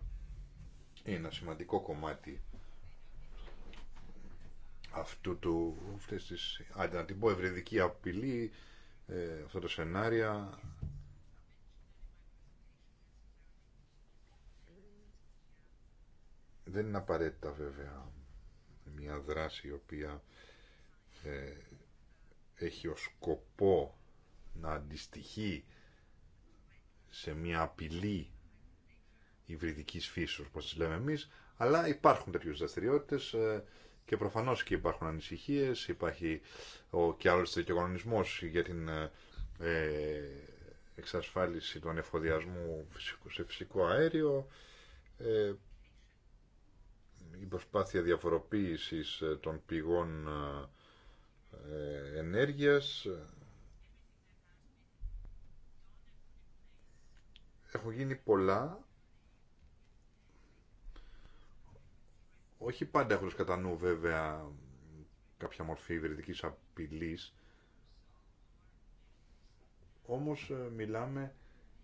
S3: είναι ένα σημαντικό κομμάτι αυτού του, αυτής της, αν την πω, απειλή ε, το Δεν είναι απαραίτητα βέβαια μια δράση η οποία ε, έχει ως σκοπό να αντιστοιχεί σε μια απειλή υβριδικής φύσης όπως τις λέμε εμείς, αλλά υπάρχουν τέτοιες δραστηριότητες, ε, και προφανώς και υπάρχουν ανησυχίε, υπάρχει ο, και άλλο και για την ε, ε, εξασφάλιση του ανεφοδιασμού σε φυσικό αέριο, ε, η προσπάθεια διαφοροποίησης ε, των πηγών ε, ε, ενέργειας. Έχουν γίνει πολλά, όχι πάντα έχοντα κατά νου βέβαια κάποια μορφή υβριδικής απειλής, όμως ε, μιλάμε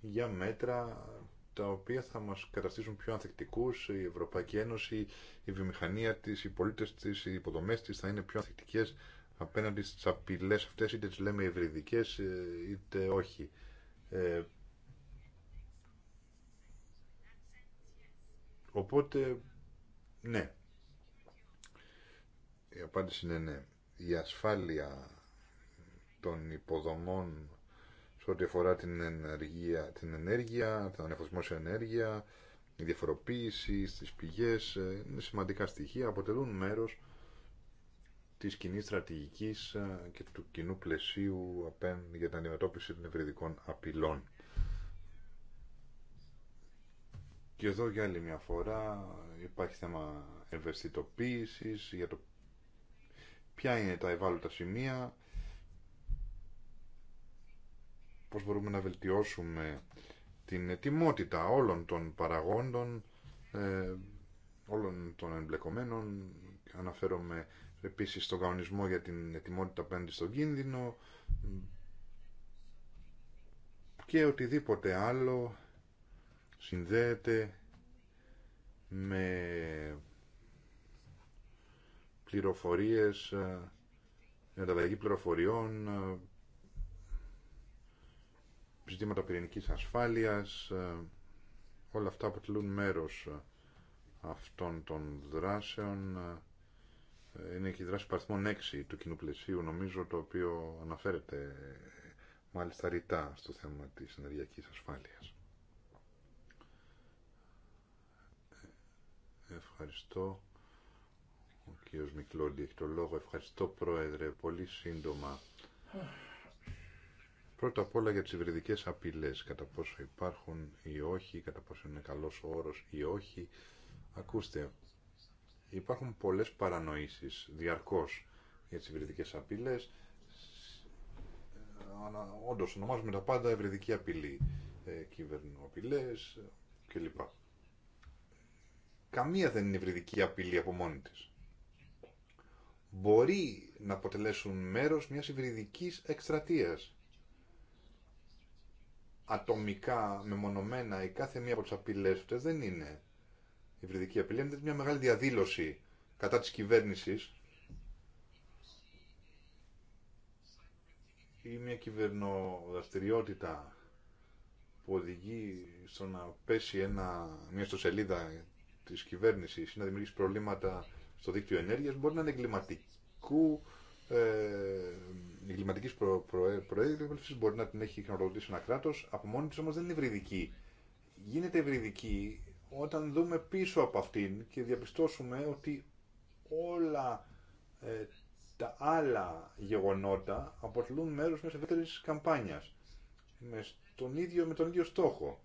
S3: για μέτρα τα οποία θα μας καταστήσουν πιο ανθεκτικούς, η Ευρωπαϊκή Ένωση, η βιομηχανία της, οι πολίτες της, οι υποδομές της θα είναι πιο ανθεκτικές απέναντι στις απειλές αυτές, είτε τις λέμε υβριδικές ε, είτε όχι. Ε, οπότε, ναι, η απάντηση είναι ναι. Η ασφάλεια των υποδομών σε ό,τι αφορά την ενέργεια, την ενέργεια, τον ανεφοσμό σε ενέργεια, η διαφοροποίηση στις πηγές, ε, είναι σημαντικά στοιχεία, αποτελούν μέρος της κοινή στρατηγικής ε, και του κοινού πλαισίου για την αντιμετώπιση των ευρυδικών απειλών. Και εδώ για άλλη μια φορά υπάρχει θέμα ευαισθητοποίησης για το ποια είναι τα ευάλωτα σημεία, πώς μπορούμε να βελτιώσουμε την ετοιμότητα όλων των παραγόντων, ε, όλων των εμπλεκομένων. Αναφέρομαι επίσης στον κανονισμό για την ετοιμότητα απέναντι στον κίνδυνο και οτιδήποτε άλλο συνδέεται με πληροφορίες, ε, ανταλλαγή πληροφοριών, ε, ζητήματα πυρηνικής ασφάλειας, ε, όλα αυτά αποτελούν μέρος αυτών των δράσεων. Είναι και η δράση παρθμών 6 του κοινού πλαισίου, νομίζω, το οποίο αναφέρεται μάλιστα ρητά στο θέμα της ενεργειακής ασφάλειας. Ευχαριστώ κύριος Μικλόντι έχει το λόγο. Ευχαριστώ Πρόεδρε, πολύ σύντομα. Πρώτα απ' όλα για τις υβριδικές απειλές, κατά πόσο υπάρχουν ή όχι, κατά πόσο είναι καλός όρος ή όχι. Ακούστε, υπάρχουν πολλές παρανοήσεις διαρκώς για τις υβριδικές απειλές. Όντως ονομάζουμε τα πάντα υβριδική απειλή, ε, κυβερνοαπειλές κλπ. Καμία δεν είναι υβριδική απειλή από μόνη της μπορεί να αποτελέσουν μέρος μιας υβριδικής εκστρατείας. Ατομικά, μεμονωμένα, η κάθε μία από τις απειλές αυτές δεν είναι υβριδική απειλή, είναι μια μεγάλη διαδήλωση κατά της κυβέρνησης ή μια κυβερνοδραστηριότητα που οδηγεί στο να πέσει ένα, μια ιστοσελίδα της κυβέρνησης ή να δημιουργήσει προβλήματα στο δίκτυο ενέργειας μπορεί να είναι εγκληματικού, ε, εγκληματικής προ, μπορεί να την έχει χρηματοδοτήσει ένα κράτος, από μόνη της όμως δεν είναι ευρυδική. Γίνεται ευρυδική όταν δούμε πίσω από αυτήν και διαπιστώσουμε ότι όλα ε, τα άλλα γεγονότα αποτελούν μέρος μιας ευρύτερης καμπάνιας με, τον ίδιο, με τον ίδιο στόχο.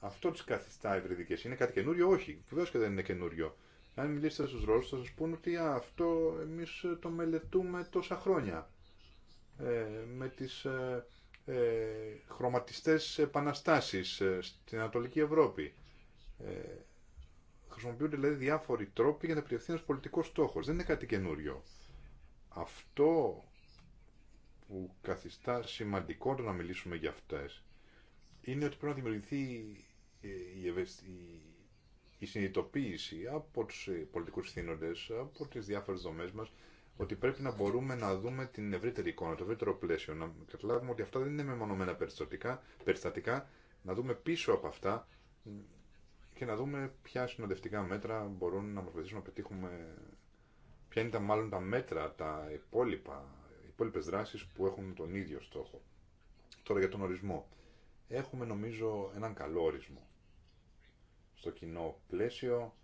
S3: Αυτό τις καθιστά ευρυδικές. Είναι κάτι καινούριο, όχι. Βεβαίω και δεν είναι καινούριο. Αν μιλήσετε στους Ρώσους θα σας πούνε ότι αυτό εμείς το μελετούμε τόσα χρόνια. Ε, με τις ε, ε, χρωματιστές επαναστάσεις ε, στην Ανατολική Ευρώπη. Ε, χρησιμοποιούνται δηλαδή διάφοροι τρόποι για να επιτευχθεί ένα πολιτικό στόχο. Δεν είναι κάτι καινούριο. Αυτό που καθιστά σημαντικό να μιλήσουμε για αυτές είναι ότι πρέπει να δημιουργηθεί ε, η, ευαισθη, η συνειδητοποίηση από του ε, πολιτικού θύνοντε, από τι διάφορε δομέ μα, ότι πρέπει να μπορούμε να δούμε την ευρύτερη εικόνα, το ευρύτερο πλαίσιο, να καταλάβουμε ότι αυτά δεν είναι μεμονωμένα περιστατικά, περιστατικά να δούμε πίσω από αυτά και να δούμε ποια συνοδευτικά μέτρα μπορούν να μα βοηθήσουν να πετύχουμε ποια είναι τα μάλλον τα μέτρα, τα υπόλοιπα, οι υπόλοιπε δράσεις που έχουν τον ίδιο στόχο. Τώρα για τον ορισμό. Έχουμε νομίζω έναν καλό ορισμό στο κοινό πλαίσιο,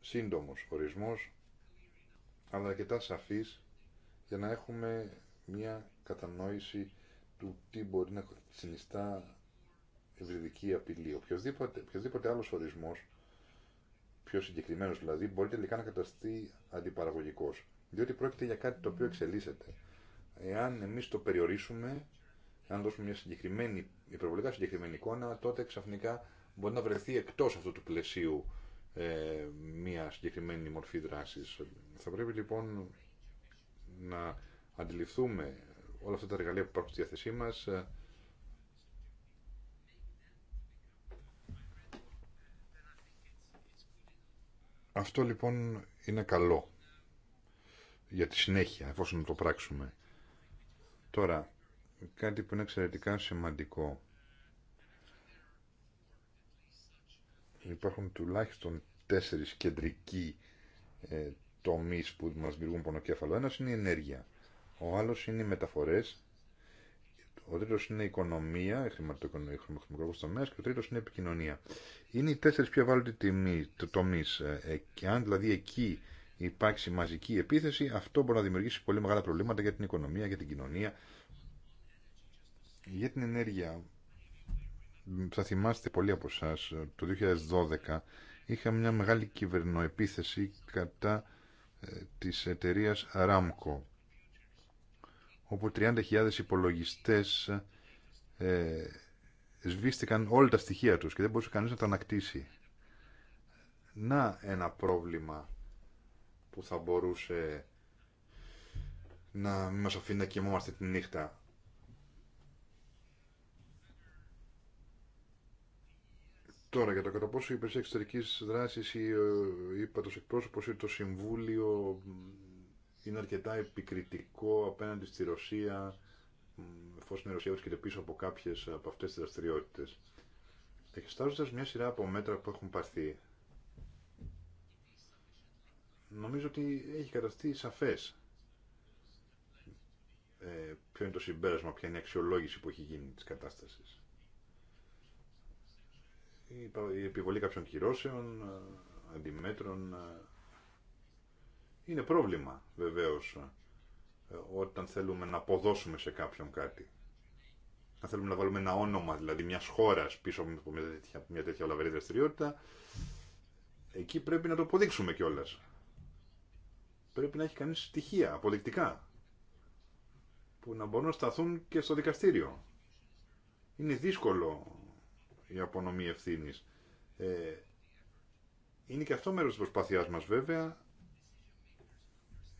S3: σύντομος ορισμός, αλλά αρκετά σαφής για να έχουμε μια κατανόηση του τι μπορεί να συνιστά ευρυδική απειλή. Οποιοδήποτε, οποιοδήποτε άλλος ορισμός, πιο συγκεκριμένος δηλαδή, μπορεί τελικά να καταστεί αντιπαραγωγικός. Διότι πρόκειται για κάτι το οποίο εξελίσσεται. Εάν εμείς το περιορίσουμε, αν δώσουμε μια συγκεκριμένη, υπερβολικά συγκεκριμένη εικόνα, τότε ξαφνικά μπορεί να βρεθεί εκτό αυτού του πλαισίου ε, μια συγκεκριμένη μορφή δράση. Θα πρέπει λοιπόν να αντιληφθούμε όλα αυτά τα εργαλεία που υπάρχουν στη διάθεσή μα. Ε, Αυτό λοιπόν είναι καλό για τη συνέχεια, εφόσον το πράξουμε. Τώρα, κάτι που είναι εξαιρετικά σημαντικό υπάρχουν τουλάχιστον τέσσερις κεντρικοί ε, τομείς που μας δημιουργούν πονοκέφαλο. Ένας είναι η ενέργεια, ο άλλος είναι οι μεταφορές, ο τρίτος είναι η οικονομία, η χρηματοοικονομικός τομέας και ο τρίτος είναι η επικοινωνία. Είναι οι τέσσερις πιο ευάλωτοι τομείς. Ε, ε, και αν δηλαδή εκεί υπάρξει μαζική επίθεση, αυτό μπορεί να δημιουργήσει πολύ μεγάλα προβλήματα για την οικονομία, για την κοινωνία, για την ενέργεια θα θυμάστε πολλοί από εσά, ε, το 2012 είχαμε μια μεγάλη κυβερνοεπίθεση κατά ε, της εταιρείας Ramco όπου 30.000 υπολογιστές ε, σβήστηκαν όλα τα στοιχεία τους και δεν μπορούσε κανείς να τα ανακτήσει. Να ένα πρόβλημα που θα μπορούσε να μην μας αφήνει να κοιμόμαστε τη νύχτα. Τώρα για το κατά πόσο η υπηρεσία εξωτερική δράση ή ε, ο ύπατο εκπρόσωπο ή το Συμβούλιο είναι αρκετά επικριτικό απέναντι στη Ρωσία, εφόσον η Ρωσία βρίσκεται πίσω από κάποιε από αυτέ τι δραστηριότητε. Εξετάζοντα μια σειρά από μέτρα που έχουν πάρθει, νομίζω ότι έχει καταστεί σαφέ ε, ποιο είναι το συμπέρασμα, ποια είναι η αξιολόγηση που έχει γίνει τη κατάσταση η επιβολή κάποιων κυρώσεων, ε, αντιμέτρων. Ε, είναι πρόβλημα βεβαίως ε, όταν θέλουμε να αποδώσουμε σε κάποιον κάτι. Αν θέλουμε να βάλουμε ένα όνομα, δηλαδή μια χώρα πίσω από μια τέτοια, μια τέτοια λαβερή δραστηριότητα, εκεί πρέπει να το αποδείξουμε κιόλα. Πρέπει να έχει κανεί στοιχεία αποδεικτικά που να μπορούν να σταθούν και στο δικαστήριο. Είναι δύσκολο η απονομή ευθύνη. Ε, είναι και αυτό μέρο της προσπάθειάς μας βέβαια,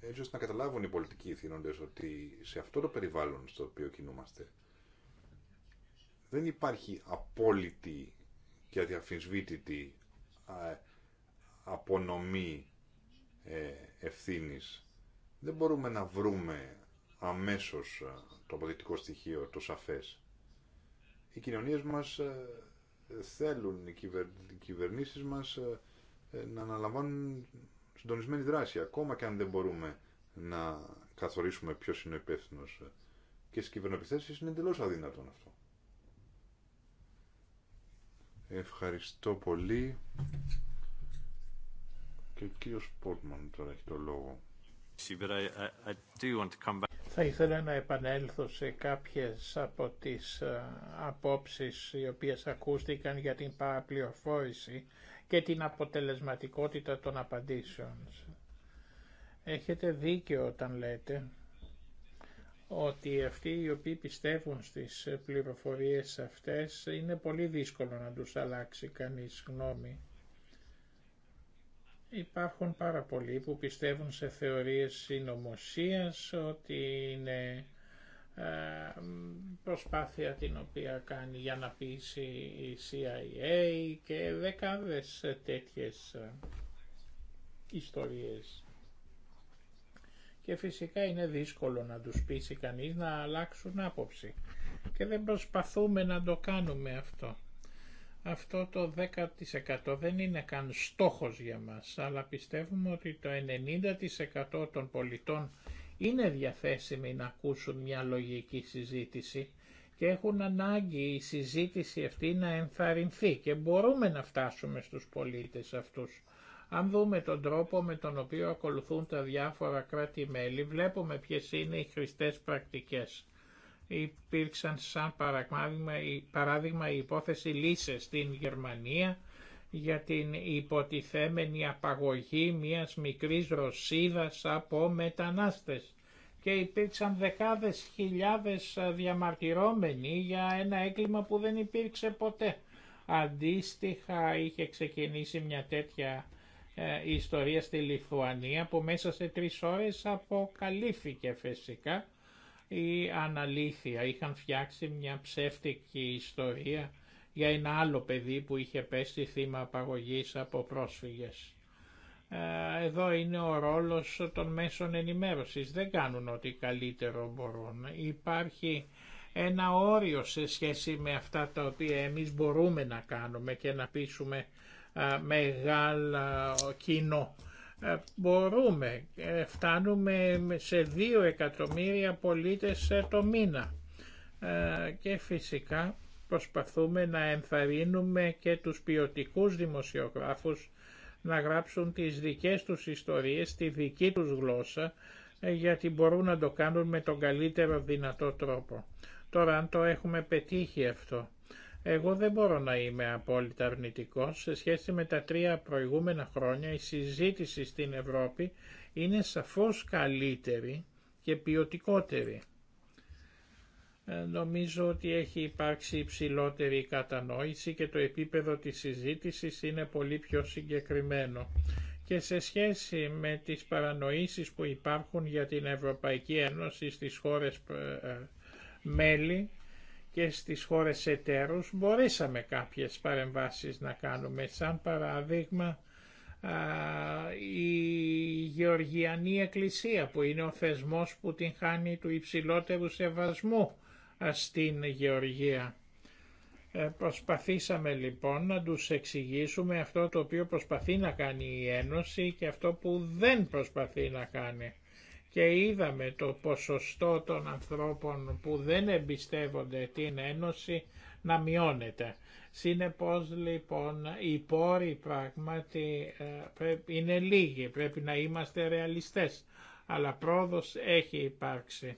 S3: έτσι ώστε να καταλάβουν οι πολιτικοί ηθήνοντες ότι σε αυτό το περιβάλλον στο οποίο κινούμαστε δεν υπάρχει απόλυτη και αδιαφυσβήτητη απονομή ε, ευθύνης. Δεν μπορούμε να βρούμε αμέσως το αποδεικτικό στοιχείο, το σαφές. Οι κοινωνίες μας ε, θέλουν οι, κυβερ... οι κυβερνήσεις μας ε, ε, να αναλαμβάνουν συντονισμένη δράση, ακόμα και αν δεν μπορούμε να καθορίσουμε ποιο είναι ο υπεύθυνο. Και στι κυβερνοεπιθέσει είναι εντελώ αδύνατον αυτό. Ευχαριστώ πολύ. Και ο κύριος Πόρτμαν τώρα έχει το λόγο.
S1: Θα ήθελα να επανέλθω σε κάποιες από τις ε, απόψεις οι οποίες ακούστηκαν για την παραπληροφόρηση και την αποτελεσματικότητα των απαντήσεων. Έχετε δίκιο όταν λέτε ότι αυτοί οι οποίοι πιστεύουν στις πληροφορίες αυτές είναι πολύ δύσκολο να τους αλλάξει κανείς γνώμη. Υπάρχουν πάρα πολλοί που πιστεύουν σε θεωρίες συνωμοσία ότι είναι προσπάθεια την οποία κάνει για να πείσει η CIA και δεκάδες τέτοιες ιστορίες. Και φυσικά είναι δύσκολο να τους πείσει κανείς να αλλάξουν άποψη. Και δεν προσπαθούμε να το κάνουμε αυτό. Αυτό το 10% δεν είναι καν στόχος για μας, αλλά πιστεύουμε ότι το 90% των πολιτών είναι διαθέσιμοι να ακούσουν μια λογική συζήτηση και έχουν ανάγκη η συζήτηση αυτή να ενθαρρυνθεί και μπορούμε να φτάσουμε στους πολίτες αυτούς. Αν δούμε τον τρόπο με τον οποίο ακολουθούν τα διάφορα κράτη-μέλη, βλέπουμε ποιες είναι οι χρηστές πρακτικές υπήρξαν σαν παράδειγμα, η, παράδειγμα υπόθεση λύσες στην Γερμανία για την υποτιθέμενη απαγωγή μιας μικρής Ρωσίδας από μετανάστες και υπήρξαν δεκάδες χιλιάδες διαμαρτυρόμενοι για ένα έγκλημα που δεν υπήρξε ποτέ. Αντίστοιχα είχε ξεκινήσει μια τέτοια ε, ιστορία στη Λιθουανία που μέσα σε τρεις ώρες αποκαλύφθηκε φυσικά ή αναλήθεια. Είχαν φτιάξει μια ψεύτικη ιστορία για ένα άλλο παιδί που είχε πέσει θύμα απαγωγής από πρόσφυγες. Ε, εδώ είναι ο ρόλος των μέσων ενημέρωσης. Δεν κάνουν ό,τι καλύτερο μπορούν. Υπάρχει ένα όριο σε σχέση με αυτά τα οποία εμείς μπορούμε να κάνουμε και να πείσουμε ε, μεγάλο ε, κοινό. Ε, μπορούμε, ε, φτάνουμε σε 2 εκατομμύρια πολίτες ε, το μήνα και φυσικά προσπαθούμε να ενθαρρύνουμε και τους ποιοτικού δημοσιογράφους να γράψουν τις δικές τους ιστορίες στη δική τους γλώσσα γιατί μπορούν να το κάνουν με τον καλύτερο δυνατό τρόπο. Τώρα αν το έχουμε πετύχει αυτό εγώ δεν μπορώ να είμαι απόλυτα αρνητικό Σε σχέση με τα τρία προηγούμενα χρόνια η συζήτηση στην Ευρώπη είναι σαφώς καλύτερη και ποιοτικότερη. Ε, νομίζω ότι έχει υπάρξει υψηλότερη κατανόηση και το επίπεδο της συζήτησης είναι πολύ πιο συγκεκριμένο. Και σε σχέση με τις παρανοήσεις που υπάρχουν για την Ευρωπαϊκή Ένωση στις χώρες ε, ε, μέλη, και στις χώρες εταίρους μπορέσαμε κάποιες παρεμβάσεις να κάνουμε. Σαν παράδειγμα η Γεωργιανή Εκκλησία που είναι ο θεσμός που την χάνει του υψηλότερου σεβασμού στην Γεωργία. Ε, προσπαθήσαμε λοιπόν να τους εξηγήσουμε αυτό το οποίο προσπαθεί να κάνει η Ένωση και αυτό που δεν προσπαθεί να κάνει και είδαμε το ποσοστό των ανθρώπων που δεν εμπιστεύονται την Ένωση να μειώνεται. Συνεπώς λοιπόν οι πόροι πράγματι ε, είναι λίγοι, πρέπει να είμαστε ρεαλιστές, αλλά πρόοδος έχει υπάρξει.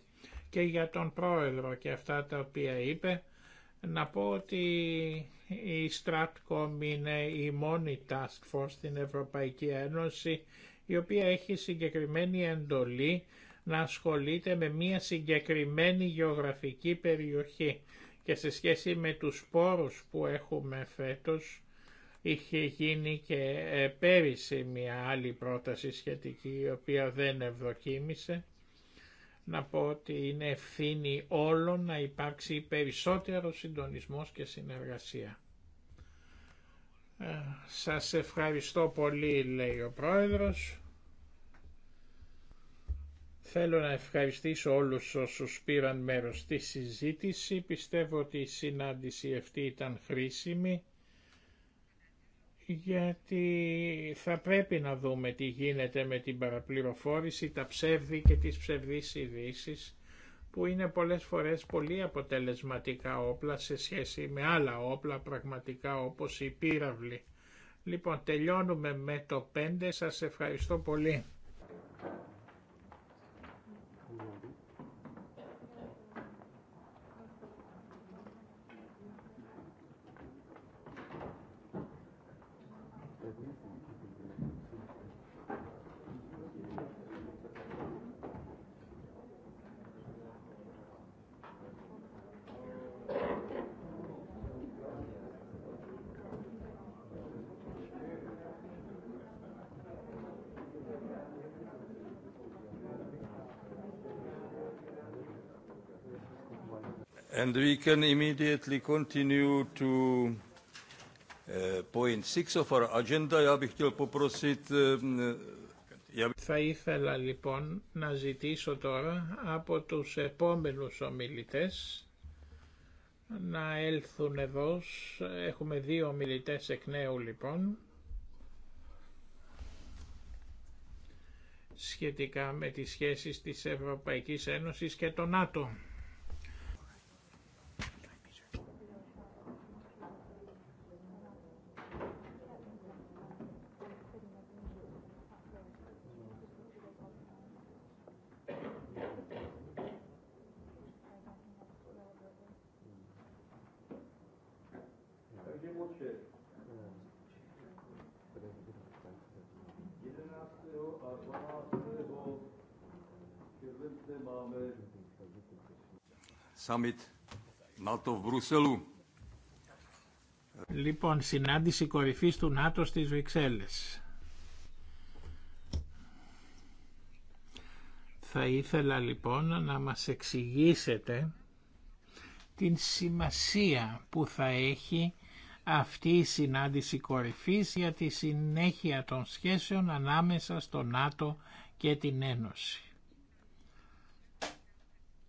S1: Και για τον πρόεδρο και αυτά τα οποία είπε, να πω ότι η Stratcom είναι η μόνη task force στην Ευρωπαϊκή Ένωση η οποία έχει συγκεκριμένη εντολή να ασχολείται με μία συγκεκριμένη γεωγραφική περιοχή και σε σχέση με τους πόρους που έχουμε φέτος είχε γίνει και ε, πέρυσι μια άλλη πρόταση σχετική η οποία δεν ευδοκίμησε να πω ότι είναι ευθύνη όλων να υπάρξει περισσότερο συντονισμός και συνεργασία. Ε, σας ευχαριστώ πολύ λέει ο Πρόεδρος. Θέλω να ευχαριστήσω όλους όσους πήραν μέρος στη συζήτηση. Πιστεύω ότι η συνάντηση αυτή ήταν χρήσιμη γιατί θα πρέπει να δούμε τι γίνεται με την παραπληροφόρηση, τα ψεύδη και τις ψευδείς ειδήσει που είναι πολλές φορές πολύ αποτελεσματικά όπλα σε σχέση με άλλα όπλα πραγματικά όπως οι πύραυλοι. Λοιπόν, τελειώνουμε με το 5. Σας ευχαριστώ πολύ.
S2: And we can immediately continue to
S1: uh, point six of our agenda. Uh, Θα ήθελα λοιπόν να ζητήσω τώρα από τους επόμενους ομιλητές να έλθουν εδώ. Έχουμε δύο ομιλητές εκ νέου λοιπόν. σχετικά με τις σχέσεις της Ευρωπαϊκής Ένωσης και των ΝΑΤΟ.
S3: summit NATO
S1: Λοιπόν, συνάντηση κορυφής του ΝΑΤΟ στις Βρυξέλλες. Θα ήθελα λοιπόν να μας εξηγήσετε την σημασία που θα έχει αυτή η συνάντηση κορυφής για τη συνέχεια των σχέσεων ανάμεσα στο ΝΑΤΟ και την Ένωση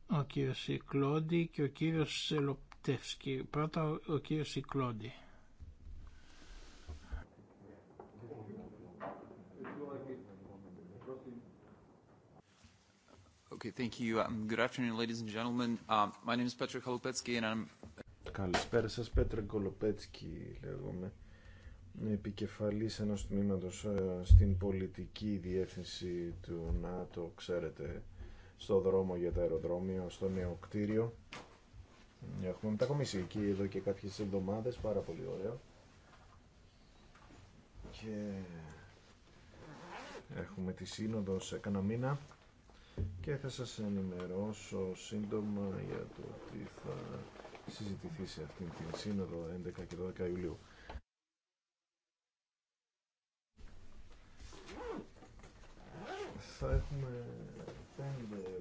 S1: ο κύριος Σικλόντι και ο κύριος Σελοπτεύσκη. Πρώτα ο κύριος Σικλόντι. Okay, thank you. Um, good afternoon, ladies and gentlemen. Um, my name is Petra Kolopetsky and I'm...
S2: Καλησπέρα σας, Πέτρα Κολοπέτσκι λέγομαι, επικεφαλής ενός τμήματος ε, στην πολιτική διεύθυνση του ΝΑΤΟ, ξέρετε, στο δρόμο για το αεροδρόμιο, στο νέο κτίριο. Έχουμε μετακομίσει εκεί εδώ και κάποιες εβδομάδες, πάρα πολύ ωραίο. Και έχουμε τη σύνοδο σε κανένα μήνα και θα σας ενημερώσω σύντομα για το τι θα συζητηθεί σε αυτήν την σύνοδο 11 και 12 Ιουλίου. Θα έχουμε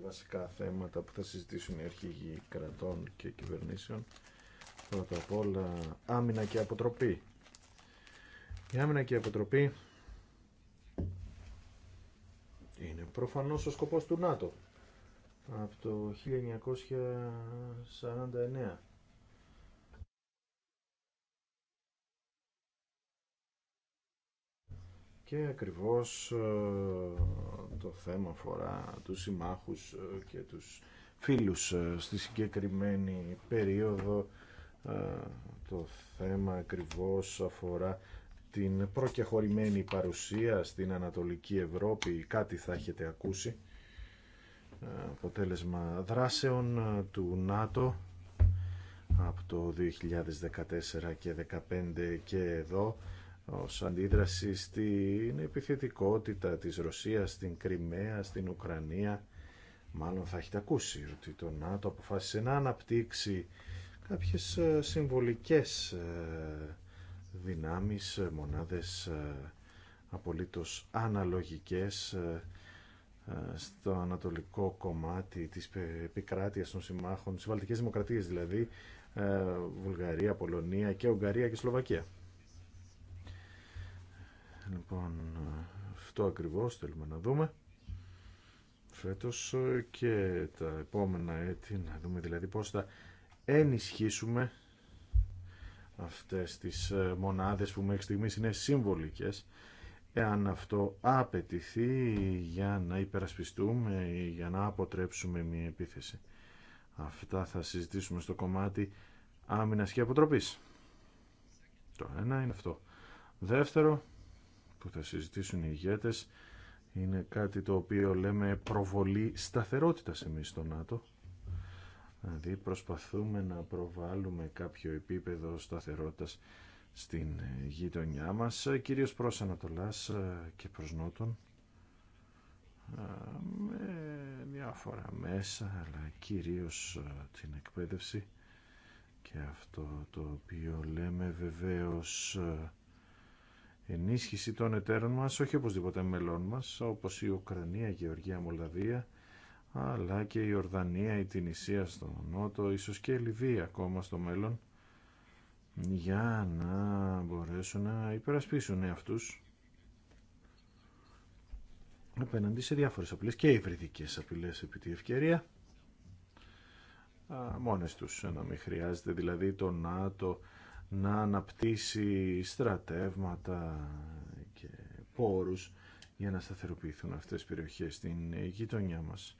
S2: βασικά θέματα που θα συζητήσουν οι αρχηγοί κρατών και κυβερνήσεων. Πρώτα απ' όλα άμυνα και αποτροπή. Η άμυνα και η αποτροπή είναι προφανώς ο σκοπός του ΝΑΤΟ από το 1949 και ακριβώς ε, το θέμα αφορά τους συμμάχους ε, και τους φίλους ε, στη συγκεκριμένη περίοδο το θέμα ακριβώς αφορά την προκεχωρημένη παρουσία στην Ανατολική Ευρώπη κάτι θα έχετε ακούσει αποτέλεσμα δράσεων του ΝΑΤΟ από το 2014 και 2015 και εδώ ως αντίδραση στην επιθετικότητα της Ρωσίας στην Κρυμαία, στην Ουκρανία. Μάλλον θα έχετε ακούσει ότι το ΝΑΤΟ αποφάσισε να αναπτύξει κάποιες ε, συμβολικές ε, δυνάμεις, μονάδες ε, απολύτως αναλογικές στο ανατολικό κομμάτι της επικράτειας των συμμάχων, στις βαλτικές δημοκρατίες δηλαδή, Βουλγαρία, Πολωνία και Ουγγαρία και Σλοβακία. Λοιπόν, αυτό ακριβώς θέλουμε να δούμε φέτος και τα επόμενα έτη, να δούμε δηλαδή πώς θα ενισχύσουμε αυτές τις ε, μονάδες που μέχρι στιγμής είναι συμβολικές εάν αυτό απαιτηθεί για να υπερασπιστούμε ή για να αποτρέψουμε μια επίθεση. Αυτά θα συζητήσουμε στο κομμάτι άμυνας και αποτροπής. Το ένα είναι αυτό. Δεύτερο, που θα συζητήσουν οι ηγέτες είναι κάτι το οποίο λέμε προβολή σταθερότητας εμείς στο ΝΑΤΟ. Δηλαδή προσπαθούμε να προβάλλουμε κάποιο επίπεδο σταθερότητας στην γειτονιά μας, κυρίως προς Ανατολάς και προς Νότον, με διάφορα μέσα, αλλά κυρίως την εκπαίδευση και αυτό το οποίο λέμε βεβαίως ενίσχυση των εταίρων μας, όχι οπωσδήποτε μελών μας, όπως η Ουκρανία, η Γεωργία, η Μολδαβία, αλλά και η Ορδανία, η Τινησία στο Νότο, ίσως και η Λιβύη ακόμα στο μέλλον, για να μπορέσουν να υπερασπίσουν αυτούς απέναντι σε διάφορες απειλές και υβριδικές απειλές επί τη ευκαιρία μόνες τους να μην χρειάζεται δηλαδή το ΝΑΤΟ να αναπτύσσει στρατεύματα και πόρους για να σταθεροποιηθούν αυτές οι περιοχές στην γειτονιά μας.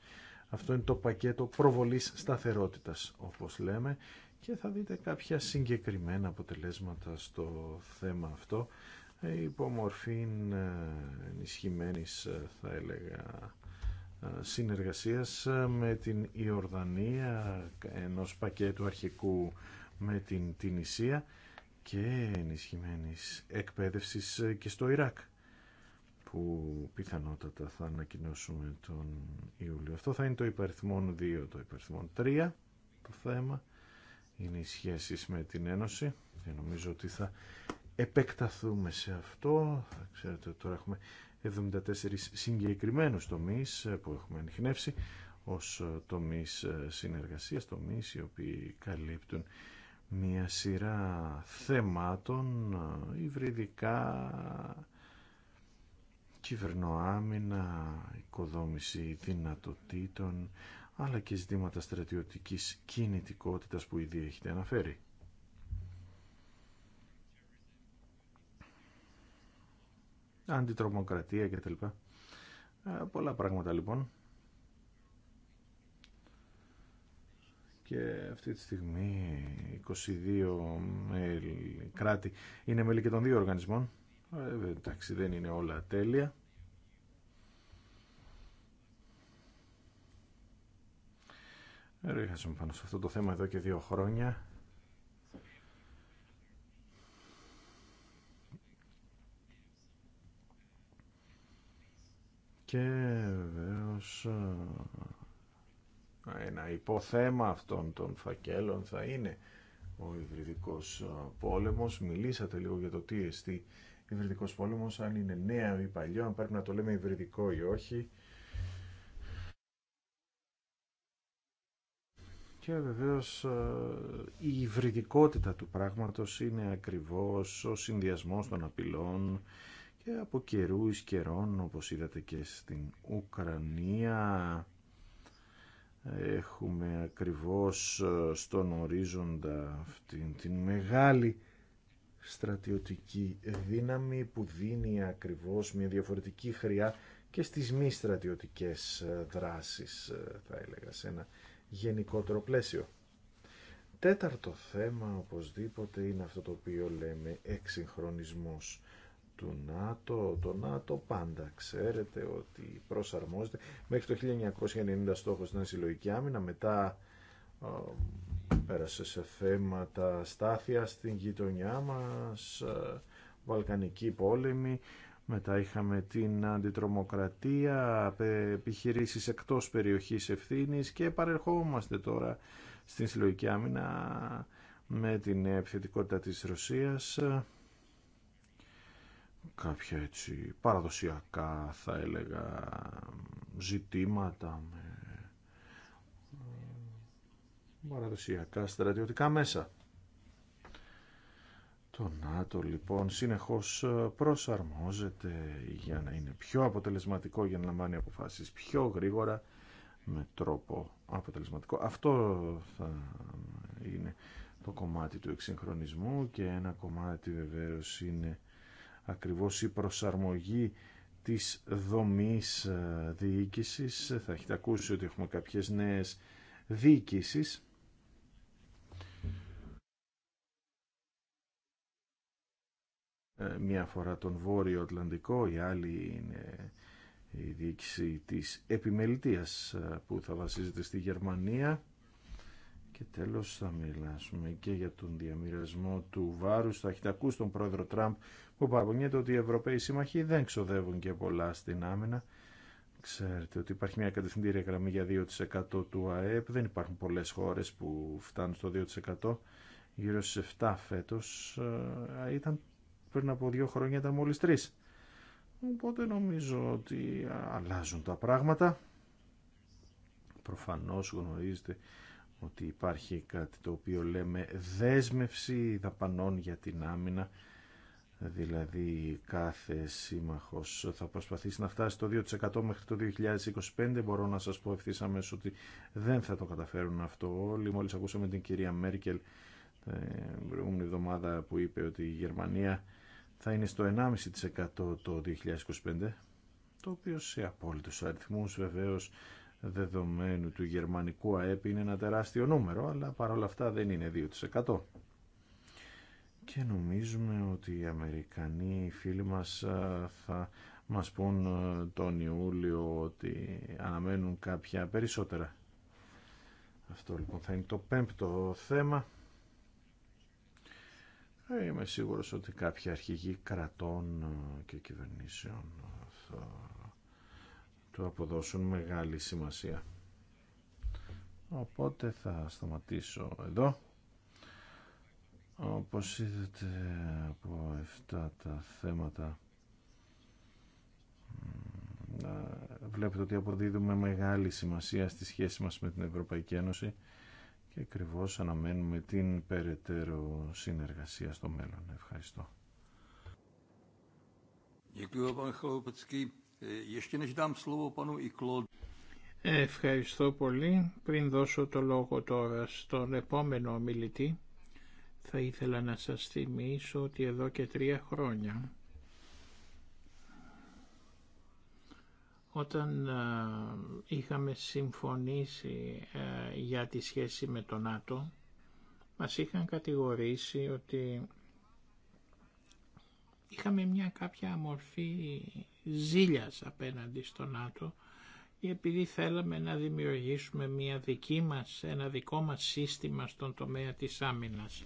S2: Αυτό είναι το πακέτο προβολής σταθερότητας, όπως λέμε, και θα δείτε κάποια συγκεκριμένα αποτελέσματα στο θέμα αυτό, ε, υπό μορφή ε, ενισχυμένης, ε, θα έλεγα, συνεργασίας με την Ιορδανία, ενός πακέτου αρχικού με την Τινησία και ενισχυμένης εκπαίδευσης ε, και στο Ιράκ που πιθανότατα θα ανακοινώσουμε τον Ιούλιο. Αυτό θα είναι το υπαριθμόν 2, το υπαριθμόν 3 το θέμα είναι οι σχέσεις με την Ένωση και νομίζω ότι θα επεκταθούμε σε αυτό. Ξέρετε τώρα έχουμε 74 συγκεκριμένους τομείς ε, που έχουμε ανοιχνεύσει ως ε, τομείς συνεργασίας, τομείς οι οποίοι καλύπτουν μια σειρά θεμάτων ε, υβριδικά κυβερνοάμυνα, οικοδόμηση δυνατοτήτων αλλά και ζητήματα στρατιωτικής κινητικότητας που ήδη έχετε αναφέρει. Αντιτρομοκρατία κτλ. Ε, πολλά πράγματα λοιπόν και αυτή τη στιγμή 22 μέλη, κράτη είναι μέλη και των δύο οργανισμών. Ε, εντάξει, δεν είναι όλα τέλεια. Ρίχασαμε πάνω σε αυτό το θέμα εδώ και δύο χρόνια. Και βεβαίως ένα υποθέμα αυτών των φακέλων θα είναι ο υβριδικός ε, πόλεμος. Μιλήσατε λίγο για το τι εστί υβριδικός πόλεμος, αν είναι νέα ή παλιό, αν πρέπει να το λέμε υβριδικό ή όχι. Και βεβαίως ε, η υβριδικότητα του πράγματος είναι ακριβώς ο συνδυασμός των απειλών και από καιρού εις καιρών, όπως είδατε και στην Ουκρανία, έχουμε ακριβώς ε, στον ορίζοντα αυτήν την μεγάλη στρατιωτική δύναμη που δίνει ακριβώς μια διαφορετική χρειά και στις μη στρατιωτικές ε, δράσεις ε, θα έλεγα σε ένα γενικότερο πλαίσιο. Τέταρτο θέμα οπωσδήποτε είναι αυτό το οποίο λέμε εξυγχρονισμός του ΝΑΤΟ. Το ΝΑΤΟ πάντα ξέρετε ότι προσαρμόζεται. Μέχρι το 1990 στόχος ήταν συλλογική άμυνα, μετά πέρασε σε θέματα στάθεια στην γειτονιά μας, ε, Βαλκανική πόλεμη, μετά είχαμε την αντιτρομοκρατία, επιχειρήσεις εκτός περιοχής ευθύνης και παρερχόμαστε τώρα στην συλλογική άμυνα με την επιθετικότητα της Ρωσίας κάποια έτσι παραδοσιακά θα έλεγα ζητήματα με παραδοσιακά στρατιωτικά μέσα. Το ΝΑΤΟ λοιπόν συνεχώς ε, προσαρμόζεται για να είναι πιο αποτελεσματικό, για να λαμβάνει αποφάσεις πιο γρήγορα με τρόπο αποτελεσματικό. Αυτό θα είναι το κομμάτι του εξυγχρονισμού και ένα κομμάτι βεβαίως είναι ακριβώς η προσαρμογή της δομής ε, διοίκησης. Θα έχετε ακούσει ότι έχουμε κάποιες νέες διοίκησεις. Ε, μία φορά τον Βόρειο Ατλαντικό, η άλλη είναι η διοίκηση της επιμελητίας ε, που θα βασίζεται στη Γερμανία. Και τέλος θα μιλάσουμε και για τον διαμοιρασμό του βάρους. Θα έχετε ακούσει τον πρόεδρο Τραμπ που παραπονιέται ότι οι Ευρωπαίοι σύμμαχοι δεν ξοδεύουν και πολλά στην άμυνα. Ξέρετε ότι υπάρχει μια κατευθυντήρια γραμμή για 2% του ΑΕΠ. Δεν υπάρχουν πολλές χώρες που φτάνουν στο 2%. Γύρω στις 7 φέτος ε, ήταν πριν από δύο χρόνια ήταν μόλις 3. Οπότε νομίζω ότι αλλάζουν τα πράγματα. Προφανώς γνωρίζετε ότι υπάρχει κάτι το οποίο λέμε δέσμευση δαπανών για την άμυνα δηλαδή κάθε σύμμαχος θα προσπαθήσει να φτάσει το 2% μέχρι το 2025 μπορώ να σας πω ευθύς αμέσως ότι δεν θα το καταφέρουν αυτό όλοι μόλις ακούσαμε την κυρία Μέρκελ την ε, προηγούμενη εβδομάδα που είπε ότι η Γερμανία θα είναι στο 1,5% το 2025 το οποίο σε απόλυτους αριθμούς βεβαίως δεδομένου του γερμανικού ΑΕΠ είναι ένα τεράστιο νούμερο, αλλά παρόλα αυτά δεν είναι 2%. Και νομίζουμε ότι οι Αμερικανοί φίλοι μας θα μας πούν τον Ιούλιο ότι αναμένουν κάποια περισσότερα. Αυτό λοιπόν θα είναι το πέμπτο θέμα. Είμαι σίγουρος ότι κάποια αρχηγοί κρατών και κυβερνήσεων θα του αποδώσουν μεγάλη σημασία. Οπότε θα σταματήσω εδώ. Όπως είδατε από αυτά τα θέματα βλέπετε ότι αποδίδουμε μεγάλη σημασία στη σχέση μας με την Ευρωπαϊκή Ένωση και ακριβώ αναμένουμε την περαιτέρω συνεργασία στο μέλλον. Ευχαριστώ.
S1: Ε, Ευχαριστώ πολύ. Πριν δώσω το λόγο τώρα στον επόμενο μιλητή θα ήθελα να σας θυμίσω ότι εδώ και τρία χρόνια όταν ε, είχαμε συμφωνήσει ε, για τη σχέση με τον ΝΑΤΟ, μας είχαν κατηγορήσει ότι είχαμε μια κάποια μορφή ζήλιας απέναντι στο ΝΑΤΟ ή επειδή θέλαμε να δημιουργήσουμε μια δική μας, ένα δικό μας σύστημα στον τομέα της άμυνας.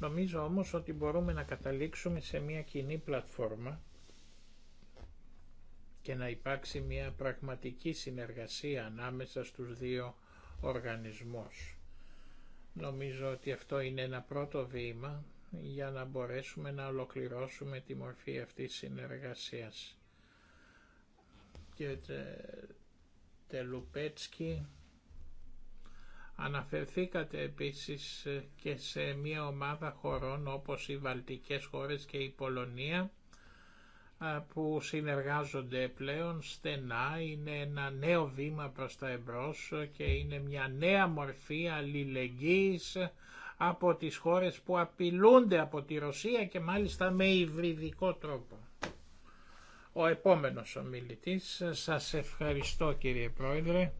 S1: Νομίζω όμως ότι μπορούμε να καταλήξουμε σε μια κοινή πλατφόρμα και να υπάρξει μια πραγματική συνεργασία ανάμεσα στους δύο οργανισμούς. Νομίζω ότι αυτό είναι ένα πρώτο βήμα για να μπορέσουμε να ολοκληρώσουμε τη μορφή αυτής συνεργασίας κύριε Τελουπέτσκι, αναφερθήκατε επίσης ε, και σε μια ομάδα χωρών όπως οι Βαλτικές χώρες και η Πολωνία που συνεργάζονται πλέον στενά, είναι ένα νέο βήμα προς τα εμπρός ε, και είναι μια νέα μορφή αλληλεγγύης ε, από τις χώρες που απειλούνται από τη Ρωσία και μάλιστα με υβριδικό τρόπο. Ο επόμενος ομιλητής, σας ευχαριστώ κύριε Πρόεδρε.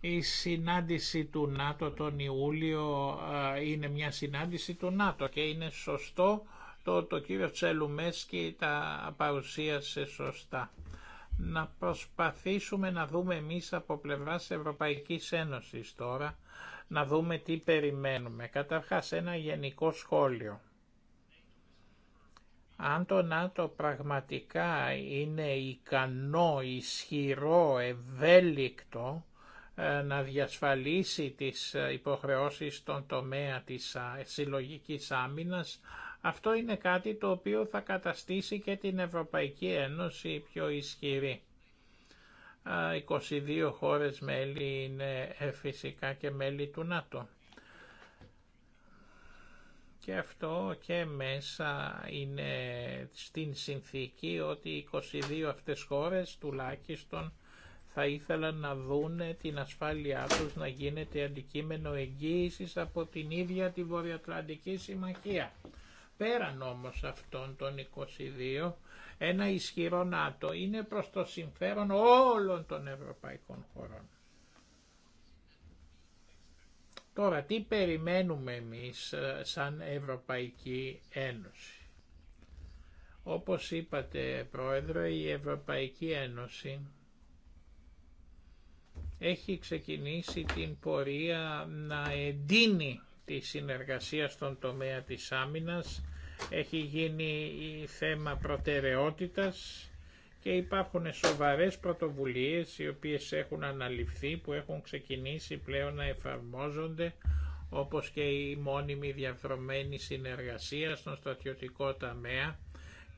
S1: Η συνάντηση του ΝΑΤΟ τον Ιούλιο είναι μια συνάντηση του ΝΑΤΟ και είναι σωστό το, το κύριο Τσελουμέσκι τα παρουσίασε σωστά. Να προσπαθήσουμε να δούμε εμείς από πλευράς Ευρωπαϊκής Ένωσης τώρα, να δούμε τι περιμένουμε. Καταρχάς ένα γενικό σχόλιο. Αν το ΝΑΤΟ πραγματικά είναι ικανό, ισχυρό, ευέλικτο ε, να διασφαλίσει τις ε, υποχρεώσεις στον τομέα της συλλογικής άμυνας, αυτό είναι κάτι το οποίο θα καταστήσει και την Ευρωπαϊκή Ένωση πιο ισχυρή. 22 χώρες μέλη είναι ε, φυσικά και μέλη του ΝΑΤΟ και αυτό και μέσα είναι στην συνθήκη ότι οι 22 αυτές χώρες τουλάχιστον θα ήθελαν να δούνε την ασφάλειά τους να γίνεται αντικείμενο εγγύησης από την ίδια τη Βορειοατλαντική Συμμαχία. Πέραν όμως αυτών των 22, ένα ισχυρό ΝΑΤΟ είναι προς το συμφέρον όλων των ευρωπαϊκών χωρών. Τώρα τι περιμένουμε εμείς ε, σαν Ευρωπαϊκή Ένωση. Όπως είπατε Πρόεδρε, η Ευρωπαϊκή Ένωση έχει ξεκινήσει την πορεία να εντείνει τη συνεργασία στον τομέα της άμυνας, έχει γίνει θέμα προτεραιότητας και υπάρχουν σοβαρές πρωτοβουλίες οι οποίες έχουν αναλυφθεί, που έχουν ξεκινήσει πλέον να εφαρμόζονται όπως και η μόνιμη διαδρομένη συνεργασία στον στρατιωτικό ταμέα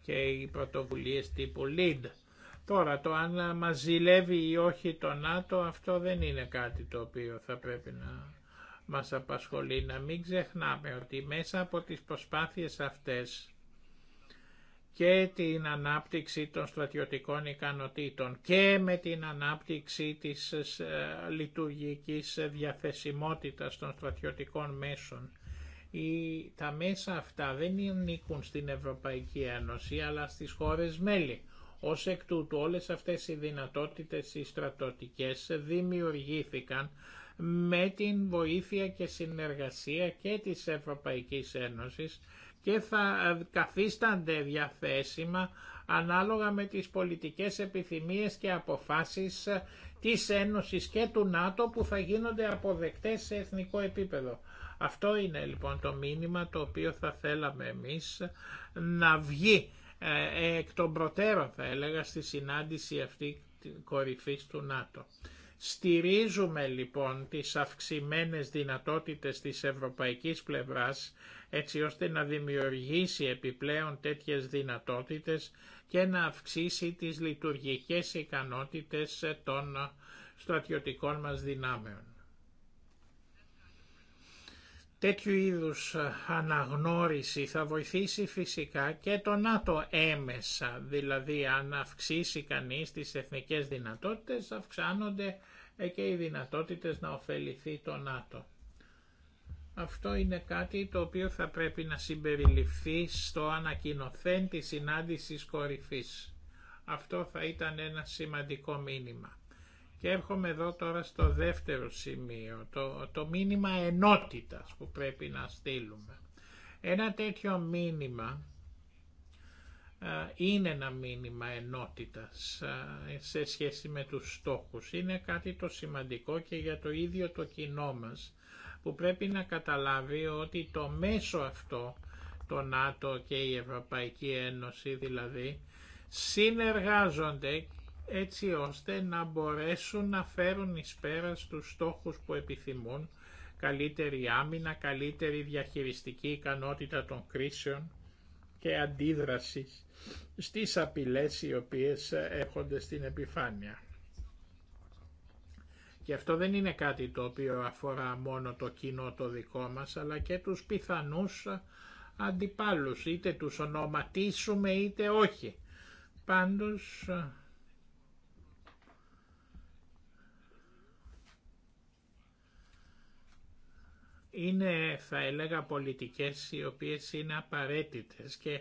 S1: και οι πρωτοβουλίες τύπου LEAD. Τώρα το αν μαζιλεύει ή όχι το ΝΑΤΟ αυτό δεν είναι κάτι το οποίο θα πρέπει να μας απασχολεί. Να μην ξεχνάμε ότι μέσα από τις προσπάθειες αυτές και την ανάπτυξη των στρατιωτικών ικανοτήτων και με την ανάπτυξη της ε, λειτουργικής διαθεσιμότητας των στρατιωτικών μέσων. Οι, τα μέσα αυτά δεν νοικούν στην Ευρωπαϊκή Ένωση αλλά στις χώρες μέλη. Ως εκ τούτου όλες αυτές οι δυνατότητες οι στρατοτικές δημιουργήθηκαν με την βοήθεια και συνεργασία και της Ευρωπαϊκής Ένωσης και θα ε, καθίστανται διαθέσιμα ανάλογα με τις πολιτικές επιθυμίες και αποφάσεις ε, της Ένωσης και του ΝΑΤΟ που θα γίνονται αποδεκτές σε εθνικό επίπεδο. Αυτό είναι λοιπόν το μήνυμα το οποίο θα θέλαμε εμείς να βγει ε, εκ των προτέρων θα έλεγα στη συνάντηση αυτή κορυφής του ΝΑΤΟ. Στηρίζουμε λοιπόν τις αυξημένες δυνατότητες της ευρωπαϊκής πλευράς έτσι ώστε να δημιουργήσει επιπλέον τέτοιες δυνατότητες και να αυξήσει τις λειτουργικές ικανότητες των στρατιωτικών μας δυνάμεων. Τέτοιου είδους αναγνώριση θα βοηθήσει φυσικά και το ΝΑΤΟ έμεσα, δηλαδή αν αυξήσει κανείς τις εθνικές δυνατότητες αυξάνονται ε, και οι δυνατότητες να ωφεληθεί το ΝΑΤΟ. Αυτό είναι κάτι το οποίο θα πρέπει να συμπεριληφθεί στο ανακοινωθέν της συνάντησης κορυφής. Αυτό θα ήταν ένα σημαντικό μήνυμα. Και έρχομαι εδώ τώρα στο δεύτερο σημείο, το, το μήνυμα ενότητας που πρέπει να στείλουμε. Ένα τέτοιο μήνυμα είναι ένα μήνυμα ενότητας σε σχέση με τους στόχους. Είναι κάτι το σημαντικό και για το ίδιο το κοινό μας που πρέπει να καταλάβει ότι το μέσο αυτό, το ΝΑΤΟ και η Ευρωπαϊκή Ένωση δηλαδή, συνεργάζονται έτσι ώστε να μπορέσουν να φέρουν εις πέρα στους στόχους που επιθυμούν, καλύτερη άμυνα, καλύτερη διαχειριστική ικανότητα των κρίσεων και αντίδρασης στις απειλές οι οποίες ε, έρχονται στην επιφάνεια. Και αυτό δεν είναι κάτι το οποίο αφορά μόνο το κοινό το δικό μας, αλλά και τους πιθανούς ε, αντιπάλους, είτε τους ονοματίσουμε είτε όχι. Πάντως, ε, είναι θα έλεγα πολιτικές οι οποίες είναι απαραίτητες και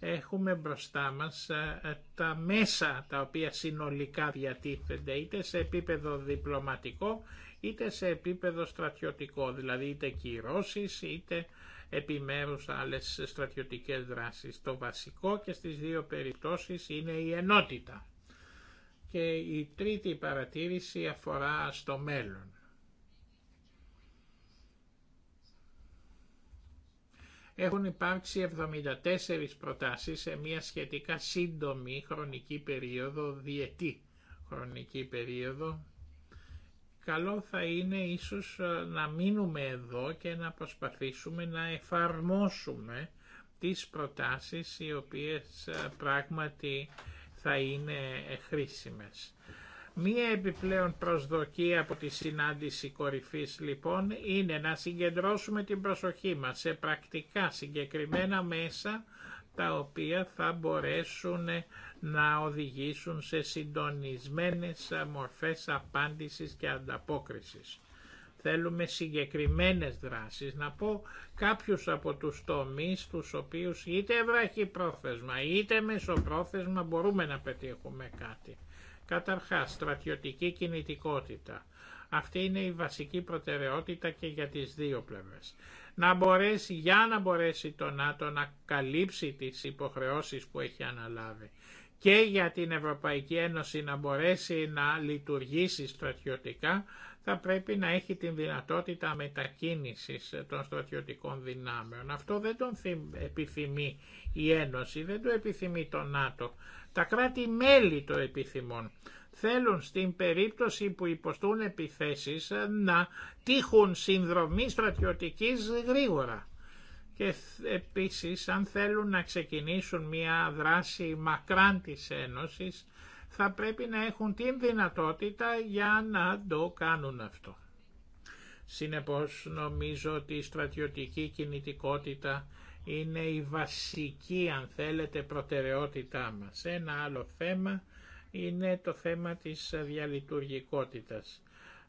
S1: έχουμε μπροστά μας ε, ε, τα μέσα τα οποία συνολικά διατίθενται είτε σε επίπεδο διπλωματικό είτε σε επίπεδο στρατιωτικό, δηλαδή είτε κυρώσεις είτε επιμέρους άλλες στρατιωτικές δράσεις. Το βασικό και στις δύο περιπτώσεις είναι η ενότητα. Και η τρίτη παρατήρηση αφορά στο μέλλον. Έχουν υπάρξει 74 προτάσεις σε μια σχετικά σύντομη χρονική περίοδο, διετή χρονική περίοδο. Καλό θα είναι ίσως ε, να μείνουμε εδώ και να προσπαθήσουμε να εφαρμόσουμε τις προτάσεις οι οποίες ε, πράγματι θα είναι ε, χρήσιμες. Μία επιπλέον προσδοκία από τη συνάντηση κορυφής λοιπόν είναι να συγκεντρώσουμε την προσοχή μας σε πρακτικά συγκεκριμένα μέσα τα οποία θα μπορέσουν να οδηγήσουν σε συντονισμένες μορφές απάντησης και ανταπόκρισης. Θέλουμε συγκεκριμένες δράσεις. Να πω κάποιους από τους τομείς τους οποίους είτε βραχυπρόθεσμα είτε μεσοπρόθεσμα μπορούμε να πετύχουμε κάτι. Καταρχάς, στρατιωτική κινητικότητα. Αυτή είναι η βασική προτεραιότητα και για τις δύο πλευρές. Να μπορέσει, για να μπορέσει το ΝΑΤΟ να καλύψει τις υποχρεώσεις που έχει αναλάβει και για την Ευρωπαϊκή Ένωση να μπορέσει να λειτουργήσει στρατιωτικά, θα πρέπει να έχει την δυνατότητα μετακίνησης των στρατιωτικών δυνάμεων. Αυτό δεν τον επιθυμεί η Ένωση, δεν το επιθυμεί το ΝΑΤΟ. Τα κράτη-μέλη το επιθυμών Θέλουν στην περίπτωση που υποστούν επιθέσεις να τύχουν συνδρομή στρατιωτικής γρήγορα. Και επίσης αν θέλουν να ξεκινήσουν μια δράση μακράν της Ένωσης θα πρέπει να έχουν την δυνατότητα για να το κάνουν αυτό. Συνεπώς νομίζω ότι η στρατιωτική κινητικότητα είναι η βασική αν θέλετε προτεραιότητά μας. Ένα άλλο θέμα είναι το θέμα της διαλειτουργικότητας.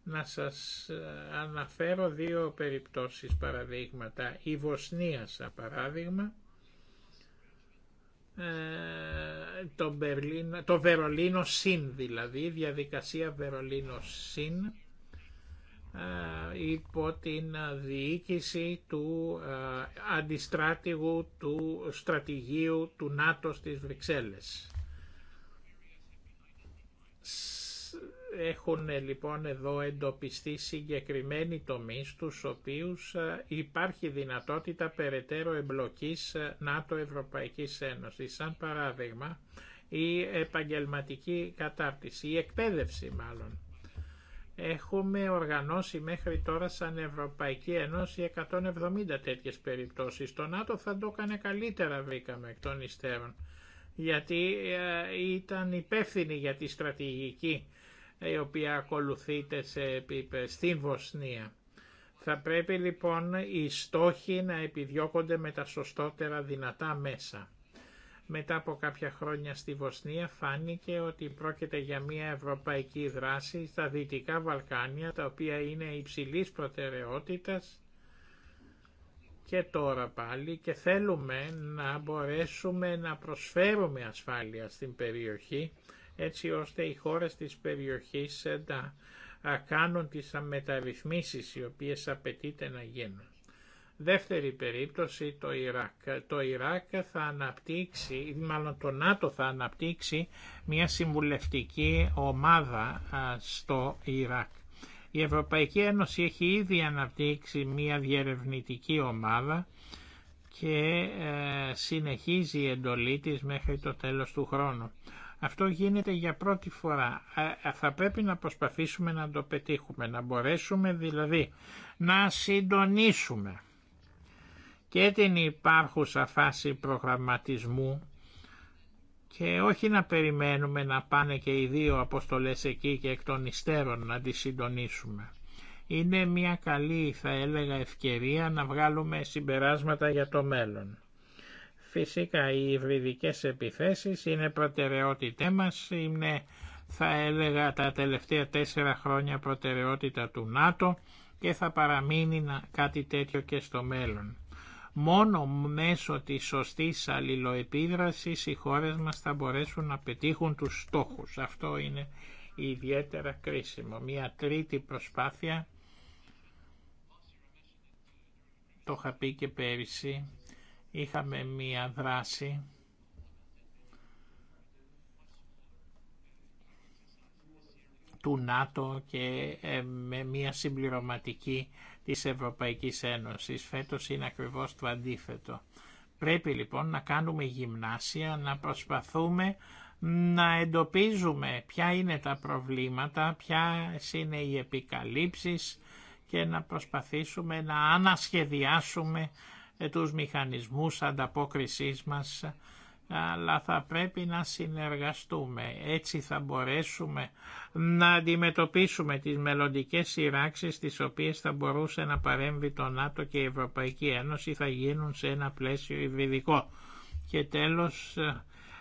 S1: Να σας ε, αναφέρω δύο περιπτώσεις παραδείγματα. Η Βοσνία, σαν παράδειγμα, ε, το, Βερολίνο ΣΥΝ δηλαδή, διαδικασία Βερολίνο ΣΥΝ, ε, υπό την διοίκηση του ε, αντιστράτηγου του στρατηγίου του ΝΑΤΟ στις Βρυξέλλες. Έχουν λοιπόν εδώ εντοπιστεί συγκεκριμένοι τομείς στους οποίους ε, υπάρχει δυνατότητα περαιτέρω εμπλοκής ΝΑΤΟ-Ευρωπαϊκής Ένωσης. Σαν παράδειγμα η επαγγελματική κατάρτιση, η εκπαίδευση μάλλον Έχουμε οργανώσει μέχρι τώρα σαν Ευρωπαϊκή Ένωση 170 τέτοιες περιπτώσεις. Το ΝΑΤΟ θα το έκανε καλύτερα βρήκαμε εκ των υστέρων γιατί ε, ήταν υπεύθυνη για τη στρατηγική η οποία ακολουθείται σε, στην Βοσνία. Θα πρέπει λοιπόν οι στόχοι να επιδιώκονται με τα σωστότερα δυνατά μέσα. Μετά από κάποια χρόνια στη Βοσνία φάνηκε ότι πρόκειται για μια ευρωπαϊκή δράση στα Δυτικά Βαλκάνια, τα οποία είναι υψηλής προτεραιότητας και τώρα πάλι και θέλουμε να μπορέσουμε να προσφέρουμε ασφάλεια στην περιοχή έτσι ώστε οι χώρες της περιοχής να κάνουν τις μεταρρυθμίσεις οι οποίες απαιτείται να γίνουν. Δεύτερη περίπτωση, το Ιράκ. Το Ιράκ θα αναπτύξει, μάλλον το ΝΑΤΟ θα αναπτύξει μια συμβουλευτική ομάδα στο Ιράκ. Η Ευρωπαϊκή Ένωση έχει ήδη αναπτύξει μια διερευνητική ομάδα και ε, συνεχίζει η εντολή της μέχρι το τέλος του χρόνου. Αυτό γίνεται για πρώτη φορά. Ε, ε, θα πρέπει να προσπαθήσουμε να το πετύχουμε, να μπορέσουμε δηλαδή να συντονίσουμε και την υπάρχουσα φάση προγραμματισμού και όχι να περιμένουμε να πάνε και οι δύο αποστολές εκεί και εκ των υστέρων να τις συντονίσουμε. Είναι μια καλή θα έλεγα ευκαιρία να βγάλουμε συμπεράσματα για το μέλλον. Φυσικά οι υβριδικές επιθέσεις είναι προτεραιότητέ μας, είναι θα έλεγα τα τελευταία τέσσερα χρόνια προτεραιότητα του ΝΑΤΟ και θα παραμείνει κάτι τέτοιο και στο μέλλον. Μόνο μέσω της σωστής αλληλοεπίδρασης οι χώρες μας θα μπορέσουν να πετύχουν τους στόχους. Αυτό είναι ιδιαίτερα κρίσιμο. Μια τρίτη προσπάθεια, το είχα πει και πέρυσι, είχαμε μια δράση του ΝΑΤΟ και ε, με μια συμπληρωματική της Ευρωπαϊκής Ένωσης. Φέτος είναι ακριβώς το αντίθετο. Πρέπει λοιπόν να κάνουμε γυμνάσια, να προσπαθούμε να εντοπίζουμε ποια είναι τα προβλήματα, ποια είναι οι επικαλύψεις και να προσπαθήσουμε να ανασχεδιάσουμε ε, τους μηχανισμούς ανταπόκρισής μας αλλά θα πρέπει να συνεργαστούμε. Έτσι θα μπορέσουμε να αντιμετωπίσουμε τις μελλοντικές σειράξεις τις οποίες θα μπορούσε να παρέμβει το ΝΑΤΟ και η Ευρωπαϊκή Ένωση θα γίνουν σε ένα πλαίσιο υβριδικό. Και τέλος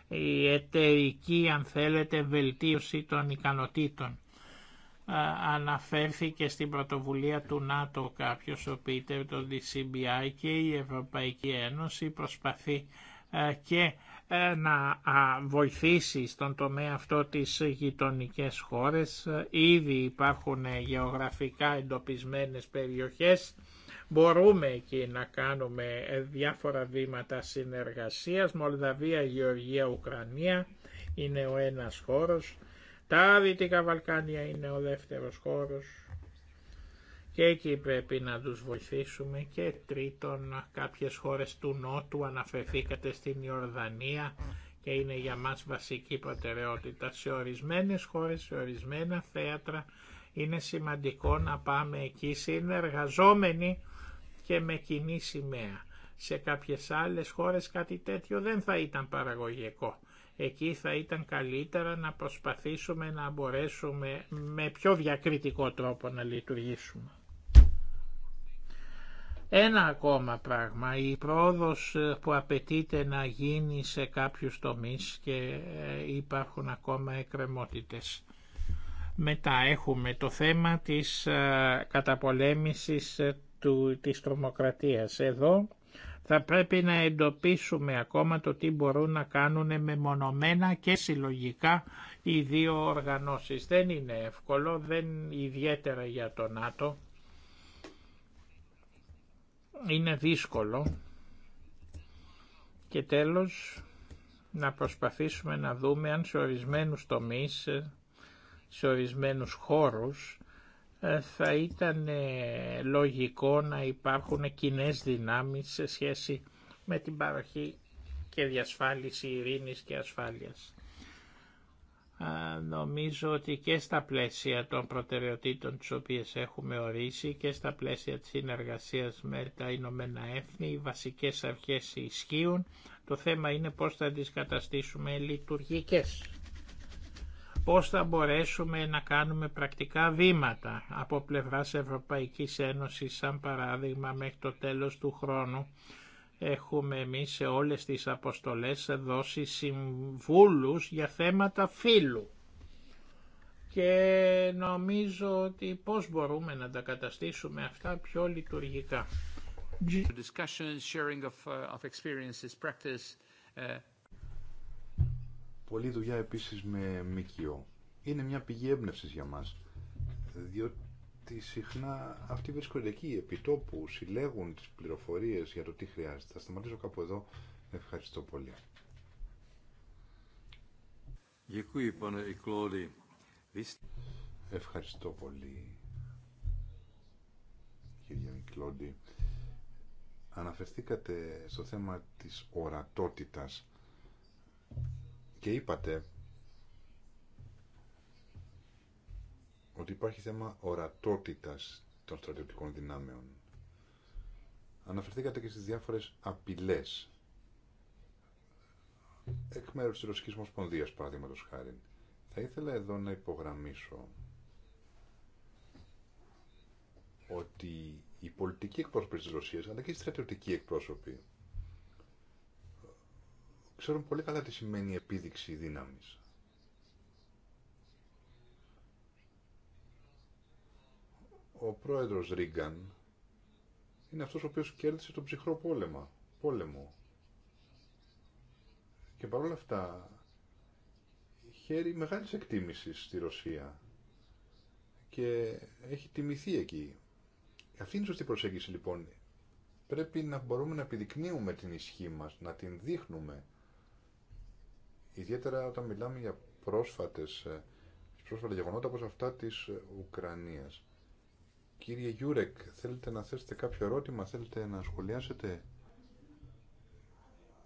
S1: η εταιρική αν θέλετε βελτίωση των ικανοτήτων. Αναφέρθηκε στην πρωτοβουλία του ΝΑΤΟ κάποιος ο Πίτερ, το DCBI και η Ευρωπαϊκή Ένωση προσπαθεί και ε, να βοηθήσει στον τομέα αυτό τις γειτονικέ χώρες. Ήδη υπάρχουν γεωγραφικά εντοπισμένες περιοχές. Μπορούμε εκεί να κάνουμε ε, διάφορα βήματα συνεργασίας. Μολδαβία, Γεωργία, Ουκρανία είναι ο ένας χώρος. Τα Δυτικά Βαλκάνια είναι ο δεύτερος χώρος και εκεί πρέπει να τους βοηθήσουμε και τρίτον κάποιες χώρες του Νότου αναφερθήκατε στην Ιορδανία και είναι για μας βασική προτεραιότητα σε ορισμένες χώρες, σε ορισμένα θέατρα είναι σημαντικό να πάμε εκεί συνεργαζόμενοι και με κοινή σημαία. Σε κάποιες άλλες χώρες κάτι τέτοιο δεν θα ήταν παραγωγικό. Εκεί θα ήταν καλύτερα να προσπαθήσουμε να μπορέσουμε με πιο διακριτικό τρόπο να λειτουργήσουμε. Ένα ακόμα πράγμα, η πρόοδος ε, που απαιτείται να γίνει σε κάποιους τομείς και ε, υπάρχουν ακόμα εκκρεμότητες. Μετά έχουμε το θέμα της ε, καταπολέμησης του, της τρομοκρατίας. Εδώ θα πρέπει να εντοπίσουμε ακόμα το τι μπορούν να κάνουν μεμονωμένα και συλλογικά οι δύο οργανώσεις. Δεν είναι εύκολο, δεν ιδιαίτερα για το ΝΑΤΟ είναι δύσκολο και τέλος να προσπαθήσουμε να δούμε αν σε ορισμένους τομείς, σε ορισμένους χώρους ε, θα ήταν ε, λογικό να υπάρχουν κοινέ δυνάμεις σε σχέση με την παροχή και διασφάλιση ειρήνης και ασφάλειας νομίζω ότι και στα πλαίσια των προτεραιοτήτων τις οποίες έχουμε ορίσει και στα πλαίσια της συνεργασίας με τα Ηνωμένα Έθνη οι βασικές αρχές ισχύουν. Το θέμα είναι πώς θα τις καταστήσουμε λειτουργικές. Πώς θα μπορέσουμε να κάνουμε πρακτικά βήματα από πλευράς Ευρωπαϊκής Ένωσης σαν παράδειγμα μέχρι το τέλος του χρόνου έχουμε εμεί σε όλες τις αποστολές δώσει συμβούλους για θέματα φύλου. Και νομίζω ότι πώς μπορούμε να τα καταστήσουμε αυτά πιο λειτουργικά. Uh, uh,
S3: Πολύ δουλειά επίσης με ΜΚΟ.
S1: Είναι μια πηγή
S3: έμπνευση για μας, διότι ότι συχνά αυτοί βρίσκονται εκεί, επιτόπου, συλλέγουν τις πληροφορίες για το τι χρειάζεται. Θα σταματήσω κάπου εδώ. Ευχαριστώ πολύ. Ευχαριστώ πολύ, κύριε Κλόντι. Αναφερθήκατε στο θέμα της ορατότητας και είπατε ότι υπάρχει θέμα ορατότητας των στρατιωτικών δυνάμεων. Αναφερθήκατε και στις διάφορες απειλές. Εκ μέρους της Ρωσικής Μοσπονδίας, παραδείγματος χάρη. Θα ήθελα εδώ να υπογραμμίσω ότι οι πολιτικοί εκπρόσωποι της Ρωσίας, αλλά και οι στρατιωτικοί εκπρόσωποι, ξέρουν πολύ καλά τι σημαίνει επίδειξη δύναμης. ο πρόεδρος Ρίγκαν είναι αυτός ο οποίος κέρδισε τον ψυχρό πόλεμα, πόλεμο. Και παρόλα αυτά χαίρει μεγάλης εκτίμησης στη Ρωσία και έχει τιμηθεί εκεί. Αυτή είναι η σωστή προσέγγιση λοιπόν. Πρέπει να μπορούμε να επιδεικνύουμε την ισχύ μας, να την δείχνουμε. Ιδιαίτερα όταν μιλάμε για πρόσφατες, ε, πρόσφατα γεγονότα όπως αυτά της Ουκρανίας. Κύριε Γιούρεκ, θέλετε να θέσετε κάποιο ερώτημα, θέλετε να σχολιάσετε.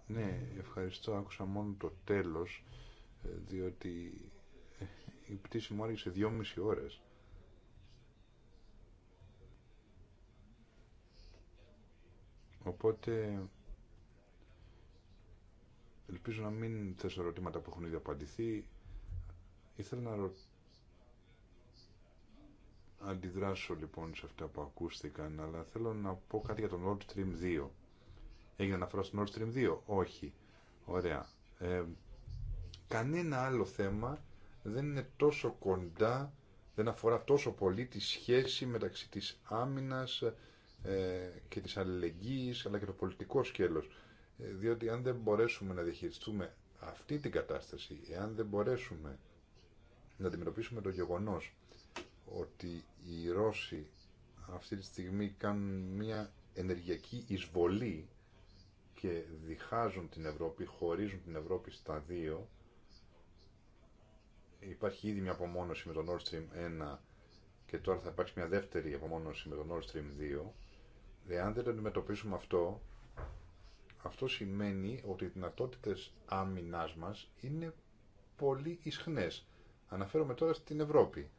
S3: Ναι, ευχαριστώ. Άκουσα μόνο το τέλος, ε, διότι ε, η πτήση μου άρχισε δυόμιση ώρες. Οπότε ελπίζω να μην θέσω ερωτήματα που έχουν ήδη απαντηθεί. Ήθελα να ρωτήσω αντιδράσω λοιπόν σε αυτά που ακούστηκαν, αλλά θέλω να πω κάτι για τον Nord Stream 2. Έγινε αναφορά στο Nord Stream 2. Όχι. Ωραία. Ε, κανένα άλλο θέμα δεν είναι τόσο κοντά, δεν αφορά τόσο πολύ τη σχέση μεταξύ της άμυνας ε, και της αλληλεγγύης, αλλά και το πολιτικό σκέλος. Ε, διότι αν δεν μπορέσουμε να διαχειριστούμε αυτή την κατάσταση, εάν δεν μπορέσουμε να αντιμετωπίσουμε το γεγονός ότι οι Ρώσοι αυτή τη στιγμή κάνουν μια ενεργειακή εισβολή και διχάζουν την Ευρώπη, χωρίζουν την Ευρώπη στα δύο. Υπάρχει ήδη μια απομόνωση με τον Nord Stream 1 και τώρα θα υπάρξει μια δεύτερη απομόνωση με τον Nord Stream 2. Εάν δεν το αντιμετωπίσουμε αυτό, αυτό σημαίνει ότι οι δυνατότητε άμυνά μα είναι πολύ ισχνές. Αναφέρομαι τώρα στην Ευρώπη.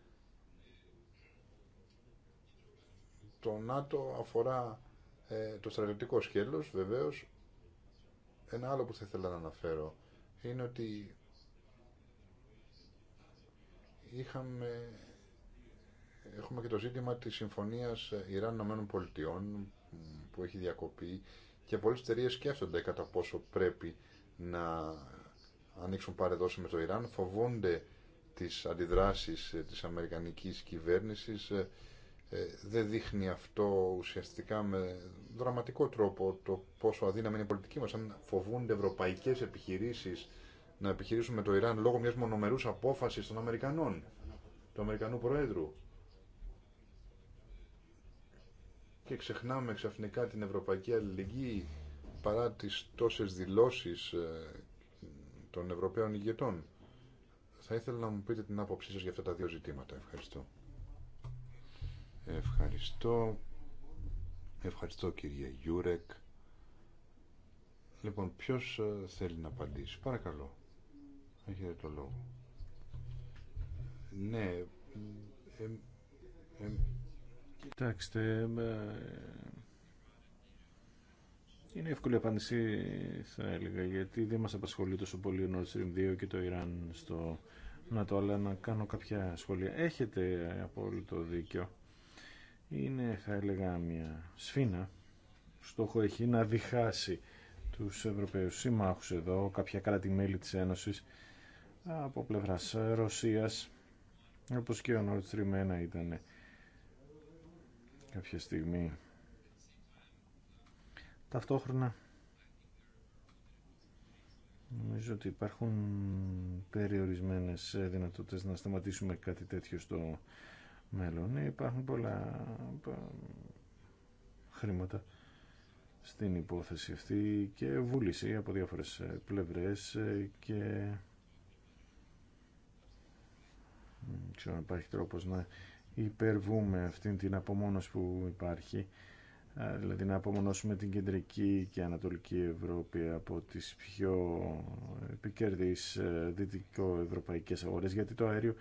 S3: Το ΝΑΤΟ αφορά ε, το στρατιωτικό σκέλος, βεβαίως. Ένα άλλο που θα ήθελα να αναφέρω είναι ότι είχαμε, έχουμε και το ζήτημα της συμφωνίας Ιράν-Ηνωμένων Πολιτειών που έχει διακοπεί και πολλές εταιρείε σκέφτονται κατά πόσο πρέπει να ανοίξουν παρεδόση με το Ιράν. Φοβούνται τις αντιδράσεις της Αμερικανικής κυβέρνησης ε, δεν δείχνει αυτό ουσιαστικά με δραματικό τρόπο το πόσο αδύναμη είναι η πολιτική μας. Αν φοβούνται ευρωπαϊκές επιχειρήσεις να επιχειρήσουν με το Ιράν λόγω μιας μονομερούς απόφασης των Αμερικανών, του Αμερικανού Προέδρου. Και ξεχνάμε ξαφνικά την Ευρωπαϊκή Αλληλεγγύη παρά τις τόσες δηλώσεις ε, των Ευρωπαίων ηγετών. Θα ήθελα να μου πείτε την άποψή σας για αυτά τα δύο ζητήματα. Ευχαριστώ. Ευχαριστώ. Ευχαριστώ κυρία Γιούρεκ. Λοιπόν, ποιος ε, θέλει να απαντήσει. Παρακαλώ. Έχετε το λόγο. Ναι. Ε, ε, ε Κοιτάξτε,
S2: είναι εύκολη απάντηση θα έλεγα γιατί δεν μας απασχολεί τόσο πολύ ο Nord Stream 2 και το Ιράν στο το αλλά να κάνω κάποια σχόλια. Έχετε απόλυτο δίκιο είναι θα έλεγα μια σφίνα στόχο έχει να διχάσει τους Ευρωπαίους συμμάχους εδώ κάποια κράτη-μέλη της Ένωσης από πλευράς Ρωσίας όπως και ο 1 ήταν κάποια στιγμή ταυτόχρονα νομίζω ότι υπάρχουν περιορισμένες δυνατότητες να σταματήσουμε κάτι τέτοιο στο μέλλον. Υπάρχουν πολλά χρήματα στην υπόθεση αυτή και βούληση από διάφορες πλευρές και ξέρω αν υπάρχει τρόπος να υπερβούμε αυτή την απομόνωση που υπάρχει δηλαδή να απομονώσουμε την κεντρική και ανατολική Ευρώπη από τις πιο επικέρδεις ε, δυτικοευρωπαϊκές αγορές γιατί το αέριο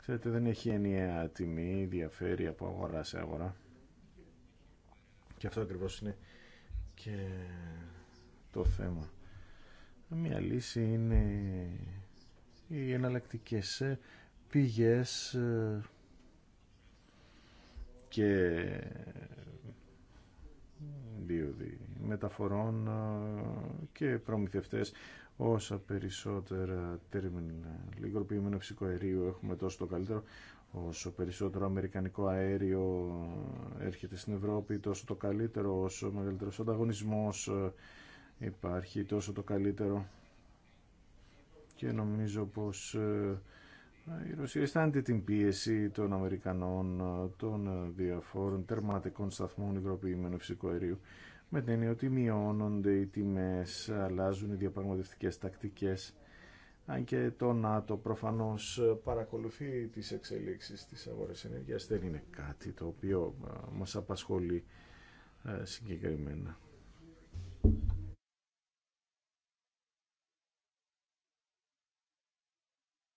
S2: Ξέρετε, δεν έχει ενιαία τιμή, διαφέρει από αγορά σε αγορά. Και αυτό ακριβώς είναι και το θέμα. Μία λύση είναι οι εναλλακτικέ ε, πηγές ε, και διοδι μεταφορών ε, και προμηθευτές όσα περισσότερα τέρμινα λιγροποιημένο φυσικό αερίο έχουμε τόσο το καλύτερο όσο περισσότερο αμερικανικό αέριο έρχεται στην Ευρώπη τόσο το καλύτερο όσο μεγαλύτερος ανταγωνισμός ε, υπάρχει τόσο το καλύτερο και νομίζω πως η ε, Ρωσία αισθάνεται την πίεση των Αμερικανών ε, των διαφόρων τερματικών σταθμών υγροποιημένου φυσικού αερίου με την έννοια ότι μειώνονται οι τιμές, αλλάζουν οι διαπραγματευτικές τακτικές. Αν και το ΝΑΤΟ προφανώς παρακολουθεί τις εξελίξεις της αγορές ενέργειας, δεν είναι κάτι το οποίο ε, μας απασχολεί ε, συγκεκριμένα.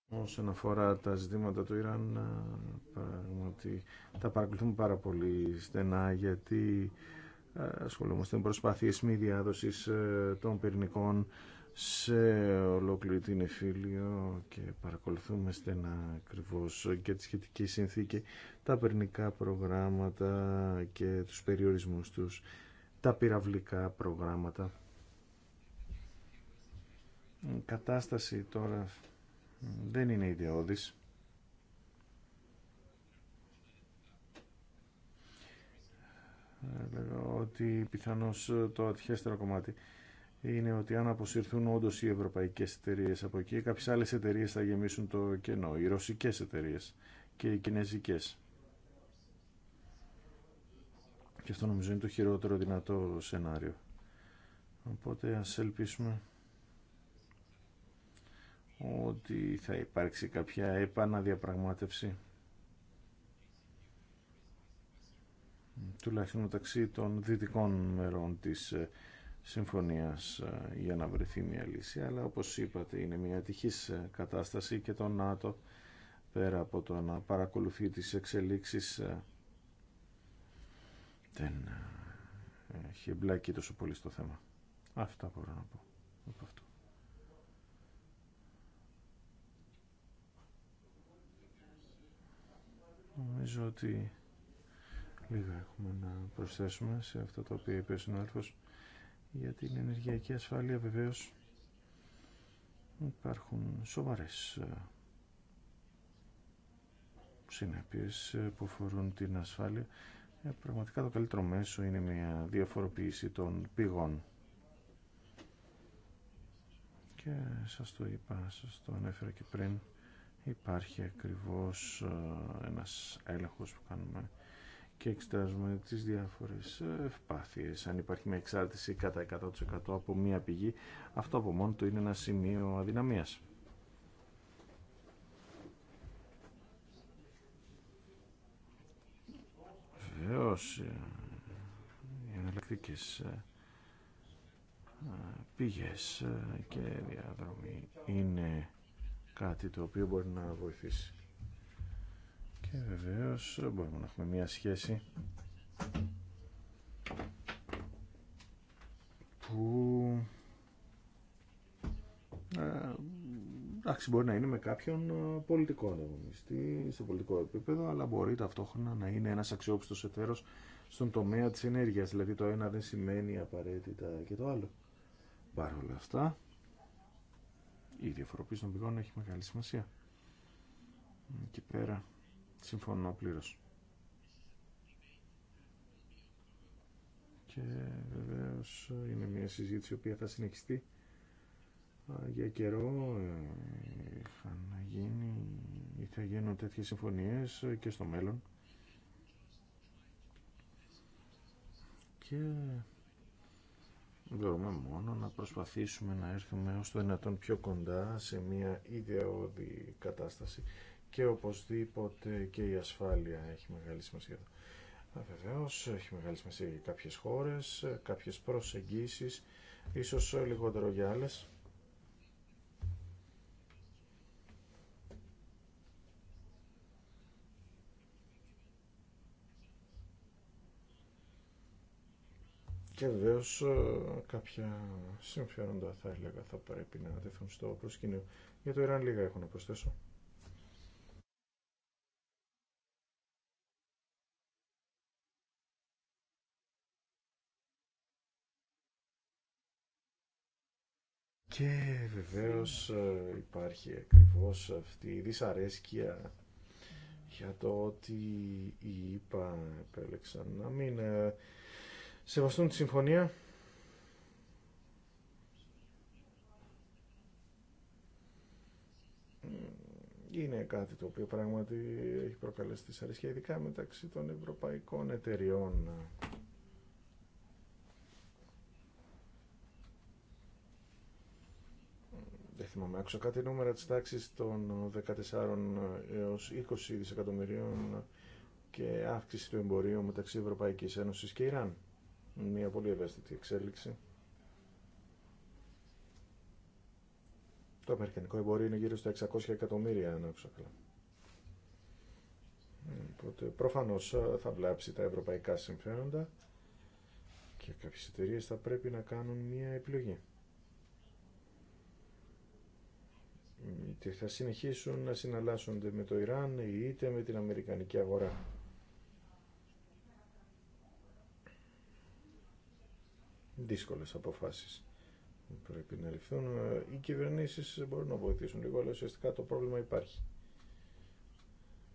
S2: Όσον αφορά τα ζητήματα του Ιράν, ε, πράγματι τα παρακολουθούμε πάρα πολύ στενά γιατί ασχολούμαστε με προσπάθειες μη διάδοσης ε, των πυρηνικών σε ολόκληρη την εφήλιο και παρακολουθούμε στενά ακριβώ και τη σχετική συνθήκη, τα πυρηνικά προγράμματα και τους περιορισμούς τους, τα πυραυλικά προγράμματα. Η κατάσταση τώρα δεν είναι ιδιώδης. Ε, ότι πιθανώ το ατυχέστερο κομμάτι είναι ότι αν αποσυρθούν όντω οι ευρωπαϊκές εταιρείε από εκεί, κάποιε άλλες εταιρείε θα γεμίσουν το κενό, οι ρωσικέ εταιρείε και οι κινέζικες. Και αυτό νομίζω είναι το χειρότερο δυνατό σενάριο. Οπότε ας ελπίσουμε ότι θα υπάρξει κάποια επαναδιαπραγμάτευση τουλάχιστον μεταξύ των δυτικών μερών της ε, συμφωνίας ε, για να βρεθεί μια λύση αλλά όπως είπατε είναι μια τυχής ε, κατάσταση και το ΝΑΤΟ πέρα από το να παρακολουθεί τις εξελίξεις δεν έχει εμπλακεί τόσο πολύ στο θέμα αυτά μπορώ να πω από αυτό νομίζω ότι λίγα έχουμε να προσθέσουμε σε αυτό το οποίο είπε ο συνάδελφος για την ενεργειακή ασφάλεια βεβαίως υπάρχουν σοβαρές ε, συνέπειες ε, που αφορούν την ασφάλεια ε, πραγματικά το καλύτερο μέσο είναι μια διαφοροποίηση των πηγών και σας το είπα, σας το ανέφερα και πριν υπάρχει ακριβώς ένας έλεγχος που κάνουμε και εξετάζουμε τις διάφορες ευπάθειες. Αν υπάρχει μια εξάρτηση κατά 100% από μία πηγή, αυτό από μόνο του είναι ένα σημείο αδυναμίας. Βεβαίω ε, οι εναλλακτικές ε, πηγές ε, και διαδρομή είναι κάτι το οποίο μπορεί να βοηθήσει. Και ε, βεβαίω μπορούμε να έχουμε μία σχέση που ε, εντάξει μπορεί να είναι με κάποιον ε, πολιτικό ανταγωνιστή στο πολιτικό επίπεδο αλλά μπορεί ταυτόχρονα να είναι ένας αξιόπιστος εταίρος στον τομέα της ενέργειας δηλαδή το ένα δεν σημαίνει απαραίτητα και το άλλο Παρ' όλα αυτά η διαφοροποίηση των πηγών έχει μεγάλη σημασία εκεί πέρα Συμφωνώ πλήρω. Και βεβαίω είναι μια συζήτηση η οποία θα συνεχιστεί για καιρό θα ε, γίνει ή θα γίνουν τέτοιες συμφωνίες ε, και στο μέλλον και μπορούμε μόνο να προσπαθήσουμε να έρθουμε ως το δυνατόν πιο κοντά σε μια ιδεώδη κατάσταση και οπωσδήποτε και η ασφάλεια έχει μεγάλη σημασία. Βεβαίω, έχει μεγάλη σημασία για κάποιες χώρες, κάποιες προσεγγίσεις, ίσως λιγότερο για άλλες. Και βεβαίω ε, κάποια συμφέροντα θα έλεγα θα πρέπει να τεθούν στο προσκήνιο. Για το Ιράν λίγα έχω να προσθέσω.
S3: Και βεβαίω
S2: ε, υπάρχει ακριβώ αυτή η δυσαρέσκεια για το ότι οι ΙΠΑ επέλεξαν να μην ε, σεβαστούν τη συμφωνία. Είναι κάτι το οποίο πράγματι έχει προκαλέσει δυσαρέσκεια ειδικά μεταξύ των ευρωπαϊκών εταιριών θυμάμαι, άκουσα κάτι νούμερα της τάξης των 14 έως 20 δισεκατομμυρίων και αύξηση του εμπορίου μεταξύ Ευρωπαϊκής Ένωσης και Ιράν. Μια πολύ ευαίσθητη εξέλιξη. Το αμερικανικό εμπορίο είναι γύρω στα 600 εκατομμύρια, αν άκουσα καλά. Οπότε προφανώς ε, θα βλάψει τα ευρωπαϊκά συμφέροντα και κάποιες εταιρείε θα πρέπει να κάνουν μια επιλογή. είτε θα συνεχίσουν να συναλλάσσονται με το Ιράν είτε με την Αμερικανική αγορά. Δύσκολες αποφάσεις πρέπει να ληφθούν. Οι κυβερνήσεις μπορούν να βοηθήσουν λίγο, αλλά ουσιαστικά το πρόβλημα υπάρχει.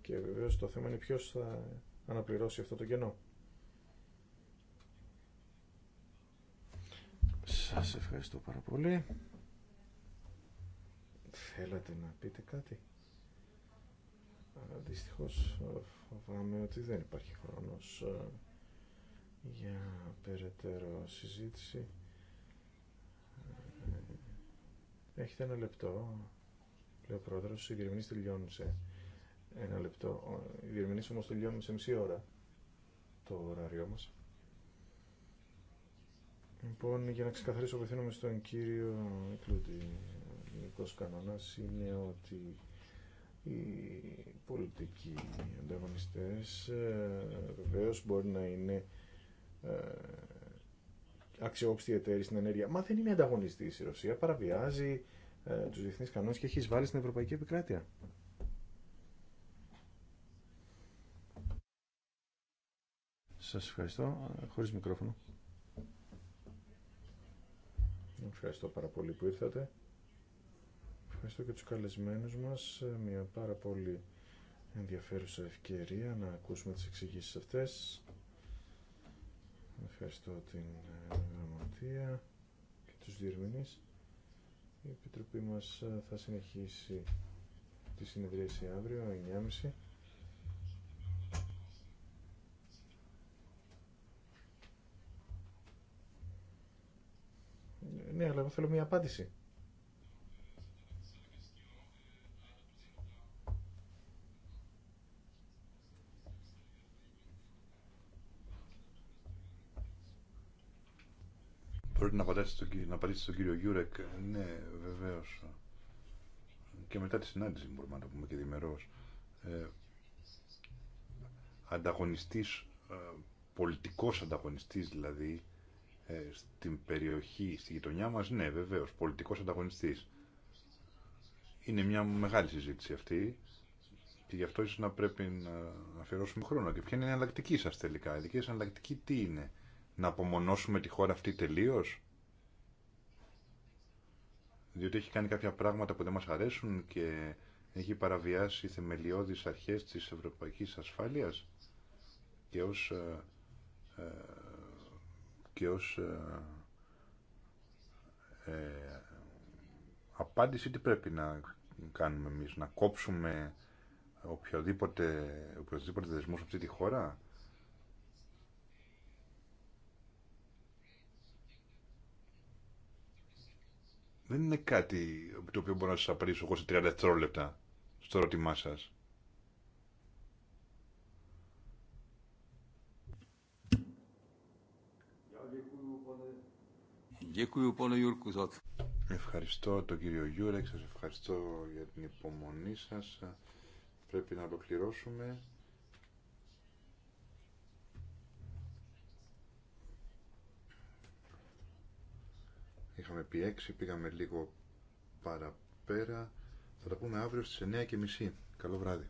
S2: Και βεβαίως το θέμα είναι ποιος θα αναπληρώσει αυτό το κενό. Σας ευχαριστώ πάρα πολύ. Θέλατε να πείτε κάτι. Δυστυχώς ε, φοβάμαι ότι δεν υπάρχει χρόνος ε, για περαιτέρω συζήτηση. Ε, έχετε ένα λεπτό, Πλέον ο πρόεδρος, οι διερμηνείς τελειώνουν σε ένα λεπτό. Οι διερμηνείς όμως τελειώνουν σε μισή ώρα το ωράριό μας. Λοιπόν, για να ξεκαθαρίσω, απευθύνομαι στον κύριο Κλούτη γενικός κανόνας είναι ότι οι πολιτικοί ανταγωνιστές ε, βεβαίω μπορεί να είναι ε, αξιόπιστοι εταίροι στην ενέργεια. Μα δεν είναι ανταγωνιστή. η Ρωσία, παραβιάζει ε, τους διεθνείς κανόνες και έχει βάλει στην Ευρωπαϊκή Επικράτεια. Σας ευχαριστώ. Χωρίς μικρόφωνο. Ευχαριστώ πάρα πολύ που ήρθατε ευχαριστώ και τους καλεσμένους μας. Ε, μια πάρα πολύ ενδιαφέρουσα ευκαιρία να ακούσουμε τις εξηγήσεις αυτές. Ευχαριστώ την ε, Γραμματεία και τους διερμηνείς. Η Επιτροπή μας ε, θα συνεχίσει τη συνεδρίαση αύριο, 9.30. Ναι, αλλά εγώ θέλω μια απάντηση.
S3: να, απαντήσετε στον, κύριο, να απαντήσει στον κύριο Γιούρεκ. Ναι, βεβαίω. Και μετά τη συνάντηση μπορούμε να το πούμε και διμερώς. Ε, ανταγωνιστής, ε, πολιτικός ανταγωνιστής δηλαδή, ε, στην περιοχή, στη γειτονιά μα, ναι βεβαίω, πολιτικό ανταγωνιστή. Είναι μια μεγάλη συζήτηση αυτή και γι' αυτό ίσως να πρέπει να αφιερώσουμε χρόνο. Και ποια είναι η εναλλακτική σα τελικά, η δική εναλλακτική τι είναι, να απομονώσουμε τη χώρα αυτή τελείως διότι έχει κάνει κάποια πράγματα που δεν μας αρέσουν και έχει παραβιάσει θεμελιώδεις αρχές της ευρωπαϊκής ασφάλειας και ως, ε, ε, και ως ε, απάντηση τι πρέπει να κάνουμε εμείς, να κόψουμε οποιοδήποτε, οποιοδήποτε δεσμό αυτή τη χώρα δεν είναι κάτι το οποίο μπορώ να σας απαντήσω εγώ σε 30 δευτερόλεπτα στο ερώτημά σας. Ευχαριστώ τον κύριο Γιούρεξ, σας ευχαριστώ για την υπομονή σας. Πρέπει να ολοκληρώσουμε. Είχαμε πει 6, πήγαμε λίγο παραπέρα. Θα τα πούμε αύριο στις 9.30. Καλό βράδυ.